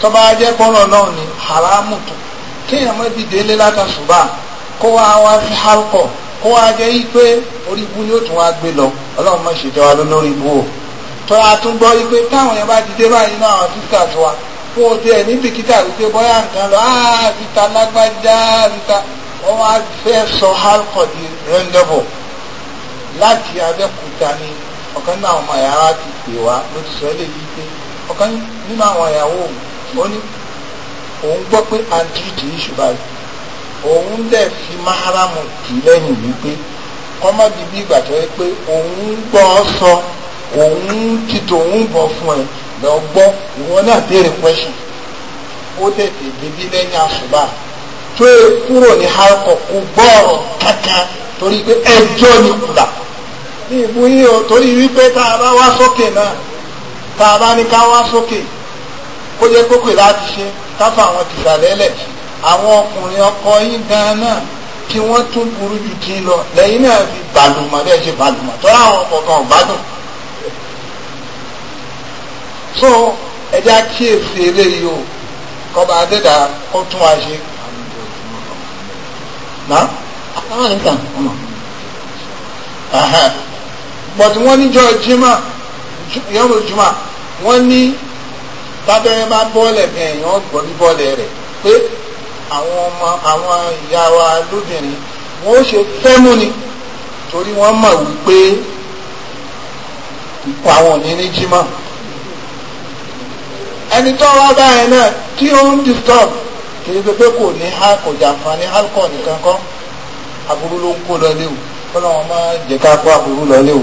tọ́ba jẹ́ pọ́nrọ̀ náà ni haramu tó kéèyàn mọ́ ibi délé látàṣùbà kó wá wá fi hálkọ̀ kó wá jẹ́ yí pé orí ibú yóò tún wá gbé lọ ọlọ́run má ṣe jọba lórí ibú o tọ́ a tún gbọ́ yí pé táwọn yẹn bá ti dé báyìí náà àwọn títà tó wa kó o tiẹ̀ ní bìkítà wípé bọ́yá nǹkan lọ áá ah, lágbájá fita wọ́n wá fẹ́ sọ hálkọ̀ di rẹ́ńdẹ́bọ̀ láti abẹ́kúta ni ọkàn nínú àwọn ọmọ ẹ̀yà wa ti pè wá ló ti sọ eléyìí pé ọ̀kan nínú àwọn ìyàwó òun ó òun gbọ́ pé fi máhàrámù kì í lẹ́yìn wípé kọ́mọ́dé bí ìgbà tó yẹ pé òun gbọ́ sọ òun ti tòun bọ̀ fún ẹ lọ gbọ́ ìwọ náà béèrè ó tètè lẹ́yìn àṣùbà tó e kúrò ní kó ní ìbú yín o torí wípé tá a bá wá sókè náà tá a bá ní ká wá sókè kó jẹ́ kókè láti ṣe káfà àwọn tìsàlẹ̀ lẹ̀ àwọn ọkùnrin ọkọ yín gan náà kí wọ́n tún burú ju ti lọ lẹ́yìn náà fi bàlùmọ̀ bẹ́ẹ̀ ṣe bàlùmọ̀ tọ́lá àwọn ọkọ̀ kan ò gbádùn. so ẹja kíyèsí eléyìí o kọba adéda kó tún wá ṣe. náà. àwọn but wọ́n níjọ́ jimá yọ̀rọ̀ jimá wọ́n ní tábẹ́rẹ́ bá bọ́ọ̀lẹ̀ bẹ́ẹ̀ gbọ́ ní bọ́ọ̀lẹ̀ rẹ̀ pé àwọn ọmọ àwọn ìyá wa lóbìnrin wọ́n ṣe ni torí wọ́n mọ̀ wípé ipò àwọn ní jimá ẹni tó wá tí ó ń disturb ṣe pé kò ní kò jàǹfààní alcohol nìkan kọ́ aburú ló ń kó lọ máa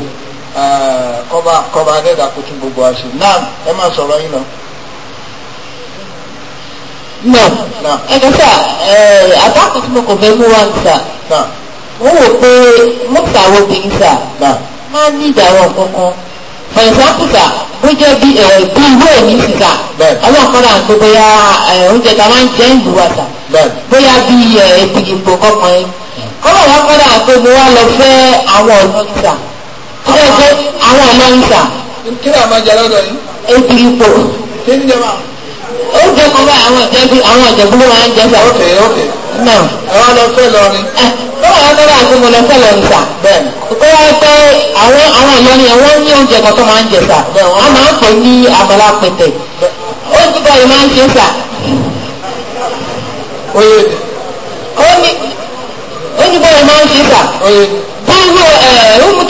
kọba kọba adẹ́dà kó tún gbogbo àṣẹ náà ẹ máa sọ̀rọ̀ yín lọ. nọ ẹnu sà àbáàkì tí mo kàn fẹ́ mú wá sà mo wò pé mo sàwọ́ obìnrin sà máa ní ìdàrọ̀ kankan for example sà bó jẹ́ bí bí ìwé èmi sì sà àwọn kan náà gbé bóyá oúnjẹ tá a máa ń jẹ ìlú wa sà bóyá bí ẹ̀ẹ́dìgbò kọkàn yín kọ́nà wọn kọ́ náà gbé mo lọ fẹ́ àwọn ọ̀dọ́ sà ọ̀rẹ́ pé àwọn ọmọ ń tà. kí ni àmọ́ jẹ lọ́dọ̀ yìí. ebiri po. kí ni jẹba. ó jẹ kọ́ bá àwọn ìjẹ́bi àwọn ìjẹ́búrú máa ń jẹ sá. ok ok. náà. àwọn lọ fẹ́ lọrin. ẹ báwo wọn tọ́lá àti mo lọ fẹ́ lọrin sá. bẹ́ẹ̀ni. kó wá pé àwọn àwọn ìlọrin yẹn wọ́n ní oúnjẹ kan tó máa ń jẹ sá. a máa ń pè ní abala pètè. ó ti bọ̀ yìí máa ń ṣe sá.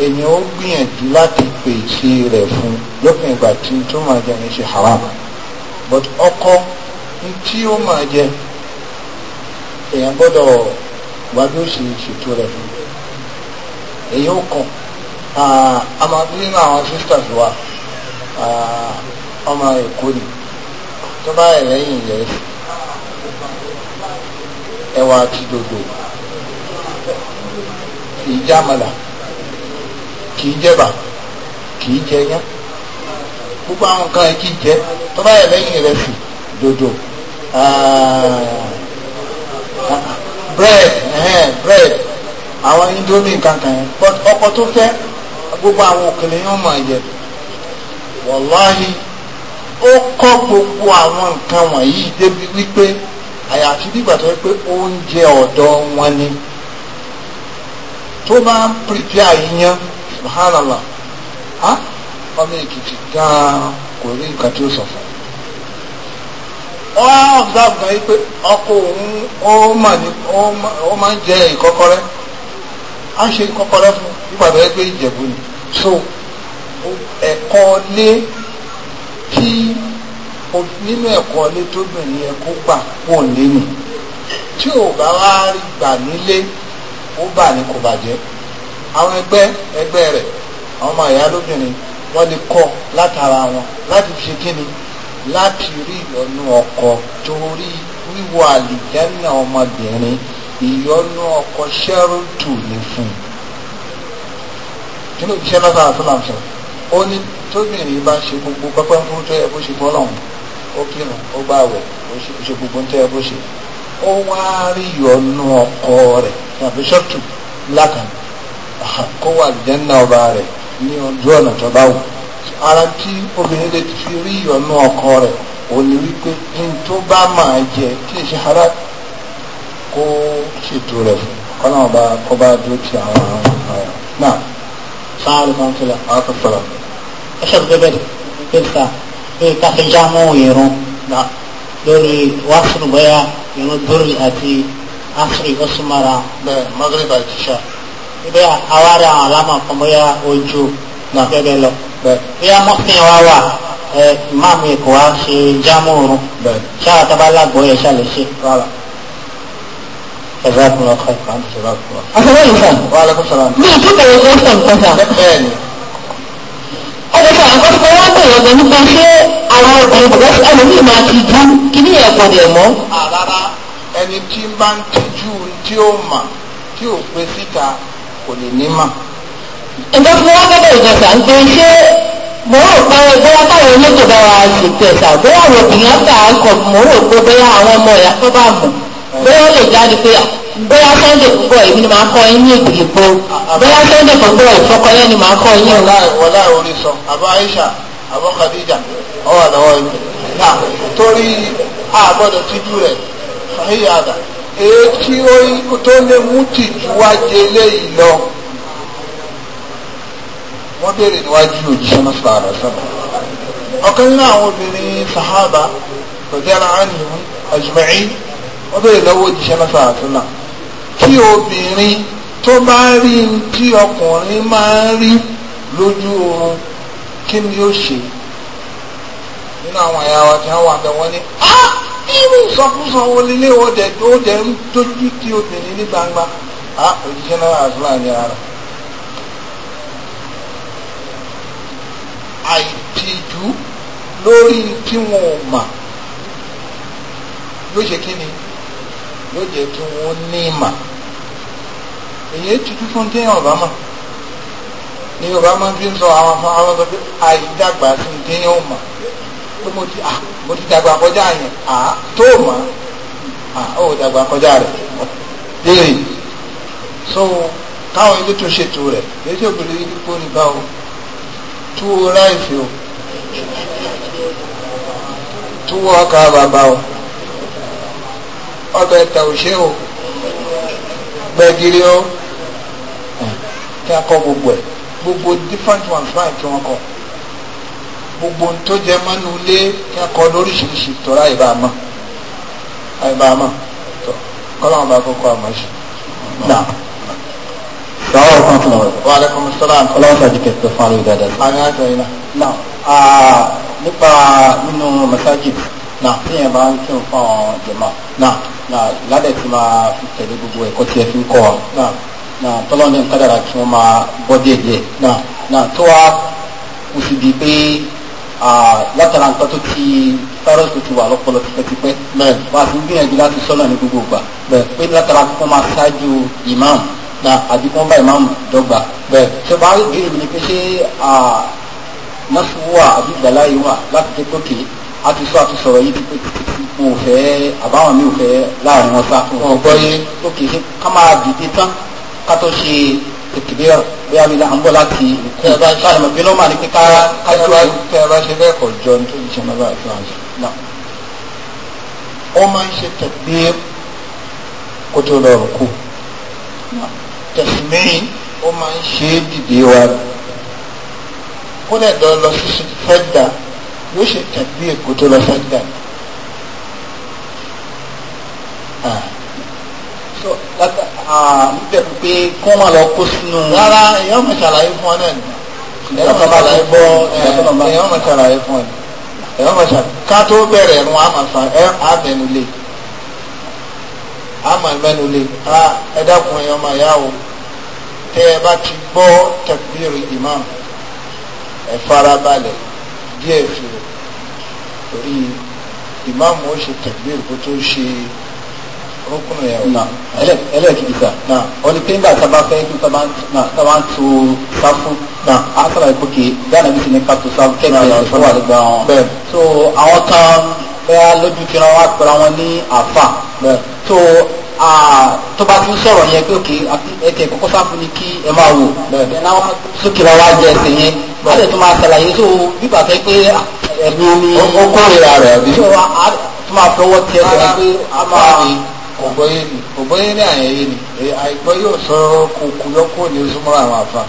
èyàn ó gbìyànjú láti pèsè rẹ̀ fún lópin ìgbà tí tó máa jẹ ní haram but ọkọ tí ó máa jẹ èyàn gbọ́dọ̀ wá bí ó ṣe ṣètò rẹ̀ fún èyàn ó kàn a máa bí nínú àwọn sisters wa ọmọ èkó ni tó bá rẹ̀ lẹ́yìn rẹ̀ ẹwà àti dòdò ìjàmàlà kì í jẹba kì í jẹ yán gbogbo àwọn nǹkan ẹ kì í jẹ tó bá yẹ lẹ́yìn rẹ sì dòdò ah, ah, bread bread àwọn indomie kankan yẹn but ọkọ tó fẹ́ gbogbo àwọn òkèlè yẹn mọ̀ yẹ wàláhì ó kọ́ gbogbo àwọn nǹkan wọ̀nyí débi wípé àyàfi bígbà tó yẹ pé oúnjẹ ọ̀dọ̀ wọn ni tó máa ń pìrìpìà yíyan. subhanallah ha ọmọ ekiti gan-an kò rí nǹkan tí ó sọ fún yìí pé ọkọ òun ó máa ń jẹ ìkọ́kọrẹ́ á ṣe ìkọ́kọrẹ́ fún so ẹ̀kọ́ lé kí nínú ẹ̀kọ́ lé tó bẹ̀rẹ̀ ẹ̀kọ́ gbà pọ̀ lé nì tí ò bá wá rí gbà àwọn ẹgbẹ́ ẹgbẹ́ rẹ̀ àwọn ọmọ ìyá lóbìnrin wọ́n lè kọ́ látara wọn láti ṣe kíni láti rí ìyọnu ọkọ torí wíwọ àlìjẹ́nà ọmọbìnrin ìyọnu ọkọ ṣẹ́rùtù ní fún un. kí ló ṣe lọ́sàn án fúnra sọ ó ní tóbìnrin bá ṣe gbogbo pẹ́pẹ́ fún tó yẹ bó ṣe bọ́lọ́hún ó kírun ó bá wẹ̀ ó ṣe gbogbo tó yẹ bó ṣe ó wá rí ìyọnu ọkọ rẹ̀ tàbí ṣẹ́rùtù lákàtà kó wà jẹ́nà ọba rẹ̀ ní ojú ọ̀nà tó wù ara tí obìnrin lè fi rí ìyọnú ọkọ rẹ̀ òun ni wípé kí n tó bá máa jẹ kí n ṣe ara kó ṣètò rẹ̀ fún kọ́nà ọba kó bá dúró ti àwọn àwọn náà sáárì kan fẹlẹ̀ àwọn kan sọ̀rọ̀. ẹ ṣe gbé bẹ́ẹ̀ bẹ́ẹ̀ ká bẹ́ẹ̀ ká fi já mọ́ ìrún lórí wàásù bẹ́ẹ̀ ìrún dórí àti áfírí ó súnmọ́ra. bẹ́ẹ̀ magreba ti ṣá ibi àwárí àwọn alámọ̀ kan bóyá ojú náà gẹ́gẹ́ lọ bóyá mọ́kìn wa wà ẹ máàmù èkó wa ṣe jámù òrùn ṣáà tábà lágbó yẹ ṣáà lè ṣe rárá. Jazakum Allah khairan kan jazakum Allah. Asalaamu alaykum. Wa alaykum salaam. Mi ti bẹ̀rẹ̀ ṣe sàn kọjá. Bẹ́ẹ̀ni. Ọ̀dọ̀ kan àkọ́kọ́ tó wá bẹ̀rẹ̀ ọ̀dọ̀ nípa ṣé àwọn obìnrin bọ̀dọ̀ sí ẹlòmíì máa ti dún kí ní ẹ̀kọ́ dẹ̀ mọ́. Àrárá ẹni tí ń bá ń tijú tí ó mà tí ò pé síta kò lè ní mà. ǹjẹ́ fún wa gbọ́dọ̀ ìjọba ń gbé ṣé mo rò pé bóyá táwọn olóògbé bá wa ṣètò ẹ̀sà bóyá àwọn obìnrin ọ̀gá ọkọ̀ mo rò pé bóyá àwọn ọmọ ìyá tó bá mọ̀ bóyá ó lè jáde pé bóyá sunday púpọ̀ èmi ni màá kọ́ yín ní ìgbìgbò bóyá sunday púpọ̀ ìfọkọlẹ́ ni màá kọ́ yín. wọlá wọlá orí sọ àbá Aisha àbá Khadija ọwọ́ àdáwọ̀ yìí torí àgbọ̀dọ̀ tíjú rẹ̀ fàáyà àdá èyí tí oyi tó lè mú tìjú wá jẹ léyìí lọ wọ́n béèrè níwájú òjíṣẹ́ náà sọ̀rọ̀ àrọ̀ sọ̀rọ̀ ọ̀kan nínú àwọn obìnrin sahaba rọ̀dẹ́ra ánìyàn àjùmọ̀í wọ́n béèrè lọ́wọ́ òjíṣẹ́ náà sọ̀rọ̀ àtúnà kí obìnrin tó bá rí tí ọkùnrin máa ń rí lójú oorun ni ó ṣe nínú àwọn wa tí irú ìsọfúnsan wo lélé ó dẹ̀ tó dẹ̀ ń tójú tí obìnrin gbangba a náà ara. àìtìjú lórí tí wọn yóò ṣe kí ni yóò jẹ kí èyí tìjú fún mà ní sọ àwọn àwọn àìdàgbà sí pé mo ti à ah, mo ti dàgbà kọjá yẹn à ah, tó mọ̀ à ah, ó dàgbà kọjá rẹ̀ béèrè so káwọn ilé tó ṣètò rẹ̀ èyí tí òbí lórí dípò rí bá o tú ráìfì o tú ọkà bàbá o ọbẹ̀ tàùṣẹ́ o gbẹ̀gìrì o kí a kọ gbogbo ẹ̀ gbogbo different one, fine kí wọ́n kọ́ gbogbo tó jẹ mọ́nú ilé kẹ́kọ̀ọ́ lóríṣiríṣi tọ́ra ìbámọ́ ìbámọ́ tọ́ kọ́láwọn bá kọ́kọ́ àmọ́ ṣe. Sọ́wọ́ kan fún ọ̀rọ̀. Wa alaikum salaam. Ọlọ́run ṣàjì kẹ̀kẹ́ fún àlọ́ ìdájọ́. Àmì àjọ yìí náà. Nípa nínú masajid náà tí yẹn bá ń kírun fún àwọn jẹ̀mà náà náà ládẹ̀ tí máa fi tẹ̀lé gbogbo ẹ̀kọ́ tí ẹ fi ń kọ́ wa náà náà tọ́lọ́ọ̀dẹ̀ ń kádàrà kí wọ́n máa bọ́ díẹ̀ díẹ̀ náà náà tó wá kù síbi pé látara nǹkan tó ti fáírọ́ọ̀sì tó ti wà lọ́pọlọ tipẹ́tipẹ́ wà á fi gbìyànjú láti sọ́nà ní gbogbo ìgbà pé látara kó máa ṣáájú ìmáàmù na àbí kó bá ìmáàmù dọ́gba ṣé bá rí ìbéèrè mi ni pé ṣé nọ́ọ̀sì wà àbí ìgbàláyé wà láti jẹ́ pé a ti sọ àti sọ̀rọ̀ yìí pé mo fẹ́ àbáwọn mi ò fẹ́ láàrin wọn sá. ọ̀gbọ́n yé ó kì í ṣe ká máa dìde tán ká tó ṣe ìkìlẹ̀ bóyá bí à ń bọ̀ láti ìkú káàdùmọ̀ bí lọ́mà ní kíkà kájú àyè. tẹ́ ẹ bá ṣe bẹ́ẹ̀ kọ̀ jọ ní tó ti ṣe mọ́bà àti àjọ náà. ó máa ń ṣe tẹ̀gbé kó tó lọ rùkú. tẹ̀símẹ́yìn ó máa ń ṣe dìde wa. kó lè dọ́ lọ sí sẹ́dá yóò ṣe tẹ̀gbé kó tó lọ sẹ́dá bíbẹ̀ ah, fún pé kí wọ́n máa lọ kó sínú. rárá èèyàn máa ṣàlàyé fún ọ náà ni èèyàn máa ṣàlàyé bọ́ eh, èèyàn máa ṣàlàyé fún ọ ni èèyàn máa ṣàlàyé ká tó bẹ̀rẹ̀ ẹ̀rùn àmàfà ẹ̀ àbẹ̀nulè àmàbẹ̀nulè ẹ dákun èèyàn máa yá o tẹ́ ẹ bá ti gbọ́ tẹ̀kbírì ìmáàmù ẹ farabalẹ̀ díẹ̀ fi rẹ̀ torí ìmáàmù ó ṣe tẹ̀kbírì kó tó ṣe rúkúnù yẹn o. ẹlẹ́ẹ̀kejì sà na ní pé nígbà tá a bá fẹ́ kí tá a bá ń to sáfù á sábà yẹ kó ké gánà bí sinmi ká to sáfù kẹ́kẹ́ yẹn fún wa lè gba wọn. so àwọn kan bẹ́ẹ̀ lójú tí wọ́n wá pẹ̀lú àwọn ní àfà. so tó bá tún sọ̀rọ̀ yẹn pé òkè ẹ̀kẹ́ kọ́kọ́ sáfù ni kí ẹ máa wò. sókè la wá jẹ ẹsẹ̀ yẹn wọ́n lè tún máa ṣàlàyé so bíbà fẹ́ pé ẹ̀mí omi. ó a máa ọgbọ́yé ni ọgbọ́yé ní àyẹ̀yẹ ni àìgbọ́ yóò sọ kòkó lọ́kọ́ ní oṣù mọ́ra àwọn àfa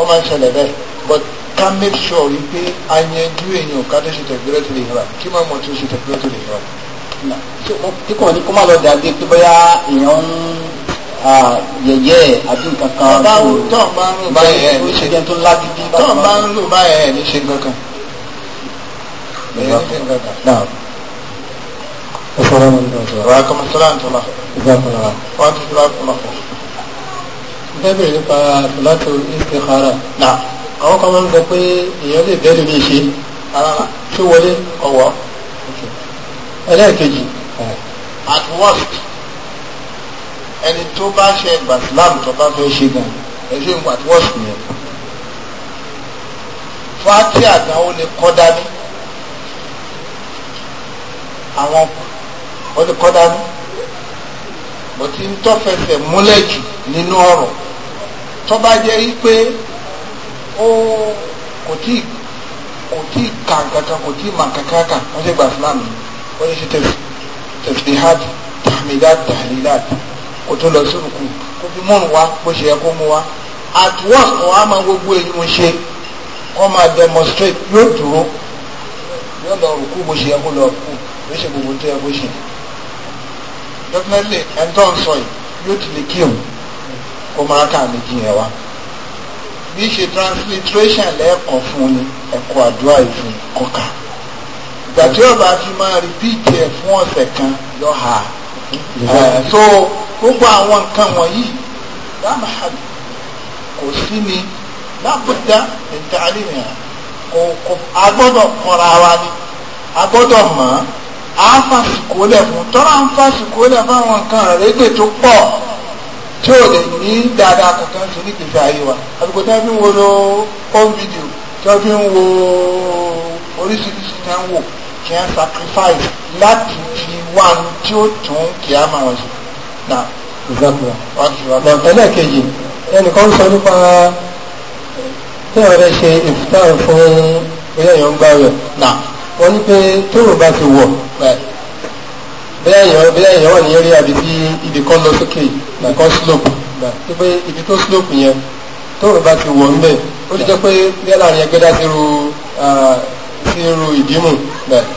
ọmọ ìṣẹ̀lẹ̀ bẹ́ẹ̀ but ká make sure wípé a yanjú èèyàn ká tó ṣe tẹ̀gbẹ́rẹ́ tó lè yọra kí máa mọ̀ tó ṣe tẹ̀gbẹ́rẹ́ tó lè yọra. tí kò ní kó má lọ dàgbé pé bóyá èèyàn ń yẹ̀yẹ́ àbí nǹkan kan. báwo tó ń bá ń lò báyẹn ẹ̀ ní ṣe tó ń lágídí. tó ń bá ń lò báyẹn ẹ̀ ní ṣe gbọ̀ngàn. السلام عليكم وعليكم ورحمة الله وبركاته. الله وأنتم جزاكم الله وبركاته. bẹ́ẹ̀ nípa tòlátò istikhara náà àwọn kan máa ń sọ pé èèyàn lè bẹ́ẹ̀ lè ṣe ara tó wọlé ọwọ́ ẹlẹ́ẹ̀kejì at worst ẹni tó bá ṣe ẹgbà islam tó bá fẹ́ ṣe gan ẹṣin at worst nìyẹn fati àgbà ó lè kọ́ dání àwọn wọ́n ti kọ́ dání mo ti ń tọ́fẹsẹ̀ múlẹ̀ jù nínú ọ̀rọ̀ tó bá jẹ́ wípé ó kò tí kò tí kà kankan kò tí mà kankan kà wọ́n ti gba fúlàmù wọ́n ti ṣe tẹ̀síhàd tàmídàd tàlídàd kò tó lọ sórùkù kò fi mọ́nu wá bó ṣe yẹ kó mú wá at once ọ̀hún á máa gbogbo èyí mo ṣe wọ́n máa demonstrate yóò dúró yóò lọ rùkú bó ṣe yẹ kó lọ rùkú bó ṣe gbogbo tó yẹ kó ṣe definitely ẹ̀ńtọ́ ń sọ yìí yóò ti lè kírun kó máa kà méjì yẹn wá bí ṣe transliteration lẹ́ẹ̀kan fún ni ẹ̀kọ́ àdúrà ìfún kọ́ka ìgbà tí ọba fi máa repeat ẹ̀ fún ọ̀sẹ̀ kan yọ ha so gbogbo àwọn nǹkan wọ̀nyí lámàhàlì kò sí ni lábùdá ìtàlíyàn kò kò agbọ́dọ̀ kọ́ra wa ni agbọ́dọ̀ mọ̀ a fàsìkò lẹ̀ fún tọ́lá ń fàsìkò lẹ̀ fáwọn nǹkan rẹ̀gbẹ̀ tó pọ̀ tí ò lè ní dáadáa kankan ṣe ní ìgbésí ayé wa àbíkò tí wọ́n fi ń wo lo home video tí wọ́n fi ń wo oríṣiríṣi tí wọ́n wò kí wọ́n sacrifice láti fi wá ní tí ó tún kí á máa wọ̀ sí. bọ̀tẹ́lẹ̀ kejì ẹnìkan sọ nípa tí ọ̀rẹ́ ṣe ìfúta fún ilé ìyọ̀ngbà rẹ̀ wọ́n ní pé tóòrùn bá ti wọ̀ bẹ́ẹ̀ èèyàn bẹ́ẹ̀ èèyàn wà ní eré àbí tí ibi kan lọ sókè nàkan slope tó pé ibi tó slope yẹn tóòrùn bá ti wọ̀ ń bẹ̀ ó ti jẹ́ pé bẹ́ẹ̀ láàrin ẹgbẹ́dá ti ru sí irú ìdímù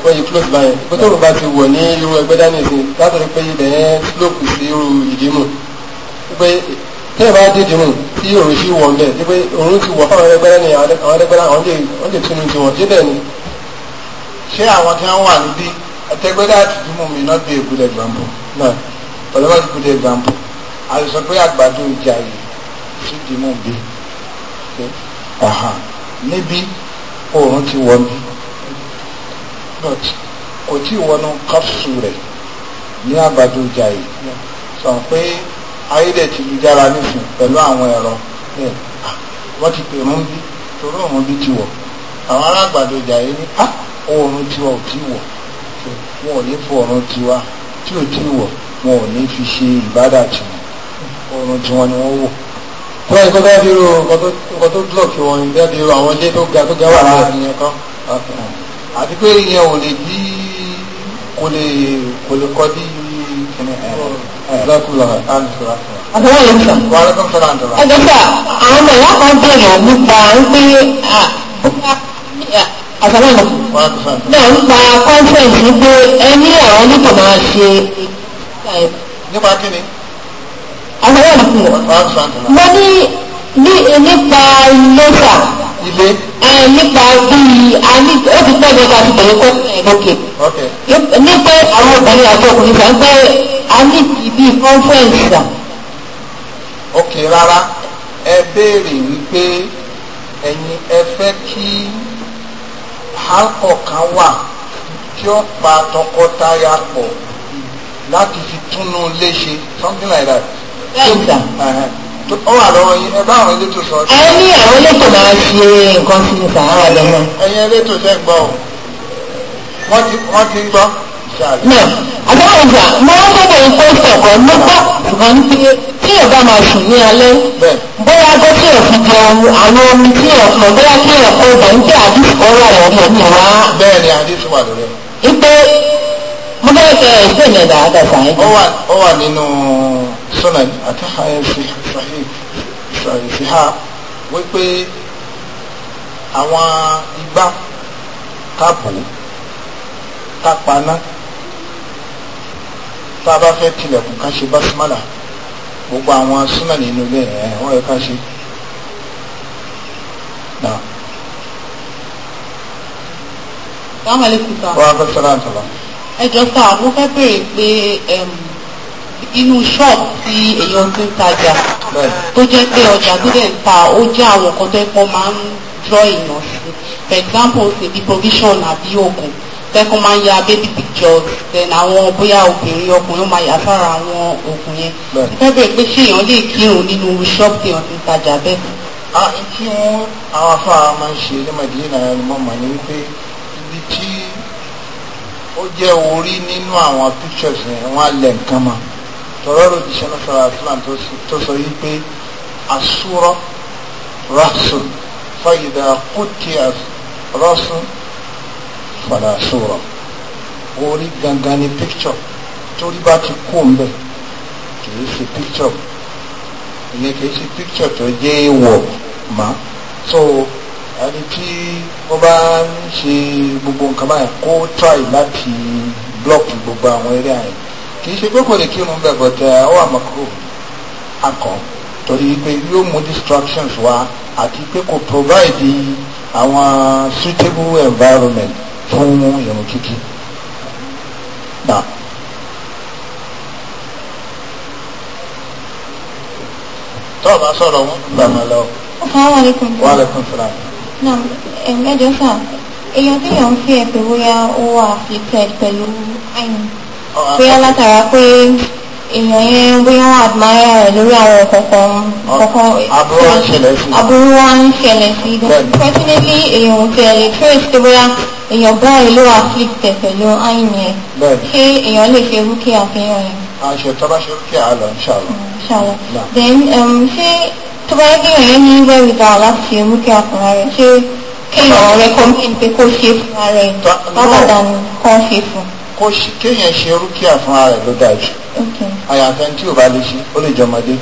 wọ́n yí close by yẹn pé tóòrùn bá ti wọ̀ ní irú ẹgbẹ́dá nìsín látọ̀rí pé ibẹ̀ yẹn slope sí irú ìdímù pé tẹ́ẹ̀ bá dé dìmú tí òun sì wọ̀ ń bẹ̀ pé òun ti wọ̀ fáwọn ẹgbẹ́dá ni àwọn ẹgbẹ́dá àwọn lè túnú ti wọ̀ débẹ̀ ni ṣé àwọn tí wọ́n wà níbí ẹ̀tẹ́gbẹ́dá àtúntò mú mi not be a good example náà ọ̀dọ́mọ̀ a good example àìsàn pé àgbàdo ìjà yìí ti dì mú bí níbi oòrùn ti wọ̀ mí but kò tí wọnú kọ́pùsù rẹ̀ ní àgbàdo ìjà yìí sọ pé ayédè ti lu dára nísìn pẹ̀lú àwọn ẹ̀rọ ah, wọ́n ti pè mú bí torí òun bí ti wọ̀ àwọn alágbàdo jàre ní á ah, oòrùn tiwa ò tí wọ̀ wọn ò ní fọ oòrùn tiwa tí ò tí wọ̀ wọn ò ní fi ṣe ìbádà tiwọn oòrùn tiwọn ni wọ́n wọ̀ wọ́n ẹ̀kọ́ bá bí ro nǹkan tó blọ̀kì wọn ní bẹ́ẹ̀ bí ro àwọn ilé tó ga tó ga wà láàrin yẹn kan àti pé ìyẹn ò lè bí kò lè kò lè kọ́ bí Àdúrà yẹn sọ. Ẹgbẹ́ sọ, àwọn ọmọ ìyá kan bèèrè nípa wípé ah, àsàlámù náà ń pa conference pé ẹni àwọn nípa máa ṣe. nípa kí ni. àsàlámù mo ní nípa ilé sà. ilé. nípa bí ó ti pẹ́ nípa ti bẹ̀rẹ̀ kọ́ lókè. nípa àwọn obìnrin àti ọkùnrin sà ń pẹ́ a ní ibi conference sà. ok rárá ẹ béèrè wípé ẹ̀yin ẹ fẹ́ kí halkọ̀ kan wà tí ó pa tọkọtaya pọ̀ láti fi túnú léṣe something like that. bẹ́ẹ̀ sà. ó wà lọ́wọ́ yín ẹ bá àwọn elétò sọ. ẹ ní àwọn elétò máa ṣe nǹkan sí ní sàárà lọ́wọ́. ẹ̀yin elétò fẹ́ gbọ́ o wọ́n ti gbọ́ náà àgbàlagbà máa ń bọ̀bọ̀ ikọ́ ìfọ̀kọ́ lọ́pọ̀ ṣùgbọ́n ní pé tí ọ̀gá máa sùn ní alẹ́ bóyá gbọ́ tí ò fi jẹun àwọn omi tí ò pọ̀ bóyá tí ò pọ̀ bẹ̀ ń jẹ́ àdìsíkọ́ wà lọ́wọ́ mi wá. bẹ́ẹ̀ ni àdìsí wà lórí. ipe mo bá fẹ́ ẹgbẹ́ yẹn dáadáa sáyé. ó wà nínú sọ́nà àtàhàyè fìhà wípé àwọn igbá kábù kápaná tá a bá fẹ́ tilẹ̀kùn ká ṣe básímàlà gbogbo àwọn súnà nínú ilé ẹ̀ wọ́n yẹ ká ṣe. sàmàlẹ́kùtà wọ́n á fẹ́ sọ́ra àtàlà. mo fẹ́ béèrè pé inú ṣọ́ọ̀bù tí èèyàn ti ń tajà tó jẹ́ pé ọjà tó dẹ̀ ń ta ó jẹ́ àwọn kan tó ẹ̀pọ̀ máa ń draw èèyàn sí for example ṣe bí provision àbí oògùn tẹ́kùn máa ń ya baby picture then àwọn bóyá obìnrin ọkùnrin ó máa yà fára àwọn oògùn yẹn. ìfẹ́ bẹ̀rẹ̀ pé ṣé èèyàn lè kírun nínú ṣọ́ọ̀bù tí wọ́n ti ń tajà bẹ́ẹ̀. a tí wọ́n àwọn afárá máa ń ṣe ní Madina ni mo mọ̀ ní wípé ibi tí ó jẹ́ orí nínú àwọn pictures yẹn wọ́n á lẹ̀ nǹkan mọ́ tọ́rọ́ ló ti ṣe ní sọ̀rọ̀ àtúnlàn tó sọ yìí pé asúrọ̀ rasun fayida kùtì rasun wàlá sura orí gangan ni picture torí bá ti kú mbẹ kìí ṣe picture ìyẹn kìí ṣe picture tó jẹ́ ìwọ̀ mà so ẹni tí wọ́n bá ń ṣe gbogbo nǹkan báyìí kó try láti block gbogbo àwọn eré àyẹ̀ kìí ṣe pé kò lè kírun bẹ́ẹ̀ but uh, ó wà mọ́kò akọ torí pé yóò mú distractions wá àti pé kò provide àwọn suitable environment fún irun kíkí náà. tó o wọn gbà máa lọ. Assalamu alaikum. Wa alaikum salam. náà eh, ẹ̀ẹ́dẹ́jọ́ èèyàn tí yàn ń fi ẹ̀pẹ̀ bóyá ó wà afflicted pẹ̀lú àìní oh, bóyá látara pé èèyàn yẹn bóyá àdmáyà rẹ̀ lórí àwọn definitely èèyàn ò fẹ́ lè trace pé bóyá èèyàn báyìí ló afflict ẹ̀ pẹ̀lú àyìn yẹn ṣé èèyàn lè ṣe then ṣé tó bá yẹ kí èèyàn ní very down láti ṣe rúkì àfihàn rẹ̀ ṣé kéèyàn recommend pé kó ṣe fún ara ẹ̀ bábàdàn kan ṣe fún. kéèyàn àyàfẹ́ tí ò bá lè ṣe ó lè jẹ ọmọdé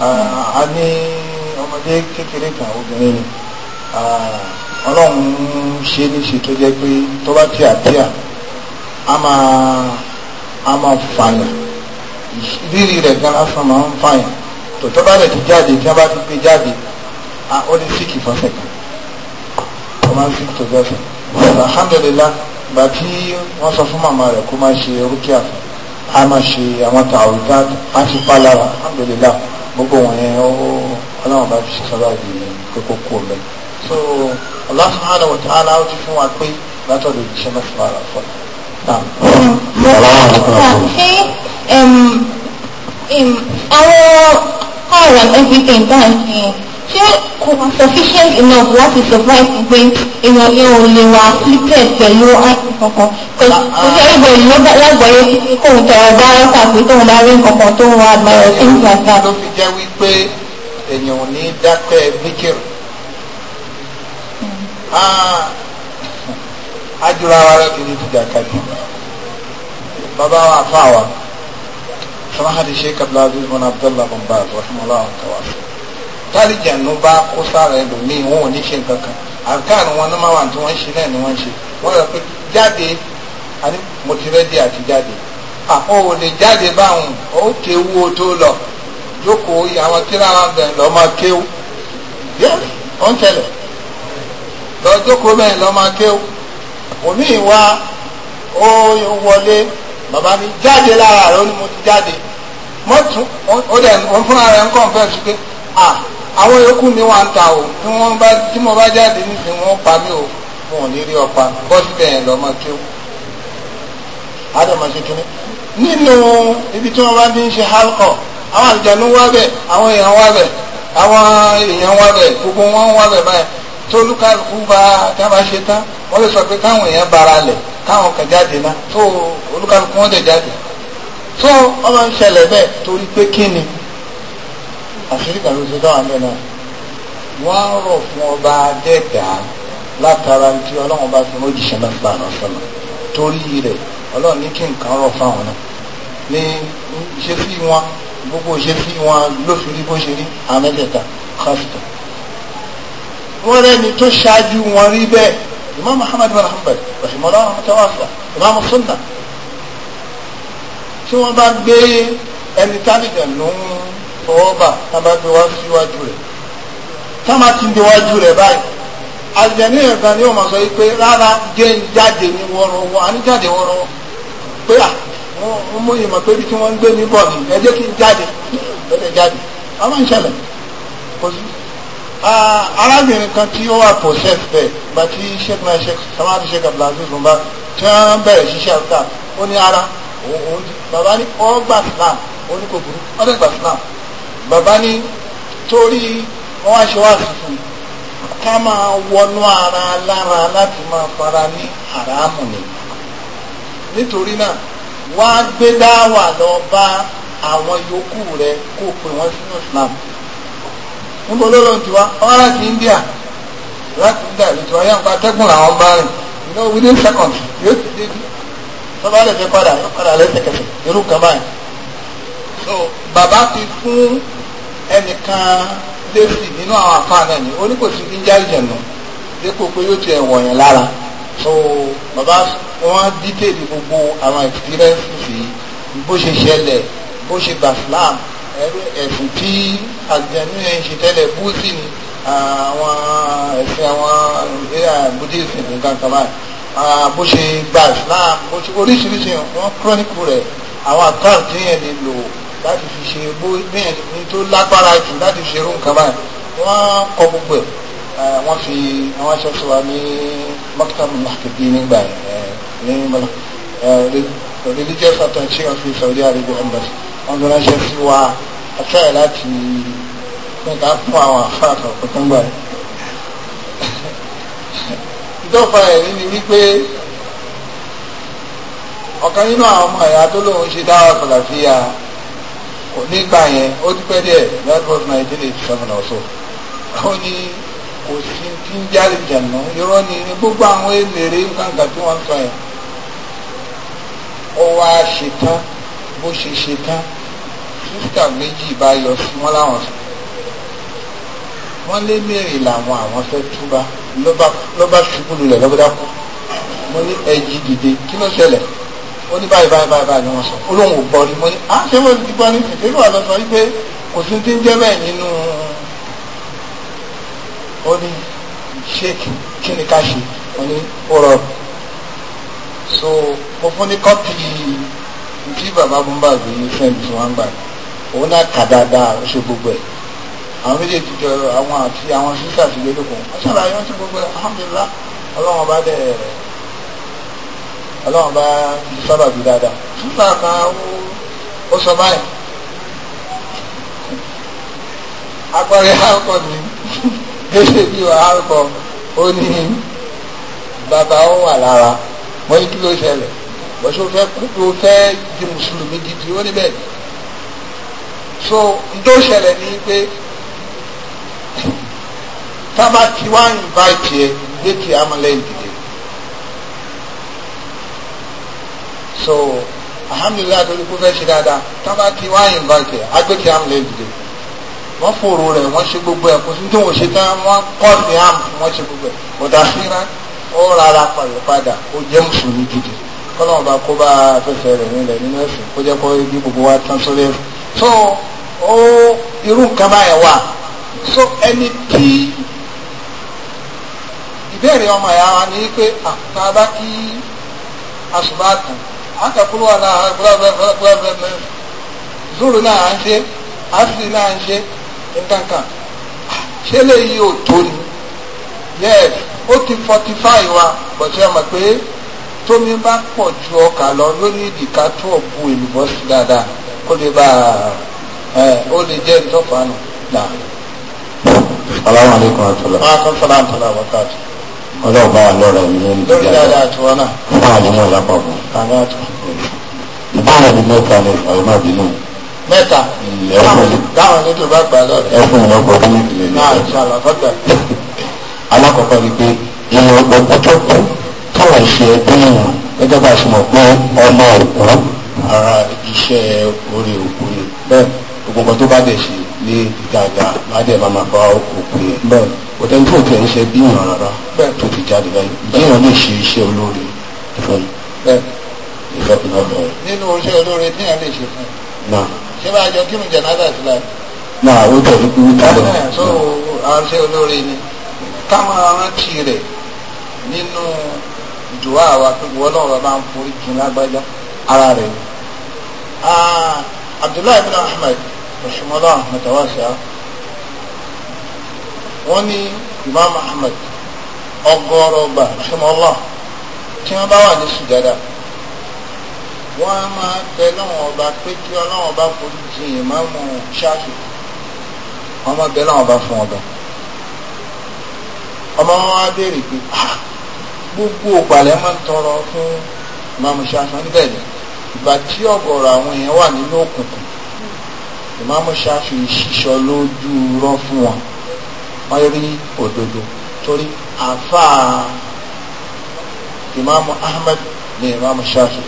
a ní ọmọdé kékeré kan obìnrin ni ọlọ́run ṣe níṣe tó jẹ́ pé tó bá tíà tíà a máa a máa fàyàn rírì rẹ̀ gan lásán máa ń fàyàn tòtọ́ bá rẹ̀ ti jáde tí wọ́n bá ti gbé jáde ó ní síkì fọ́sẹ̀ kan ó máa ń síkì tó fẹ́ fẹ́ alhamdulilah gbà tí wọ́n sọ fún màmá rẹ̀ kó máa ṣe orúkẹ́ àfẹ́ a máa ṣe àwọn tààwí tá a ti pa lára alhamdulillah gbogbo wọn yẹn ó ọlọ́run bá fi ṣe sábà di kókó kú ọmọ so Allah subhanahu wa ta'ala ó ti fún wa pé látọ̀dọ̀ ìṣẹ́ mẹ́fà ara fọ́ àwọn kọ́ọ̀rọ̀ everything báyìí ṣé kò wá sufficient enough láti survive pé èèyàn yẹn ò lè wà afflicted pẹ̀lú àìsàn kankan ah, ah. kò sí ẹgbẹ́ ìlú lágbọ̀ọ́yé kóun tọrọ bá ọ́sà pé tóun bá rí nǹkan tó ń wá admire things like that. ló fi jẹ́ wípé èèyàn ò ní dákẹ́ bíkìrì hmm. ajura ah. wa rẹ kiri ti daka bi baba wa fa wa sama hadi sheikh abdulaziz bin abdullah bin baz rahimahullah wa tawafi tálíjànú bá kó sára ẹlòmíì wọn ò ní ṣe nǹkan kan àkáàrùn wọn náà máa wà tí wọ́n ń ṣe náà ni wọ́n ń ṣe wọ́n rẹ̀ pé jáde àní mo ti rẹ́dí àti jáde àwọn ò lè jáde báwọn ó kéwu o tó lọ jókòó àwọn tíra bẹ̀rẹ̀ lọ́ máa kéwu yóò ó ń tẹ̀lẹ̀ lọ jókòó bẹ́ẹ̀ lọ́ máa kéwu omi wa ó wọlé bàbá mi jáde lára rẹ̀ ó ní mo ti jáde mọ́tún ó dẹ̀ ó fún ara ẹ̀ ń kọ́ fẹ́ẹ́ sí pé à àwọn yòókù mi wà ń ta o tí wọ́n bá tí mo bá jáde níbi wọ́n pa mí o wọn ò ní rí ọpa bọ́ síbẹ̀ yẹn lọ́mọ kí ó àdọ̀mọ̀ṣe kínní. nínú ibi tí wọ́n bá ti ń ṣe halkọ̀ àwọn àlùjànnú wá bẹ̀ àwọn èèyàn wá bẹ̀ àwọn èèyàn wá bẹ̀ gbogbo wọn wá bẹ̀ báyìí tolúkàlùkù bá dábàá ṣe tán wọ́n lè sọ pé káwọn èèyàn bara lẹ̀ káwọn kan jáde ná tó olúkàlùkù wọn dẹ̀ jáde tó ọmọ ń ṣẹlẹ̀ bẹ́ẹ̀ torí pé kí ni àṣírí kan ló ṣe dáhà ń bẹ̀ náà wọ́n á rọ̀ fún ọba adẹ́dà látara tí ọlọ́run bá fi mójì ṣẹlẹ̀ gbà náà sọ̀nà torí rẹ̀ ọlọ́run ní kí nǹkan rọ̀ fáwọn náà ní ṣe fi wọn gbogbo ṣe fi wọn lófin rí bó ṣe rí amẹ́tẹ̀ẹ̀ta kọ́sìtọ̀ wọ́n rẹ́ni tó ṣáájú wọn rí bẹ́ẹ̀ imam muhammad bin hanbal rahimahullah mutawaffa imam sunna tí wọ́n bá gbé ẹni tálíbẹ̀ lóhun tọwọ́ bà tá a bá gbé wá síwájú rẹ̀ tá a máa ti ń gbé wájú rẹ̀ báyìí àlùjẹ̀ní nǹkan ni ó máa sọ pé rárá jẹ́ ń jáde ní wọ́rọ́wọ́ àní jáde wọ́rọ́wọ́ pé à wọ́n mú ìmọ̀ pé bí tí wọ́n ń gbé mi bọ̀ ni ẹ jẹ́ kí n jáde lọ́dẹ̀ jáde wọ́n máa ń ṣẹlẹ̀ kò sí. arábìnrin kan tí ó wà possess bẹ́ẹ̀ gba tí sheikh náà sheikh samadu sheikh abdulaziz mba tí wọ́n bẹ̀rẹ̀ ṣiṣẹ́ àgbà ó ní ara òun bàbá ní ọgbà islam ó ní kò burú ọdẹ gbà islam bàbá ní torí wọ́n aṣọ àfihàn ká máa wọnú ara lára láti máa fara ní àràmù ni nítorí náà wá gbé dáwà lọ bá àwọn yòókù rẹ kó pè wọ́n sínú Islam níbo ló lóun ti wá wọn láti India láti India ló ti wá yàgbá atẹ́gùn làwọn bá rìn you know within seconds yóò ti débi tọ́ba lè fi padà yóò padà lẹ́sẹ̀kẹsẹ̀ irú kan báyìí so bàbá fi fún ẹnìkan lẹ́sì nínú àwọn àfa náà ni oníkòsí fi ń já ìjànà dépò pé yóò ti ẹ̀wọ̀n yẹn lára so bàbá wọn dítèlì gbogbo àwọn experience yìí bó ṣe ṣẹlẹ̀ bó ṣe gbà flam ẹ̀sùn tí àjẹnú yẹn ṣe tẹ́lẹ̀ búùsì ni àwọn ẹ̀sìn àwọn eh, buddhism nǹkan kan báyìí bó ṣe gba islam oríṣiríṣi wọn chronicle rẹ̀ àwọn àkáǹtì yẹn ni lò láti fi ṣe bóyá tó lágbára jù láti fi ṣe irú nǹkan báyìí wọ́n kọ gbogbo ẹ̀ wọ́n fi àwọn aṣọ tó wà ní mọ́kítàmù màkìbí nígbà ní mọ́lá religious attention of the Saudi Arabia embassy wọ́n fi ránṣẹ́ sí wa afẹ́ láti nígbà fún àwọn afẹ́ àkọ́kọ́ tó ń gbà yìí ìtọ́fà ẹ̀rí ni wípé ọ̀kan nínú àwọn ọmọ ẹ̀yà tó lóun ṣe dáwà kọ̀làfíà nígbà yẹn ó dúpẹ́ díẹ̀ that was nineteen eighty seven or so ó ní kò sí tí ń jáde jẹ̀nà irọ́ ni gbogbo àwọn èlèrè gbàǹgà tí wọ́n ń sọ yẹn ó wá ṣetán bó ṣe ṣetán sísítà méjì bá yọ sí wọn láwọn sọ wọ́n lé mẹ́rin làwọn àwọn fẹ́ túbá ló bá ṣubú lulẹ̀ lọ́gbẹ́dá kú wọ́n ní ẹ̀jì dìde kí ló ṣẹlẹ̀ ó ní báyìí báyìí báyìí ni wọ́n sọ olóhùn ò gbọ́ rí mo ní à ah, ṣé mo ti gbọ́ ní ìpínlẹ̀ wà lọ sọ wípé kò sí ti ń jẹ́ bẹ́ẹ̀ nínú ó ní ṣé kí ni ká ṣe ó ní ó rọ so mo fún ní kọ́pì tí bàbá bùnbà gbé fẹ́ǹdì tí wọ́n ń gbà òun náà kà dáadáa ó ṣe gbogbo ẹ̀ àwọn méjèèjì jọ àwọn àti àwọn sísà ti lé lókun ó ṣàlàyé wọn ṣe gbogbo ẹ̀ alhamdulillah ọlọ́run ọba dẹ̀ ọlọ́run bá sábà bí dáadáa nígbà kan ó sọ báyìí apẹ̀rẹ̀ àkọ ni gẹ́gẹ́ bí wàá kọ ó ní bàbá ó wà lára wọ́n yí kí ló ṣẹlẹ̀ bọ́sọ̀ fẹ́ kú tó fẹ́ di mùsùlùmí gidi ó níbẹ̀ so n tó ṣẹlẹ̀ ni pé tábà tí wàá invite yẹ gbé tí a dìde. so alhamdulilayi tó ní kó fẹ́ ṣe dáadáa tá a bá ti wá invite ẹ̀ agbẹ́kẹ̀ am lè dìde wọ́n fòrò rẹ̀ wọ́n ṣe gbogbo ẹ̀ kó sí tí wọ́n ṣe tán wọ́n kọ́ sí am wọ́n ṣe gbogbo ẹ̀ kò dá síra ó rárá pààyàn padà ó jẹ́ mùsùlùmí gidi kọ́lọ́mù bá kó bá afẹ́fẹ́ rẹ̀ nílẹ̀ nínú ẹ̀sìn kó jẹ́ kó bí gbogbo wa tán sórí ẹ̀sìn so ó irú nǹkan báyẹn wà so ẹni tí ìbéèrè ọmọ ìyá wa ni wípé àtàbá ah, kí asùnbà tán an ka kulwa na zuru náà ń ṣe asiri náà ń ṣe nkankan ṣé léyìí ò tó ni yes o ti fortify wa bọ̀tí ọmọ pé tómi bá pọ̀ ju ọkà lọ lórí ìdìka tó ọ̀bù èlùbọ́ sí dáadáa kó lè bá ó lè jẹ́ ìtọ́fà nù. Aláwọ̀ aleykum àtúlọ̀. Wọ́n á kọ́ sọ́lá àtúlọ̀ àbọ̀kátù ọlọ́run bá wà lọ́rọ̀ mi ló ń bí dáadáa. lórí dáadáa tiwọn náà. wọ́n bá wà nínú lápapọ̀. bàbá tó. ìbára mi mẹ́ta ni ìfàwọ́ má bínú. mẹ́ta. dáhùn ní tó bá gbà lọ́rọ̀. ẹ fún mi lọ́gbọ̀ fún ìpìlẹ̀ mi. náà ìṣàlọ̀ fọ́gbà. alákọ̀ọ́kọ́ ni pé èèyàn ọgbọ́n tó kú káwọn ìṣe ẹgbẹ́ èèyàn gẹ́gẹ́ bá a ṣe mọ̀ pé ọmọ òkú ara iṣẹ́ orí òkú ni bẹ́ẹ̀ gbogbo tó bá dẹ̀ ṣe lé dáadáa má dẹ̀ máa máa bá òkú yẹn. bẹ́ẹ̀ òtẹ́ nígbà tí ẹ̀ ń ṣe bíyàn rárá tó ti jáde báyìí bíyàn lè ṣe iṣẹ́ olóore fún ìfẹ́kùnà bẹ̀rẹ̀. nínú iṣẹ́ olóore bíyàn lè ṣe fún un. ṣé bá a jọ kírun jẹ̀ náà láti láti. náà ó jẹ́ wípé wípé lọ. so àwọn iṣẹ́ olóore ni ká máa rántí rẹ̀ nínú ìdùwà wa pé ìwọ náà bàbá ń forí jìn lágbájá ara rẹ̀ ni. Ah, Abdullahi rahimahullah rahmatan wasi'a wọ́n ní imam ahmed ọgọ́rọ̀ ọgbà rahimahullah tí wọ́n bá wà ní sùgádà wọ́n á máa bẹ lọ́wọ́n ọba pé kí ọlọ́wọ́n ọba forí jìn ìmáàmù ṣáàfì wọ́n máa bẹ lọ́wọ́n ọba fún ọba ọmọ wọn á béèrè pé ah, gbogbo ògbàlẹ̀ máa ń tọrọ fún ìmáàmù ṣáàfì wọn níbẹ̀ ni ìgbà tí ọ̀gọ̀rọ̀ àwọn èèyàn wà nínú òkùnkùn ìmáàmù ṣáṣù ìṣíṣọ lójú rọ fún wọn wọ́n rí òdodo torí àfáà ìmáàmù ahmed ní ìmáàmù ṣáṣù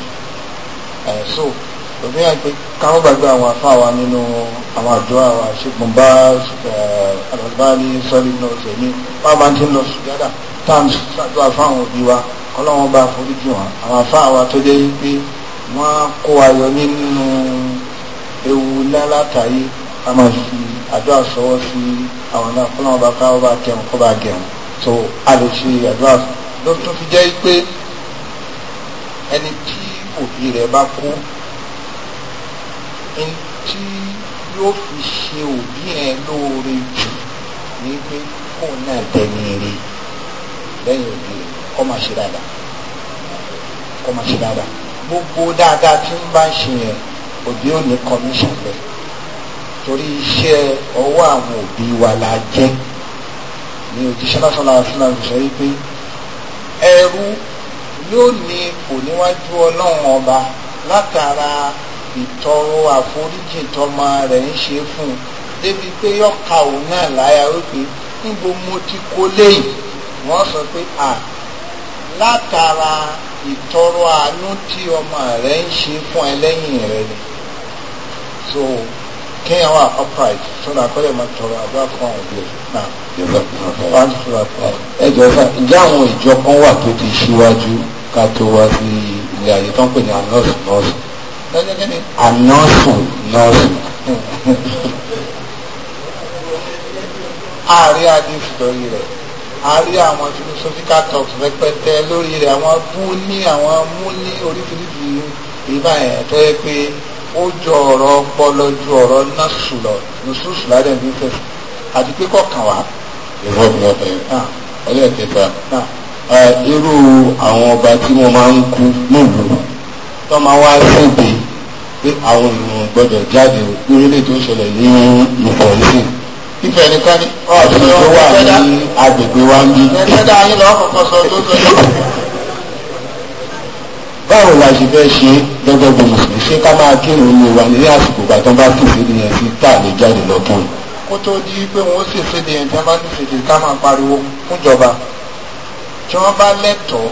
so, òfin àgbẹ̀ káwọn gbàgbé àwọn àfáà wa nínú àwọn àjọ àwọn àṣegbọn bá àlọ́báni sọ́lí náà sẹ́ni wọ́n máa ti ń lọ sùgádà táàmù ṣàdúrà fáwọn òbí wa ọlọ́wọ́n bá foríjì wọn àwọn àfáà wa tó jẹ́ pé wọ́n kó ayọ̀ nínú ewu ńlá látàyé a máa fi àdúrà sọwọ́ sí àwọn náà kọ́nà ọba ká ọba tẹun kọ́ bá gẹ̀rùn so a lè ṣe àdúrà ló tún fi jẹ́ pé ẹni tí òbí rẹ̀ bá kú ẹni tí yóò fi ṣe òbí yẹn lóore jù ní pé kóun náà tẹ̀lé rí lẹ́yìn òbí rẹ̀ kọ́ máa ṣe dáadáa kọ́ máa ṣe dáadáa gbogbo dáadáa tí ń bá ṣe yẹn òbí ò ní commission lẹ torí iṣẹ́ ọwọ́ àwọn òbí wa la jẹ́ ní òjíṣẹ́ lásán làásùn náà sọ wípé ẹrú yóò ní kò níwájú ọlọ́run ọba látara ìtọrọ àforíjì tọmọ rẹ̀ ń ṣe fún un débi pé yọka òun náà láyà wípé níbo mo ti kó léyìí wọ́n sọ pé à látara ìtọrọ àánú tí ọmọ rẹ̀ ń ṣe fún ẹlẹ́yìn rẹ̀ ni so kéèyàn wà upright So, sọ́dọ̀ akọ́lẹ̀ máa tọrọ àbá fún àwọn òbí náà. ẹ jọ sá ǹjẹ́ àwọn ìjọ kan wà tó ti ṣíwájú ká tó wá sí ilé ayé tó ń pè ní anọ́ọ̀sì nọ́ọ̀sì. anọ́ọ̀sì nọ́ọ̀sì. ààrẹ adéfì lórí rẹ̀ ààrẹ àwọn philosophical talks rẹpẹtẹ lórí rẹ̀ àwọn bú ní àwọn mú ní oríṣiríṣi ìbáyẹn tó yẹ pé ó jọ ọ̀rọ̀ ọpọlọ ju ọ̀rọ̀ nọ́ọ̀sù lọ nùsùsù ládẹ̀ ní fẹ̀sì àti pé kọ̀ọ̀kan wá. ìrọ́bù lọ́tọ̀ yẹn ọlẹ́ ah. kẹta ah. ah, irú àwọn ọba tí wọ́n máa ń kú nílùú tó máa wá sóde pé àwọn èèyàn gbọ́dọ̀ jáde lórílẹ̀ tó ṣẹlẹ̀ ní ìfọ̀ nísìn ìfẹ́ nìkan ni ọ̀sán tó wà ní agbègbè wa ń bí. ẹ̀ṣẹ̀ yín lọ́kọ̀ọ̀kan sọ tó tó báwo la ṣe fẹ́ ṣe gẹ́gẹ́ bí mùsùlùmí ṣé ká máa kírun ní wa ní àsìkò ìgbà tó bá kì í ṣèdí yẹn sí tá a lè jáde lọ kírun. kó tó di pé wọ́n sì ṣèdí yẹn tí wọ́n bá ní ṣèdí ká máa pariwo fúnjọba tí wọ́n bá lẹ́tọ̀ọ́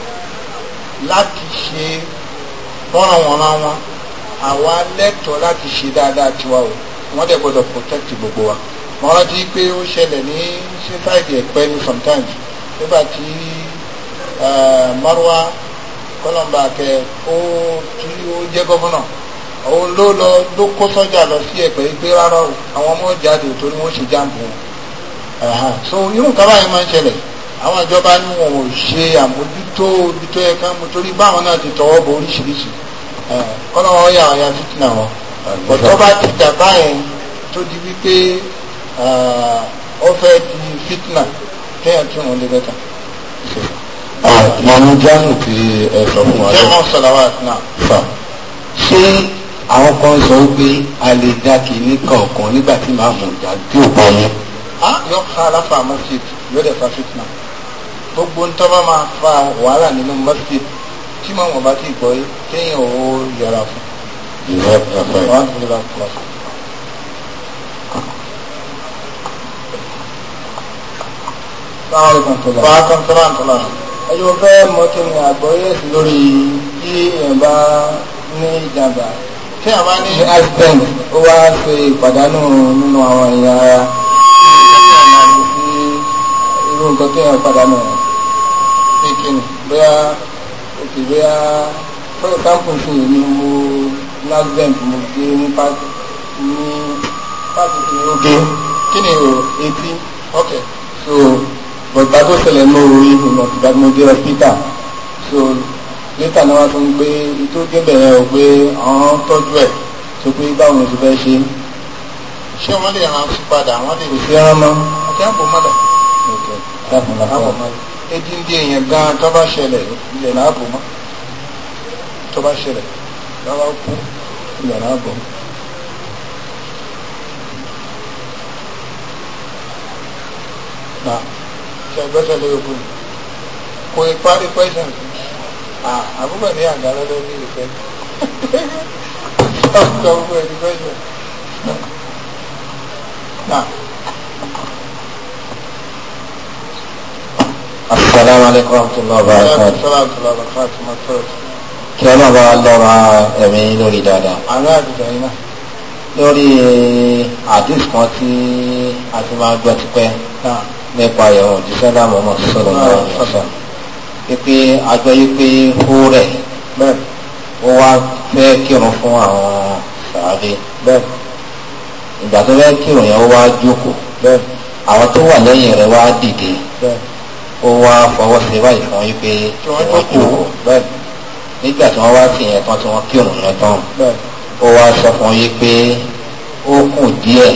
láti ṣe bọ́rànwọ́nra wọn àwa lẹ́tọ̀ọ́ láti ṣe dáadáa tiwa o wọ́n dẹ̀ gbọ́dọ̀ protect gbogbo wa wọ́n rántí pé ó ṣẹlẹ̀ ní ṣíṣáìdì sometimes nígbà tí eh, Marwa kọlọmba kẹ ó tí ó jẹ gọvọnà òun ló lọ ló kó sọjà lọ sí ẹgbẹ pé rárá o àwọn ọmọ jáde torí wọn ṣe jáàmù wọn so irú nǹkan báyìí máa ń ṣẹlẹ̀ àwọn ìjọba ni wọn ò ṣe àmójútó ibi tó yẹ ká mú torí báwọn náà ti tọwọ́ bọ oríṣiríṣi kọlọmọ ọyà ọyà fitinà wọn bọtọ bá ti dà báyẹn tó di wípé ó di fitna kẹ́yà tí wọn lè bẹ́ta ìyanu ah, jáàmù tí ẹ sọ fún wa. jẹ́mọ́ sọ̀làwà náà. sọ ṣé àwọn kan sọ pé a lè dá kìíní kọ̀ọ̀kan nígbà tí màá mú ìjà tí ò bá yẹn. a yọ ká aláfa mọ́síd yóò dẹ̀ fa fitna gbogbo ń tọ́ bá máa fa wàhálà nínú mọ́síd tí màá mọ̀ bá ti gbọ́ yé kéèyàn ò yẹra fún. ìyá ẹ̀fọ́ yìí. Assalamualaikum warahmatullahi wabarakatuh ẹjọ́ fẹ́ mọ̀ kí ni àgbọ́yé sí lórí kí èèyàn bá ní ìjàmbá tí a bá ní accident ó wá ṣe ìpàdánù nínú àwọn ẹ̀yà ara tí irú nǹkan tí èèyàn pàdánù rẹ̀ kí kí ni bóyá òkè bóyá for example ṣe ni mo accident mo gbé ní pàtó ní pàtó tí ó gé kí ni o etí ok so bọ̀dá tó ṣẹlẹ̀ ní orí ìgbìmọ̀ ìgbà tí mo dé hospital so later ni wọ́n tún gbé tó débẹ̀ yẹn o pé àwọn tọ́jú ẹ̀ tó pé báwọn oṣù fẹ́ ṣe. ṣé wọ́n lè ran padà wọ́n lè. kò sí ẹran mọ́. àti àbò mọ́dà. èdè ń di èèyàn gan tó bá ṣẹlẹ̀ ilẹ̀ láàbò mọ́ tó bá ṣẹlẹ̀ lọ́wọ́ kú ilẹ̀ láàbò mọ́. Nah ẹgbẹ́sọ̀ lórí ogun kò ì parí question àbúgbà ní àgbà lọ́dọ́ ní ìfẹ́ ọ̀sọ̀ gbogbo ẹni question náà. asalaamu aleykum wa rahmatulahi wa barakatuh. asalaamu aleykum wa rahmatulahi wa barakatuh. kí ọlọ́run bá lọ́ra ẹ̀mí lórí dáadáa. àná àdìgbà yìí náà lórí àdìs nípa ìyàwó òjíṣẹ́ láàmú ọmọ sọ̀rọ̀ náà sọ̀tọ̀ wípé àjọ yìí pé ó rẹ̀ ó wá fẹ́ kírun fún àwọn sàárè ìgbà tó fẹ́ kírun yẹn ó wá jókòó àwọn tó wà lẹ́yìn rẹ̀ wá dìde ó wá fọwọ́ sí báyìí fún yín pé wọ́n jókòó nígbà tí wọ́n wá sí yẹn tán tí wọ́n kírun yẹn tán ó wá sọ fún yín ó kù díẹ̀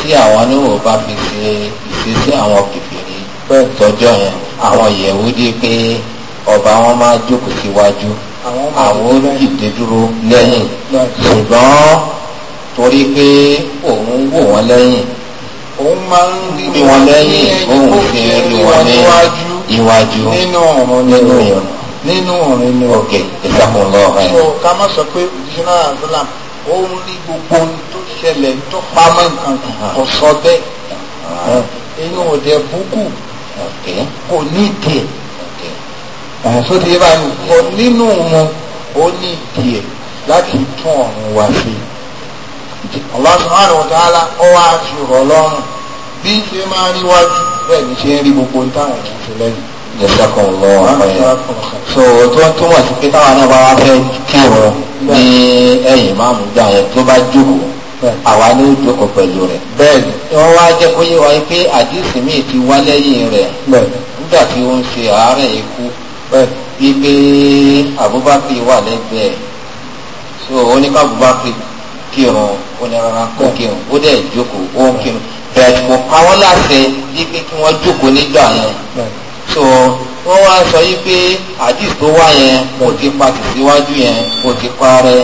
tí àwọn oníwò fi ṣe ṣe sí àwọn kìfìrí bẹ́ẹ̀ tọ́jọ́ yẹn àwọn Yẹhudi pé ọba wọn máa jókòó síwájú àwọn ó dìde dúró lẹ́yìn ṣùgbọ́n torí pé òun wò wọ́n lẹ́yìn òun máa ń rí wọn lẹ́yìn òun fi rí wọn ní iwájú nínú ọ̀run nínú ìrìn nínú ọ̀run ní ọ̀gẹ̀ ìsàkùnlọ̀ rẹ̀. ká má sọ pé òjíṣẹ́ náà àdúrà òun rí gbogbo ohun tó ṣẹlẹ̀ tó pamọ́ nǹkan kò sọ bẹ́ẹ̀. Ah èyí ò dẹ̀ búkù kò ní tiẹ̀ ọ̀sọ́ ti bá ní kọ nínú wọn ó ní tiẹ̀ láti tún ọ̀run wá sí i Allah subhanahu wa ta'ala ó wá fi rọ̀ lọ́rùn bí ṣe máa rí wájú bẹ́ẹ̀ ni ṣe ń rí gbogbo táwọn tó ṣe lẹ́yìn. jẹ́sàkùn lọ́wọ́ ọ̀pẹ́ so tó ń túmọ̀ sí pé táwọn náà bá wá fẹ́ kírun ní ẹ̀yìn máàmù gbà yẹn tó bá jókòó wọn àwa ní ìjókòó pẹ̀lú rẹ̀. bẹ́ẹ̀ni. wọ́n wá jẹ́ kó yé wa pé àdìsí mi ti wá lẹ́yìn rẹ̀. bẹ́ẹ̀ni. nígbà tí ó ń ṣe àárẹ̀ ikú. bẹ́ẹ̀ni. gbígbé Abubakar wà lẹ́gbẹ̀ẹ́ so ó ní ká Abubakar kírun ó ní rárá kó kírun ó dẹ̀ jókòó ó ń kírun bẹ́ẹ̀ kò pa wọ́n láṣẹ gbígbé kí wọ́n jókòó nígbà yẹn. so wọ́n wá sọ yí pé àdìs tó wá yẹn kò ti pa tìsíwájú yẹn kò ti parẹ́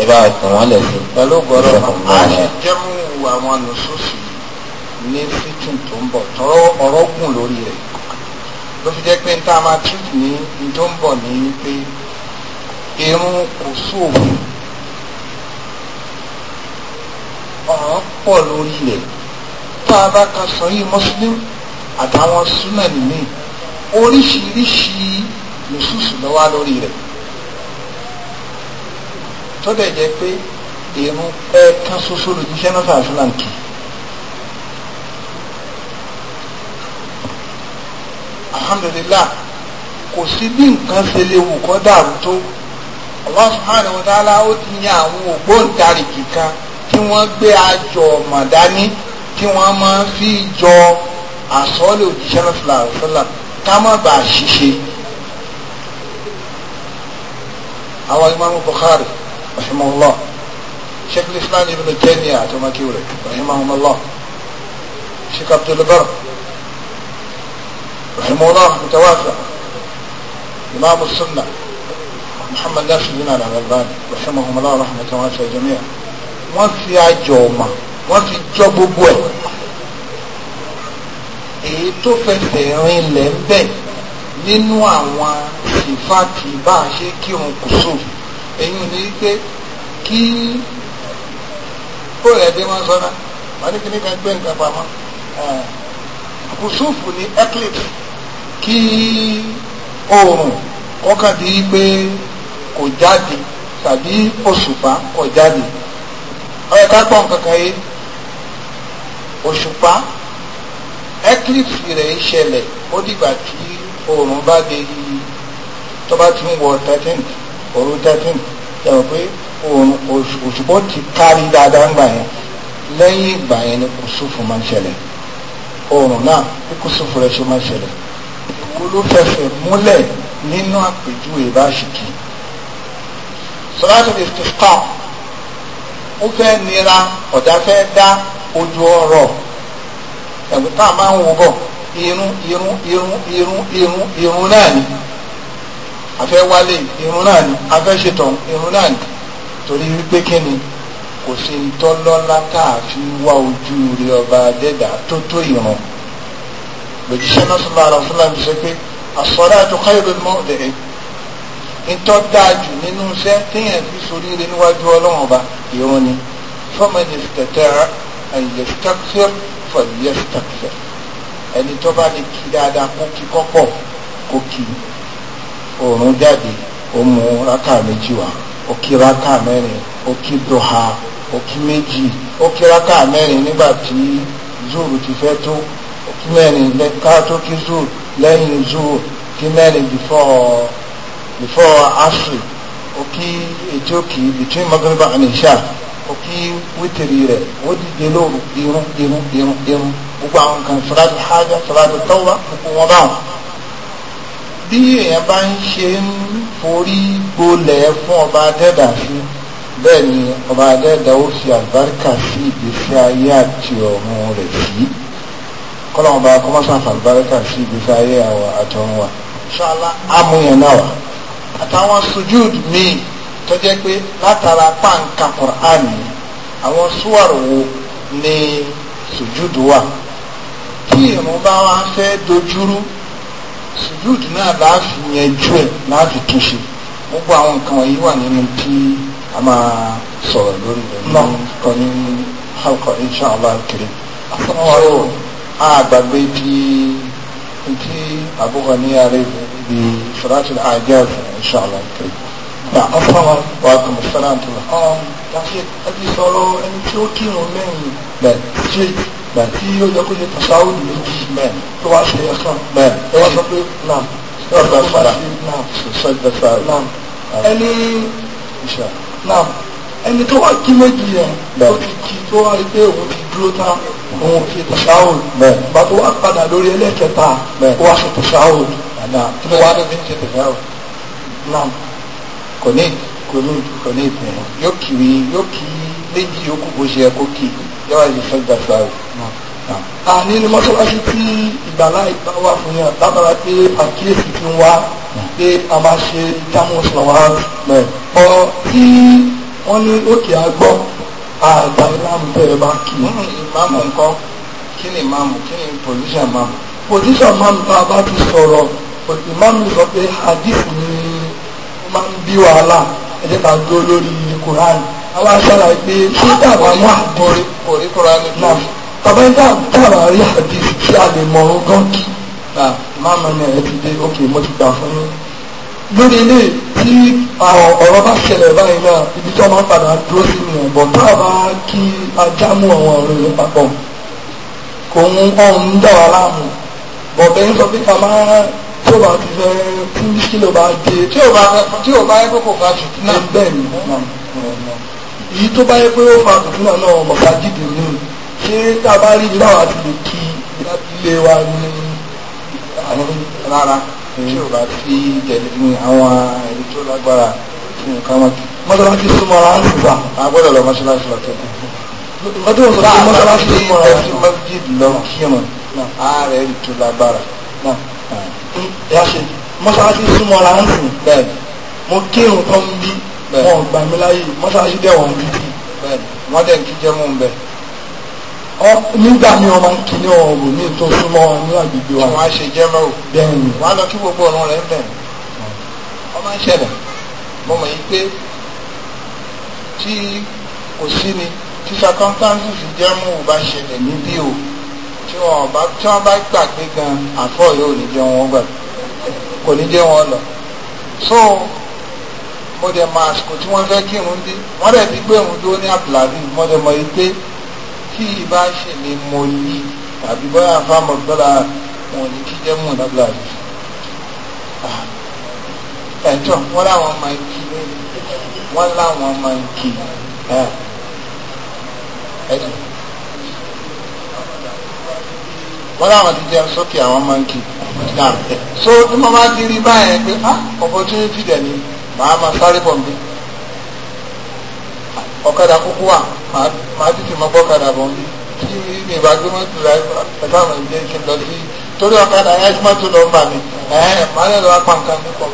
ẹ bá tàn wọ́n lẹ̀ sí. pẹ̀lú gbọ́dọ̀ àjẹmú àwọn nùsùsù ní fítùn tó ń bọ̀ tọrọ ọ̀rọ̀ gùn lórí rẹ̀ ló fi jẹ́ pé n tá a máa tún ní n tó ń bọ̀ ní pé irun kò sóòfù ọ̀rọ̀ pọ̀ lórí rẹ̀ tá a bá ka sọ yìí mọ́sílẹ̀ àtàwọn súnmọ̀ nìyí oríṣiríṣi lòṣùṣù ló wà lórí rẹ̀ tó dẹ̀ jẹ́ pé irun pẹ́ tán ṣoṣo lòjíṣẹ́ náà sàṣúlà kì alhamdulillah kò sí bí nǹkan ṣe lè wù kọ́ dàrú tó Allah subhanahu wa ta'ala ó ti yan àwọn ògbóǹtarìgì kan tí wọ́n gbé àjọ màdání tí wọ́n máa fi jọ àsọ́lé òjíṣẹ́ náà sàṣúlà ká má bàa ṣiṣe àwọn imaamu Bukhari rahimahullah sheikh islam ibn Taymiyyah àti ọmọkíw rẹ rahimahullah sheikh abdulbar rahimahullah mutawafa imaamu sunna muhammad nasir bin al-Albani rahimahullah rahmatulahi jamiya wọn fi àjọ ọma wọn fi jọ gbogbo ẹ. èyí tó fẹsẹ̀ rinlẹ̀ ń bẹ̀ nínú àwọn ìfàtì bá a ṣe kírun kùsùn èyí ni wípé kí ó rẹ̀ dé wọn sọ́ra wọn ní kíní kan gbé nǹkan pamọ́ kùsùfù ní eclipse kí oòrùn kọ́kàn di pé kò jáde tàbí òṣùpá kò jáde ọ̀rẹ́ ká gbọ́n kankan yìí òṣùpá eclipse rẹ̀ ṣẹlẹ̀ ó dìgbà tí oòrùn bá dé tó bá ti ń wọ thirteen òru thirteen yàrá pé oòrùn òṣùpọ̀ ti kárí dáadáa ńgbà yẹn lẹ́yìn ìgbà yẹn ni kùsùfù máa ń ṣẹlẹ̀ oòrùn náà bí kùsùfù rẹ̀ ṣe máa ń ṣẹlẹ̀ ìwọ ló fẹsẹ̀ múlẹ̀ nínú àpèjúwe ìbáṣìkì sọláṣọ lè fi kọ́ ó fẹ́ nira ọ̀dà fẹ́ dá ojú ọ̀rọ̀ tá a máa ń wò bọ̀ irun irun irun irun irun irun náà ni afẹ́ wálé irun náà ni afẹ́ ṣetọ̀ irun náà ni torí wípé kí ni kò sí tọ́lọ́lá tá a fi wá ojú rí ọba adẹ́dà tó tó ìrun lòjíṣẹ́ náà sọ́lá ara fúnra mi sọ pé àsọ̀rọ̀ àtúkọ́ ìlú mọ́ ọ̀dẹ̀ẹ́ ntọ́ dáa jù nínú iṣẹ́ téèyàn fi soríire níwájú ọlọ́run ọba ìrun ni fọ́mọ̀dé tẹ̀tẹ̀ àyè tẹ́kítẹ́ fọlíyẹsítàkìlẹ ẹni tó bá lè kí dáadáa kó kí kọ́pọ̀ kó kí òórùn jáde ó mú rákà méjì wá ó kí rákà mẹ́rin ó kí dọ̀ha ó kí méjì ó kí rákà mẹ́rin nígbà tí zuru ti fẹ́ tó ó kí mẹ́rin ká tó kí zuru lẹ́yìn zuru kí mẹ́rin before before asri ó kí ètò kì í between magreba and isha kò kí wítìrì rẹ̀ ó dìde lóru irun irun irun irun gbogbo àwọn nǹkan sọ́láàtì hájà sọ́láàtì tọ́wà gbogbo wọn báwọn. bí èèyàn bá ń ṣe ń forí gbolẹ̀ fún ọba adẹ́dà sí bẹ́ẹ̀ ni ọba adẹ́dà ó fi àlùbáríkà sí ìgbésí ayé àti ọ̀run rẹ̀ sí kọ́lọ́mù bá kọ́mọ́sán àlùbáríkà sí ìgbésí ayé àtọ̀run wa. ṣọlá amúyẹn náà wà àtàwọn sujúd míì tó jẹ́ pé látara pàǹkà Kùránì àwọn súwàrò wo ni sùjúdù wà tí ìrun bá wá fẹ́ dojúrú sùjúdù náà bá fi yanjú ẹ̀ láti túnṣe gbogbo àwọn nǹkan wọ̀nyí wà nínú tí a máa sọ̀rọ̀ lórí rẹ̀ náà kọ́ ní halqa insha Allah kiri àtọ́wọ́rọ́ àgbàgbé tí tí àbúkọ ní ààrẹ bí suratul A'jaz insha Allah kiri. Now, Assalamu alaikum wa rahmatullahi wa barakatuh. Ẹbí sọ̀rọ̀ ẹni tí ó kírun lẹ́yìn straight tí ó yẹ kó ṣe tàṣáwò méjì tó wá ṣe ẹ̀kan. Ẹ wá sọ pé nam sọ̀rọ̀ tó bá ṣe nam sọ̀rọ̀ nam. Ẹni nam ẹni tó wá kí méjì yẹn tó ti kí tó wá rí pé òun ti dúró tán òun ṣe kò ní kò ní ìbẹ̀rẹ̀ yóò kiri yóò kí méjì yòókù bó ṣe yẹ kó kí yóò wá ìfẹ́ gbà fà o. àní ni mọ́tòlásí tí ìgbàlá ìgbà wà fún yàn lábàrá pé àkíyèsí ti ń wá pé a máa ṣe táwọn sọ̀rọ̀ mẹ́ ọ tí wọ́n ní òkè àgbọ̀ àgbà ìlànà bẹ̀rẹ̀ bá kì í. ìmáàmù nǹkan kí ni ìmáàmù kí ni pòlíṣà máàmù pòlíṣà máàmù tá a bá ti sọ̀rọ̀ ìmáàmù sọ pé hadith ni máa ń bí wàhálà ẹ̀jẹ̀ ká dúró lórí koran àwa ṣàlàyé pé ṣé dàbà mú àgbọ̀n orí koran náà tàbí dàbà rí hadith tí a lè mọ ogán kí máa mọ ẹ̀rẹ́ ti dé ókè mo ti gbà fún yín lórí ilé tí ọ̀rọ̀ bá ṣẹlẹ̀ báyìí náà ibi tí wọ́n máa padà dúró sí nìyẹn bọ̀ tá a bá kí ajá mú àwọn ọ̀rọ̀ yẹn papọ̀ kò ń ọ̀hún dà láàmú bọ̀bẹ́ ń sọ pé ká máa tí o bá fẹ́ kú kí ló bá dé tí o bá tí o bá yẹ pé kò ká tutù náà bẹ́ẹ̀ ni èyí tó bá yẹ pé ó fa tutù náà náà ọmọ ká dìde ní ṣé tá a bá rí ibi báwa ti lè kí ilé wa ní àwọn rárá hmm. tí o bá fi jẹ̀lẹ̀ ní àwọn èyí tó lágbára nǹkan wọn kì mọ́tàlásí súnmọ́ ara ń gbà àgbọ́dọ̀ lọ mọ́tàlásí lọ́tọ̀ lọ́dún mọ́tàlásí súnmọ́ ara ń gbà ààrẹ ètò lágbára wọ́n ṣe mọ́ṣáláṣí súnmọ́ la ń sìn bẹ́ẹ̀ mo kírun tó ń bí wọn gbà mí láyè mọ́ṣáláṣí dẹ̀ wọ́n bí bẹ́ẹ̀ wọ́n dẹ̀ kí jẹ́ mọ́ bẹ́ẹ̀ nígbà mi ọmọ kì ní ọrùn ní tó súnmọ́ ní agbègbè wa. wọ́n á ṣe jẹ́mọ́ o. bẹ́ẹ̀ ni. wọ́n á lọ kí gbogbo ọ̀run rẹ̀ ń bẹ̀. ọmọ ń ṣẹlẹ̀ mo mọ̀ yí pé tí kò sí ni tí circumstances jẹ́mọ́ ò bá ṣẹlẹ̀ níbí o tí wọn bá tí wọn bá gbàgbé gan àfọ yóò ní jẹ wọn gbà kò ní jẹ wọn lọ so mo dẹ̀ mọ àsìkò tí wọ́n fẹ́ kírun bí wọ́n dẹ̀ ti gbé òun dúró ní abdulhabi mo dẹ̀ mọ yìí pé kí ibà ṣe ni mo yí tàbí bóyá fáwọn gbọ́dọ̀ wọn ní kí jẹ́ mú ní abdulhabi ah, ẹ̀tọ́ wọ́n láwọn máa ń kí wọ́n láwọn máa ń kí ah, ẹ̀tọ́ wọ́n láwọn ti jẹun sókè àwọn máa ń kí náà so tí mo máa ti rí báyẹn pé ah opportunity dẹ̀ ni màá máa sáré bọ̀ nbí ọ̀kadà kúkú wà màá tètè máa gbọ́kadà bọ̀ nbí tí mi ìbá gbé mọ́tò láì pẹ̀lú àwọn ìdílé kí n lọ sí torí ọ̀kadà yẹn tí mọ́tò lọ ń bà mí ẹ̀ẹ́n màá lè lọ apá nǹkan ní pọ̀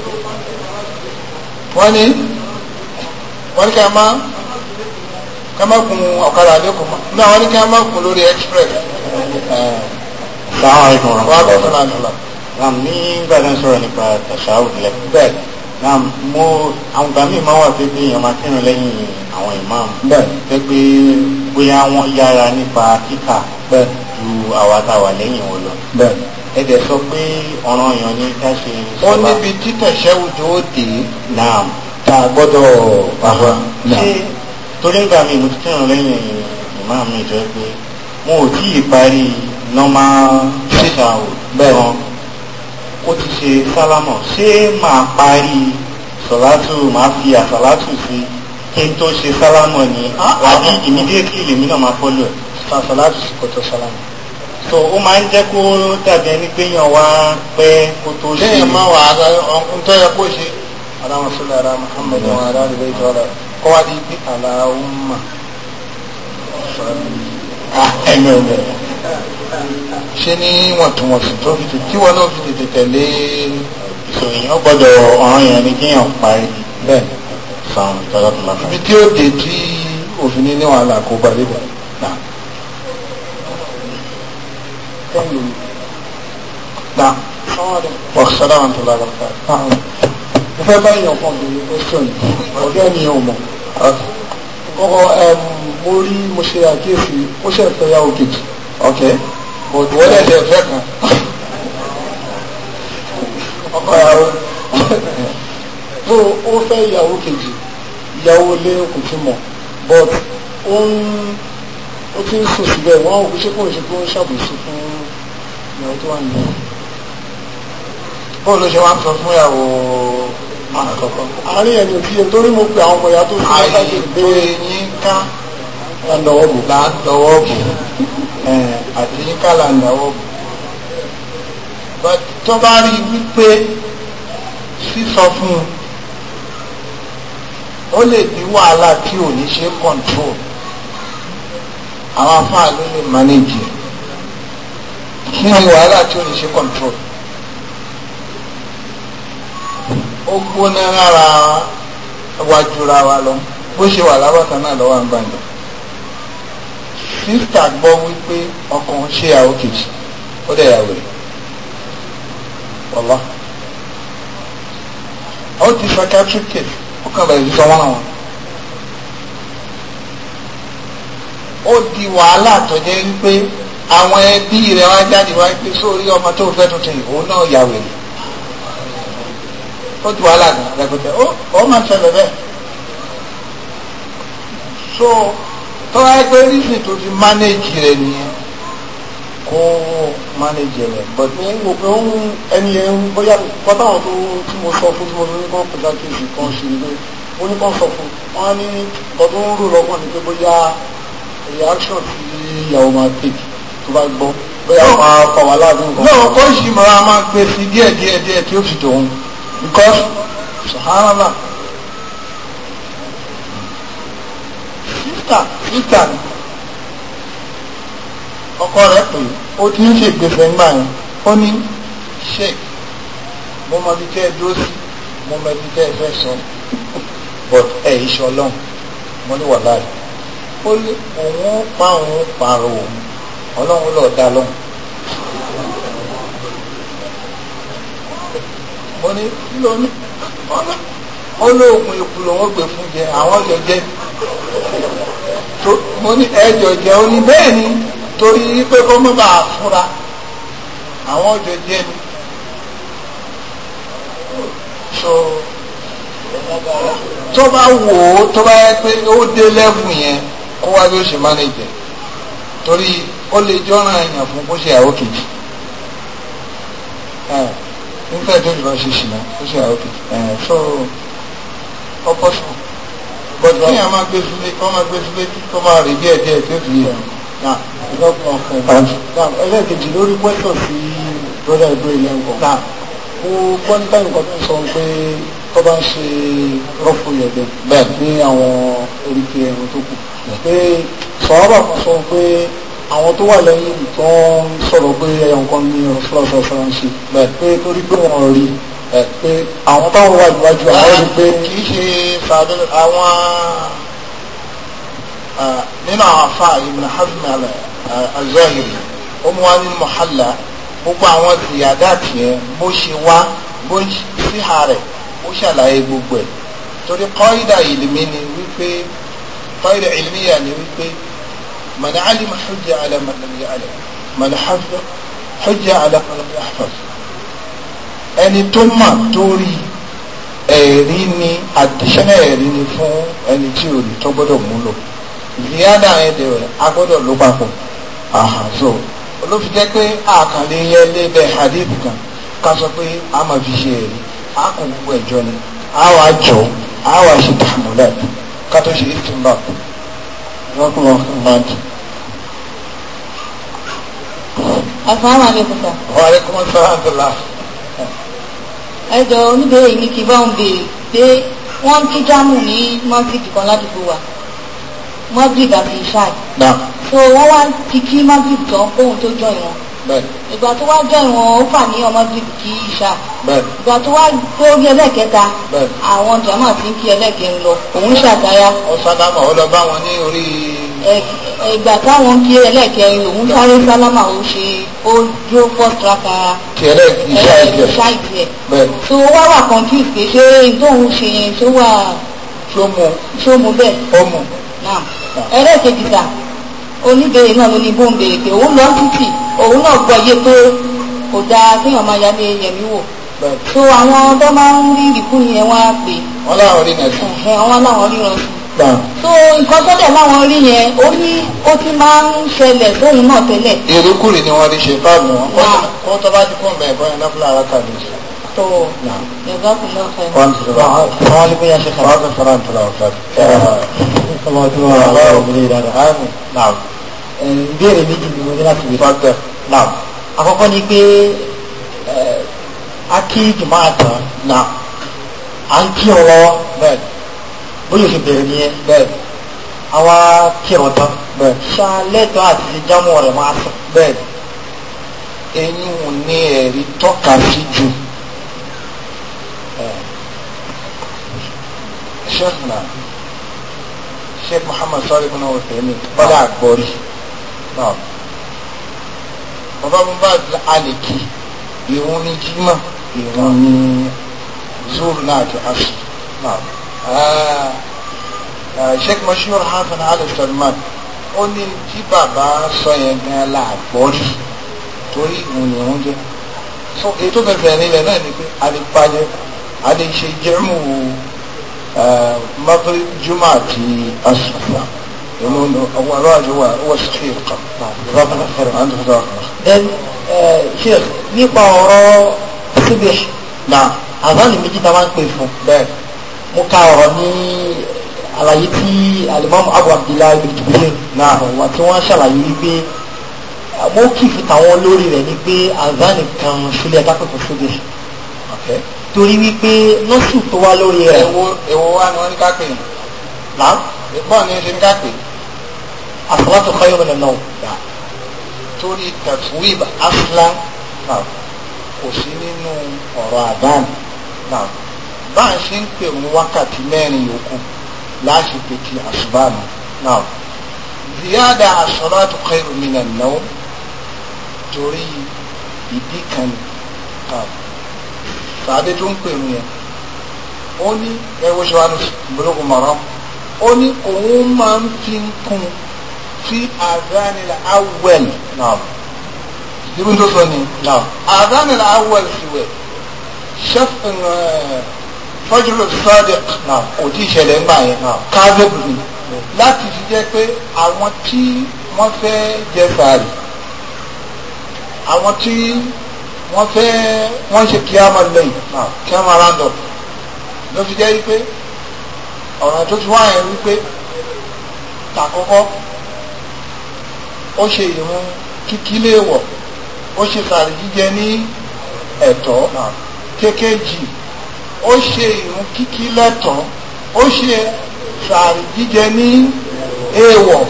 wọ́n ní wọ́n ní ká máa ká máa kun ọ̀kadà lẹ́kọ̀ọ́ náà wọ́n ní ká máa kun lórí express sàwọn àìsàn ọ̀rọ̀ wàá bẹ̀rẹ̀ sọ̀rọ̀ àìsàn náà ní gbàdán sọ̀rọ̀ nípa tàṣàwù lẹ̀ bẹ́ẹ̀ náà mo àwọn ìgbà míì máa wà pé pé èèyàn máa kírun lẹ́yìn àwọn ìmáàmù bẹ́ẹ̀ pé pé bóyá wọ́n yára nípa kíkà bẹ́ẹ̀ ju àwa tá a wà lẹ́yìn wọn lọ bẹ́ẹ̀ ẹ dẹ̀ sọ pé ọ̀ràn èèyàn ní ká ṣe sọ́ba wọ́n níbi títẹ̀ ṣẹ́wùjọ́ òde náà ta gbọ́dọ̀ bàbá náà torí ìgbà mi mo ti kírun lẹ́yìn ìmáàmù ìjọ pé mo ò tí ì parí normal sísan ò bẹ́ẹ̀ hàn ó ti ṣe sálámọ̀ ṣé màá parí sọ̀látù màá fi àsàlátù sí kí n tó ṣe sálámọ̀ ni àbí immediately lèmi náà máa fọ́lọ̀ ẹ̀ sọ̀látù sí kó tó sálámọ̀ so ó máa ń jẹ́ kó dàbí ẹni pé yàn wá pẹ́ kó tó ṣe. lẹ́yìn máa wà á ń tọ́ yẹ kó ṣe. aláwọ̀ sọ́lá ara muhammed wọn ará rẹ̀ bẹ́ẹ̀ tọ́ra kọ́ wá di bí aláwọ̀ mà. ẹ̀mí ọ̀gbẹ̀rẹ̀ ṣé ní wọ̀ntúnwọ̀nsì tó fi tètè tí wọn náà fi tètè tẹ̀lé ìṣòyìn ọgbọ́dọ̀ ọ̀ràn yẹn ni kéèyàn parí bẹ́ẹ̀ sàn tọ́lá tó máa fẹ́. ibi tí ó dé tí òfin ní wàhálà kó bá dé bẹ̀ náà. náà wàhálà wọn tó lágbára ká mo fẹ́ bá èèyàn kan bèrè question ọ̀gá mi ò mọ̀ kọ́kọ́ mo rí mo ṣe àkíyèsí ó ṣe ìfẹ́ yá òkèjì ọ̀kẹ́. Okay wọ́n lè dẹ̀ fẹ́ kan ọkọ ìyàwó tó ó fẹ́ ìyàwó kejì ìyàwó lé kò tún mọ̀ but ó ń ó ti ń sùn síbẹ̀ wọ́n ò ṣe kó ṣe kó ń ṣàbòsí fún ìyàwó tó wà nínú bó ṣe wá ń sọ fún ìyàwó àkọ́kọ́. àárín ẹni òbí yẹn torí mo pe àwọn ọmọ ìyá tó ṣe láti gbé yín ká. là bò. là bò. Eh, àbí kálàndà ọ̀bù tó bá rí wípé sísọ fún un ó lè bí wàhálà tí ò ní ṣe control àwọn afáà ló lè manage kí ni wàhálà tí ò ní ṣe control ó gbóná rárá wájú ra wa lọ bó ṣe wà lábàtà náà lọ́wọ́ à ń bàjẹ́. Sista gbọ́ wípé ọkàn ṣe àwọn kejì ó dẹ̀ yàwó rẹ̀ wọ́lá ó ti psychiatric care ó kàn bẹ̀rẹ̀ sísọ wọn àwọn ó di wàhálà tó jẹ́ wípé àwọn ẹbí rẹ̀ wá jáde wá pé sórí ọmọ tó fẹ́ tuntun yìí òun náà yàwó rẹ̀ ó di wàhálà gan rẹpẹtẹ ó ó máa ń ṣẹlẹ̀ bẹ́ẹ̀ so tó wáyé pé rísì tó fi mánéjì rẹ̀ nìyẹn kó mánéjì rẹ̀ but ní wo pé ó ń ẹni yẹn ń bóyá pátá àwọn tó tí mo sọ fún tí mo ní kàn pẹ̀lú àkejì kan ṣe ilé ó ní kàn sọ fún wọn á ní ọdún ń rò lọ́gbọ̀n ni pé bóyá reaction ti ìyàwó máa take tó bá gbọ́ bóyá ó máa fà wá láàbí nǹkan. náà kó ìṣìmọ̀ra máa gbé sí díẹ̀ tí ó fi dòun because sahara náà. tà nígbà mi ọkọ rẹ̀ pè ó ti ń ṣègbèsè ńgbà yẹn ó ní ṣe mo mọ ibi tẹ́ ẹ dúró sí mo mọ ibi tẹ́ ẹ fẹ́ sọ but ẹ ìṣọ lọ́hùn mo ní wàhálà rẹ̀ ó ní òun pa òun pààrọ̀ òun ọlọ́run lọ́ọ́ dá lọ́hùn. mo ní kí ló ní ọlọ́ọ̀gùn ìkùlọ̀ wọn gbé fún jẹ àwọn ọ̀jọ̀ jẹ mo ní ẹjọ jẹ ó ní bẹ́ẹ̀ ni torí pé kó mọ́ bá a fúnra àwọn ọjọ́ jẹ ni so tó bá wò ó tó bá yẹ pé ó dé lẹ́fù yẹn kó wá bí ó ṣe mánéjẹ torí ó lè jọ́ràn èèyàn fún kó ṣe àwọn kejì nígbà tó jùlọ ṣe ṣìnà kó ṣe àwọn kejì so ọkọ̀ sùn bọ́dọ̀ kí àwọn gbé súlé kí wọ́n máa gbé súlé tó máa rè díẹ̀ díẹ̀ tó fi yẹ náà ìlọ́kùn ọ̀kan náà ẹlẹ́ẹ̀kejì lórí pẹ́tọ̀ sí brọ́dà ìgbé ilé ńkọ náà ó pọ́ńtà nǹkan tó sọ pé tó bá ń ṣe rọ́pò yẹ̀dẹ̀ bẹ́ẹ̀ ní àwọn oríkè ẹ̀rọ tó kù pé sọ̀rọ̀ kan sọ pé àwọn tó wà lẹ́yìn tó sọ̀rọ̀ pé ẹ̀yọ̀ nǹkan ní ọ̀sọ̀rọ̀ ṣe pé torí pé wọ́n rí pé àwọn táwọn wà níwájú àwọn rí pé. kì í ṣe fàdé àwọn nínú àwọn afa ibn hazm al-zahiri ó mú wá ní muhalla gbogbo àwọn ìyàgá tiẹ̀ bó ṣe wá bó síhà rẹ̀ ó ṣàlàyé gbogbo ẹ̀ torí kọ́ídà ìlmi ni wípé kọ́ídà ìlmíyà ni wípé man alima hujja ala man lam ya'lam man hafiz hujja ala man lam yahfaz ẹni tó mà tó rí ẹ̀rí ni àdìsẹ́nà ẹ̀rí ni fún ẹni tí ò rí tó gbọ́dọ̀ mú lò ìyáda ẹ̀dẹ̀ rẹ̀ a gbọ́dọ̀ ló papọ̀ àhàzọ́ olófin jẹ́ pé àkàlẹ́ yẹn bẹ́ẹ̀ hadith kan ká sọ pé a máa fi ṣe ẹ̀rí a kò gbogbo ẹ̀jọ́ ni a wà jọ a wà ṣe tàmùlẹ̀ ká tó ṣe ìtúmbà lọ́kùnrin máa ń tún. Assalamu alaikum. Wa alaikum ẹjọ oníbèrè ní kí bá ń béèrè pé wọ́n kí jámù ní mọ́gìrìbì kan ládùúgbò wa mọ́gìrìbì àti ìṣáì. so wọ́n wá ti kí mọ́gìrìbì tán kóhun tó jọ ìwọ̀n ìgbà tó wá jọ̀rùn ó fà ní ọmọ kí ìṣá ìgbà tó wá lórí ẹlẹ́kẹta àwọn jàmá ti ń kí ẹlẹ́kẹrin lọ òun ṣàtáyà. ó sálámà ó lọ bá wọn ní orí. ìgbà táwọn kí ẹlẹ́kẹrin òun sáré sálámà ó ṣe ó dúró pọ̀ tiraka. ti ẹlẹ́kìṣá ìjẹ. tó wá wà confuse pé ṣé tóun ṣe yẹn tó wà. tó mu. tó mu bẹ́ẹ̀. ó mu. ẹlẹ́kejì ta oníbèrè náà ló ní bó ń bèrè pé òun lọ títì òun náà gbọ́ iye pé kò dáa kéèyàn máa yálé yẹmí wò so àwọn tó máa ń rí ìrìkú yẹn wọ́n á pè wọ́n láwọn rí nàìjíríà ẹ̀hẹ̀ wọ́n láwọn ríran sí so nǹkan tó dẹ̀ láwọn rí yẹn ó ní ó ti máa ń ṣẹlẹ̀ sóhun náà tẹ́lẹ̀. ìrúkúrì ni wọ́n rí ṣe báàmù wọn kó tó bá ti kún bẹ́ẹ̀ bọ́yá náfúlà ara kàdé تو نعم جزاكم الله خيرا وانت غالبا يا شيخ فاضل فلان فلا وفات الله الله يبليل هذا نعم ìbéèrè méjì ni mo ní láti wí. naam àkọ́kọ́ ni pé a kí jùmọ̀ àtàn naam à ń kí ọ̀rọ̀ bẹ́ẹ̀ bóyá oṣù bẹ̀rẹ̀ nìyẹn bẹ́ẹ̀ àwa kí ọ̀rọ̀ tán bẹ́ẹ̀ ṣá lẹ́tọ̀ọ́ àti ẹ̀rí tọ́ka sí ju. sheikhuna sheikh muhammad sọ́ọ́lì ibn Uthaymeen bọ́lá àgbọ̀rí náà bàbá mi bá àlèkè ìwọ̀n ní jimá ìwọ̀n ní zuru náà àti asu náà sheikh mashur hasan ali salman ó ní tí bàbá sọ yẹn gan la àgbọ̀rí torí ìwọ̀n ni wọ́n jẹ́ so ètò bẹ̀rẹ̀ nílẹ̀ náà ni pé àlèpàjẹ́ àlèṣe jẹ́mú o. مغرب جمعتي أصبح يقولون هو راجل هو سخير قبل ربنا خير عنده فضاء then شيخ nípa ọ̀rọ̀ síbẹ̀ na àzáàlì méjì tá a máa ń pè fún bẹ́ẹ̀ mo ka ọ̀rọ̀ ní àlàyé tí alimami abu abdullahi ibn jubilee na ọ̀wà tí wọ́n ṣàlàyé wípé mo kì í fi tàwọn olórí rẹ̀ ní pé àzáàlì kan sílẹ̀ dákòókò síbẹ̀ torí wípé nọ́ọ̀sù tó wá lórí rẹ̀. èwo èwo wá ni wọ́n ní ká pè é. nà. ìbọn ni ṣe ń ká pè é. àsàlátù kọ́ yóò lọ́wọ́. torí tàtúwìb asla kò sí nínú ọ̀rọ̀ àdán. bá a ṣe ń pè ní wákàtí mẹ́rin yòókù láṣepẹ̀ ti àṣùbánu. ziyada àsàlátù kọ́ yóò lọ́wọ́ torí ìdí kan sàádé tó ń pèrò yẹn ó ní ẹwọ́ ṣe wá ní ìgbòlógún mọ̀rán ó ní òun máa ń fi kún fi àdánilà awẹ́l náà irú tó sọ ni náà àdánilà awẹ́l sì wẹ̀ ṣẹ́fìn eh, fọ́júlò sadiq náà kò tí ńgbà yẹn náà káàbẹ̀bù láti fi jẹ́ pé àwọn tí wọ́n fẹ́ jẹ sàárì àwọn tí wọ́n fẹ́ wọ́n ṣe kíámà lẹ́yìn náà kíámà rándọ̀ ló fi jẹ́ wípé ọ̀ràn tó ti wá yẹn wípé tàkọ́kọ́ ó ṣe ìrun kíkí léèwọ̀ ó ṣe kàrí jíjẹ ní ẹ̀tọ́ kékejì ó ṣe ìrun kíkí lẹ́tọ̀ọ́ ó ṣe kàrí jíjẹ ní èèwọ̀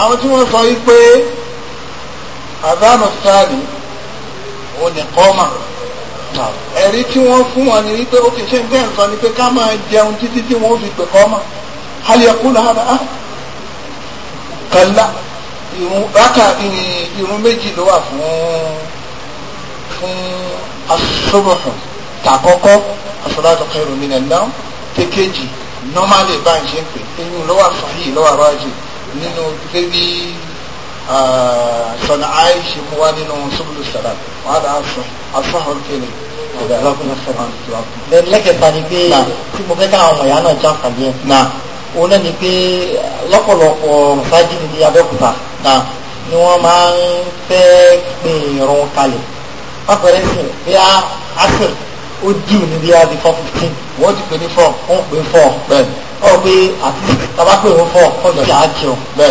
àwọn tí wọ́n sọ wípé àbámu sáàlì ó ní kọ́mà ẹ̀rí tí wọ́n fún wọn ni wípé ó kì í ṣe bẹ́ẹ̀ nǹkan ni pé ká máa jẹun títí tí wọ́n fi pè kọ́mà alẹ́kùn lára á ah. kàlá irun rákà irun méjì ló wà fún fún asọ́bọ̀fún tàkọ́kọ́ asọ́látọ̀ kẹrù mi nàá kékejì normally bá ń ṣe ń pè é irun lọ́wọ́ àfààyè lọ́wọ́ àbájì nínú bébí sọ̀nà àìṣe mú wá nínú subúlù sàlám wọ́n á dà asọ́hùn kiri ọ̀dà alákùnrin sọ̀rọ̀ àti ìtura. bẹ́ẹ̀ lẹ́kẹ̀ta ni pé tí mo fẹ́ káwọn ọmọ ìyá náà já pàdé ẹ̀. òun náà ni pé lọ́pọ̀lọpọ̀ ṣáájú ní abẹ́òkúta ni wọ́n máa ń fẹ́ pin irun kalẹ̀ pápẹ́rẹ́ sìn bí a asìr ó dìú níbi a di four fifteen wọ́n ti pè ní four wọ́n pè four bẹ́ẹ̀ ọ̀ pé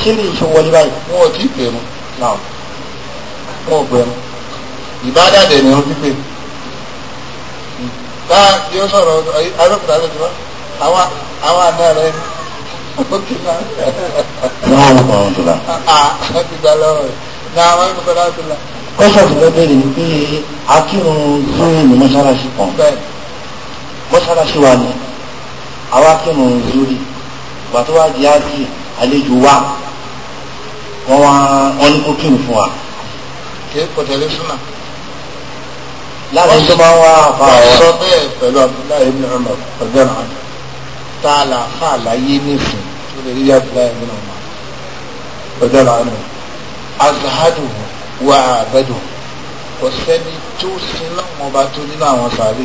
ṣéèrè ìṣòwọlé báyìí wọn ò tí ì pè mú náà wọn ò pè mú ìbádàdẹ ni wọn pípé bá bí ó sọ̀rọ̀ arọpùtà lójú wa àwa àwa àná rẹ ni ó kì náà. náà wọn kọ ọhún tó la. àà ti gbà lọ́rọ̀ rẹ náà wọn kọ ọhún tó la. kọ́sọ̀ tó fẹ́ ni pé akírun zúrù ní mọ́ṣáláṣí kan mọ́ṣáláṣí wa ni àwa akírun zúrù wàtí wàá di ágì àlejò wa wọ́n wá wọ́n ní kó kírun fún wa. kí kò tẹ̀lé súnà. láti ṣe máa wá àfa àwọn. wọ́n sọ bẹ́ẹ̀ pẹ̀lú abdullahi ibn umar ọ̀gbẹ́n àná tá a là fà láyé nísìn tó lè rí abdullahi ibn umar ọ̀gbẹ́n àná azahadu wa abadu kò sẹ́ni tó sin láwọn tó nínú àwọn sáré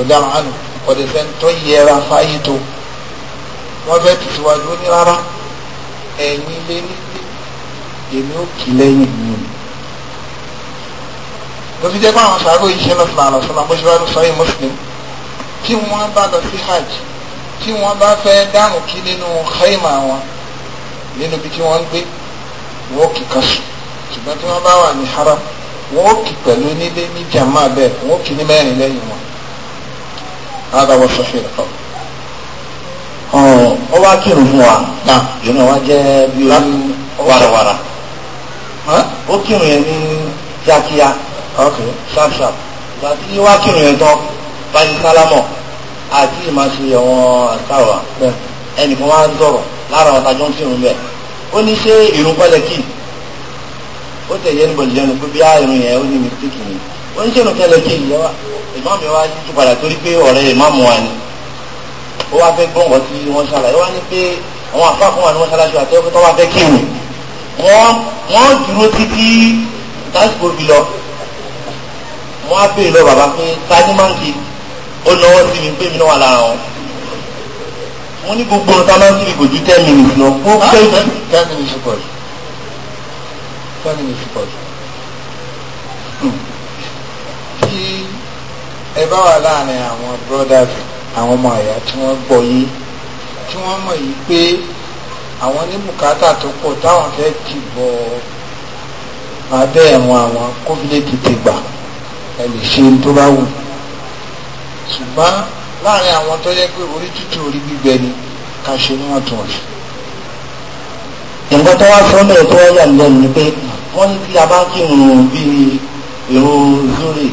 ọ̀gbẹ́n àná kò dẹ̀ sẹ́ni tó yẹra fáyé tó wọ́n fẹ́ tutù wájú ó ní rárá ẹ̀yin lé ní èmi ó kì í lẹ́yìn mi ló fi jẹ́ pé àwọn sàárò iṣẹ́ lọ sọ̀rọ̀ àlọ́ sọ̀rọ̀ àbóṣewárò sọ́yìn muslim tí wọ́n bá lọ sí hajj tí wọ́n bá fẹ́ dáhùn kí nínú khaima wọn nínú ibi tí wọ́n gbé wọ́n kì kan sùn ṣùgbọ́n tí wọ́n bá wà ní haram wọ́n kì pẹ̀lú nílé ní jàmáà bẹ́ẹ̀ wọ́n kì ní mẹ́rin lẹ́yìn wọn. هذا هو الصحيح القول ó wá kírun fún wa ìrìn wa jẹ́ bí warawara ó kírun yẹn ní kíákíá ṣáṣáp ìgbà tí wá kírun yẹn tán báyìí sálámọ̀ àti àtàwà lára àwọn tajọ́ ń kírun bẹ́ẹ̀ ó ní ṣé pẹ́lẹ́ kì í ó pé bí yẹn ó ní ó ní ṣé pẹ́lẹ́ kì í wá padà torí pé ọ̀rẹ́ wa ni. ó wá fẹ́ gbọ́ wọn tí wọ́n ṣàlàyé wá ní pé àwọn àfáàfún wa ni wọ́n ṣàlàyé àti ọkọ̀ tó wá fẹ́ kírun wọ́n wọ́n dúró títí tásìkò fi lọ wọ́n á béèrè lọ bàbá pé tájú máa ń kí ó lọ́wọ́ sí mi pé mi náà wà lára wọn mo ní gbogbo nǹkan máa ń kiri kò ju ten minutes lọ kó pé jù. ten minutes jù ten minutes pọ̀ jù. Hmm. kí ẹ bá wà láàrin àwọn brothers àwọn ọmọ àyà tí wọ́n gbọ́ yé tí wọ́n mọ̀ yìí pé àwọn ní bùkátà tó pọ̀ táwọn fẹ́ kì bọ̀ abẹ́ ẹ̀wọ̀n àwọn kófílẹ tètè gbà ẹ lè ṣe tó bá wù ṣùgbọ́n láàrin àwọn tó yẹ pé orí tútù orí gbígbẹ ni ká ṣe ni wọ́n tún rí. nǹkan tó wá fún mi tó yà ń lẹ́nu ni pé wọ́n ní bí a bá kírun bíi èrò lórí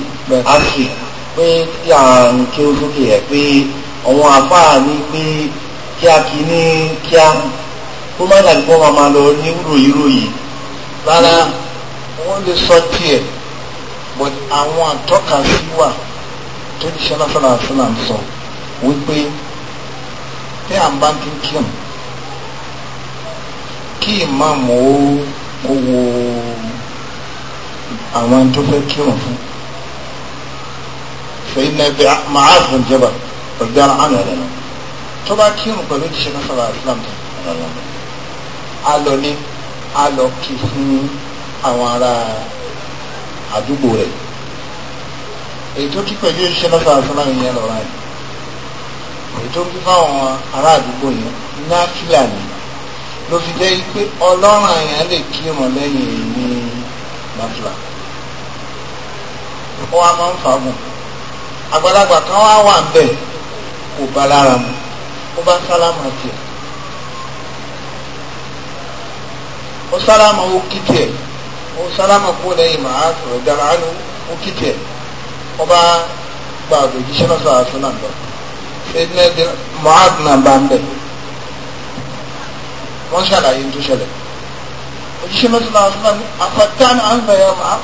àfíà. pé kí à ń kí ó lókè ẹ̀ pé àwọn àfáà ni pé kí a kì í ní kí a kó má dàbí kó máa sọ tiẹ̀ but àwọn àtọ́ka sí wà tó ti ṣe lọ́sọ̀rọ̀ àfúnà sọ wípé bí à ń bá ti kí ìmáàmù ó wo فإن معاذ بن جبل رضي الله عنه لنا tó bá kírun pẹ̀lú ìṣẹ́ náà sọ̀rọ̀ islam tán a lọ ní a lọ kí fún àwọn ará àdúgbò rẹ̀ èyí tó kí pẹ̀lú ìṣẹ́ náà sọ̀rọ̀ islam yẹn lọ́ra ẹ̀ èyí tó kí fáwọn ará àdúgbò yẹn ná fílàní ló fi jẹ́ pé ọlọ́run yẹn lè kírun lẹ́yìn ní nàfìlà ó wá máa ń fagùn àgbàlagbà kan wá wà ń bẹ̀ kò bá lára mu ó bá sálámà tiẹ̀ ó sálámà ó kí tiẹ̀ ó sálámà kó lẹ́yìn màá sọ̀rọ̀ dára ánú ó kí tiẹ̀ ó bá gba àdó jíṣẹ́ náà sọ̀rọ̀ àtúnà lọ ṣẹ́dínlẹ́ di mohad náà bá ń bẹ̀ wọ́n ṣàlàyé tó ṣẹlẹ̀ òjíṣẹ́ náà sọ̀rọ̀ àtúnà afẹ́tán àwọn ẹ̀yà máa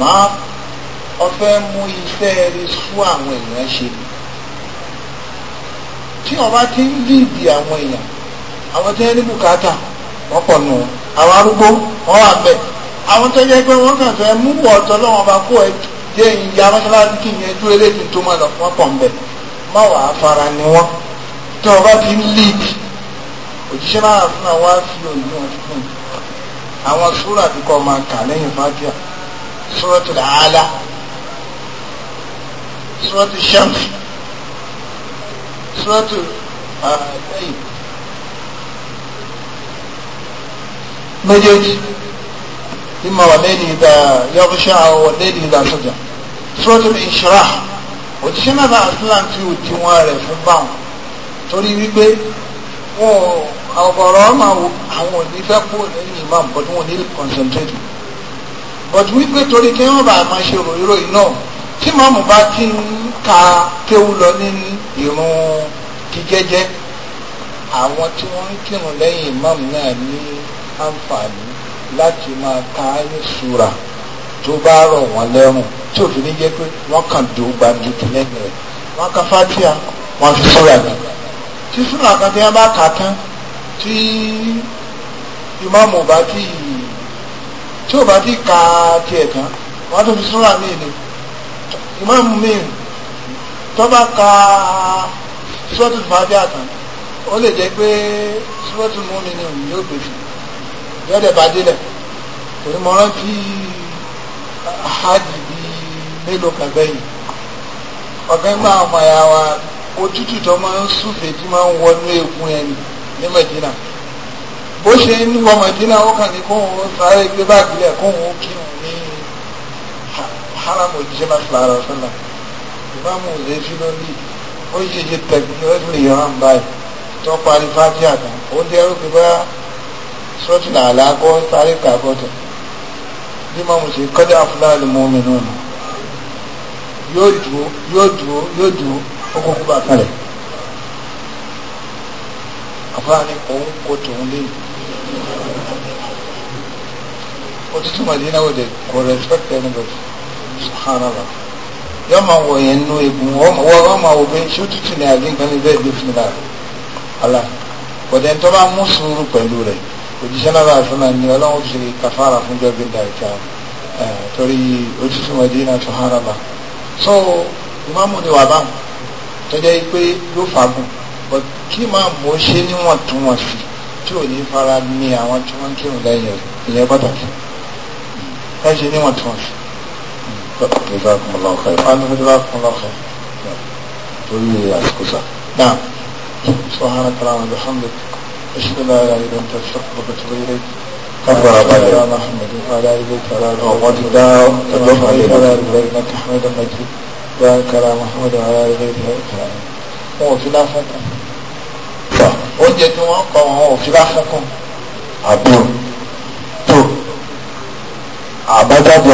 máa ọfẹ́ mú iṣẹ́ rí fún àwọn èèyàn ṣe ni tí wọ́n bá ti ń líìdì àwọn èèyàn àwọn tó yẹ ní bùkátà wọ́n pọ̀ nù àwọn arúgbó wọ́n wà bẹ̀ àwọn tó pé wọ́n kàn fẹ́ mú ọ̀tọ̀ lọ́wọ́n bá kó ẹ dé ìyá mọ́ṣáláṣí kì í yẹn dúró léde tó mọ́ lọ wọ́n pọ̀ ń má wàá fara ni wọ́n tí wọ́n bá ti ń líìdì òjíṣẹ́ náà fún àwọn á fi òyìn wọn fún un àwọn súrà bí kò máa kà lẹ́yìn fàtíà súratul Àlá suratu shams suratu àgbẹ̀yìn méjèèjì ìmọ̀ wà lẹ́yìn ìgbà yọ̀ọ́ṣẹ́ àwọn wà lẹ́yìn ìgbà sọ́jà suratu ìṣọ́ra òtíṣẹ́ náà àtúnlàn fi òdiwọ̀n rẹ̀ fún báwọn torí wípé wọn ọ̀gọ̀rọ̀ ọmọ àwọn òní fẹ́ kú lẹ́yìn imam but wọn ò ní concentrate but wípé torí kí wọ́n bá máa ṣe ròyìnròyìn náà tí màmú bá kí ń ka kéwú lọ ní ìrun kíjẹ́jẹ́ àwọn tí wọ́n ń kírun lẹ́yìn màmú náà ní àǹfààní láti máa ka ayé sura tó bá rọ̀ wọ́n lẹ́rùn tí òfin ní jẹ́ pé wọ́n kàn dó gbàgede lẹ́yìn rẹ̀ wọ́n ka fátíà wọ́n fi sura mi tí sura kan tí wọ́n bá kà tán tí ìmàmù bá ti tí ò bá ti ka tiẹ̀ tán wọ́n tó fi sura mi ni. ìmáàmù mi tó bá ka suratul Fatiha tán ó lè jẹ́ pé suratul Mu'minun òun yóò gbé jù yọ́dẹ̀ bá délẹ̀ torí mo rántí hajj bíi mélòó kan gbẹ̀yìn ọ̀gá ńgbà ọmọ ẹ̀yà wa òtútù tó máa ń súfè tí máa ń wọnú egun haram òjíṣẹ́ náà fìlà ara fẹ́lá ìmáàmù òde fílọ ní ó yé de tẹkinọ́lì ìran báyìí tó parí fájí àtàn ó dẹ́rù pé bá sọ́tìlà àlágọ́ sáré kàgọ́tọ̀ bí máa mú sí kọ́dà fúlàní mọ́mí náà nù yóò dúró yóò dúró yóò dúró ó kókó bá kalẹ̀ àfáàní òun kò tòun léyìí ó tún subhanallah yóò máa wọ yẹn nú egun wọ́n máa wọ pé ṣé ó tútù ní àgbẹ̀ nǹkan níbẹ̀ ló fi lára ọ̀la kọ̀dẹ̀ tó bá mú sùúrù pẹ̀lú rẹ̀ òjíṣẹ́ náà láti náà ní ọlọ́run ti kàfàrà fún jọ́gbìn dàríkà torí ojútùú Mẹdínà subhanallah so ìmáàmù ni wà báwọn tó jẹ́ pé yóò fagùn but kí ìmáàmù ó ṣe níwọ̀ntúnwọ̀nsì tí ò ní fara ní àwọn tí wọ́n kírun lẹ́yìn ìyẹn pàtàkì ẹ ṣe níwọ̀ntúnwọ̀nsì جزاكم الله خير أنا جزاكم الله خير طويل يا سكوزا نعم سبحانك اللهم وبحمدك أشهد أن لا إله إلا أنت أستغفرك وأتوب إليك اللهم صل محمد وعلى آل بيت وعلى آل محمد وعلى آل بيت حميد مجيد بارك على محمد وعلى آل بيت وخلافكم oúnjẹ tí wọ́n kọ wọn ò fi bá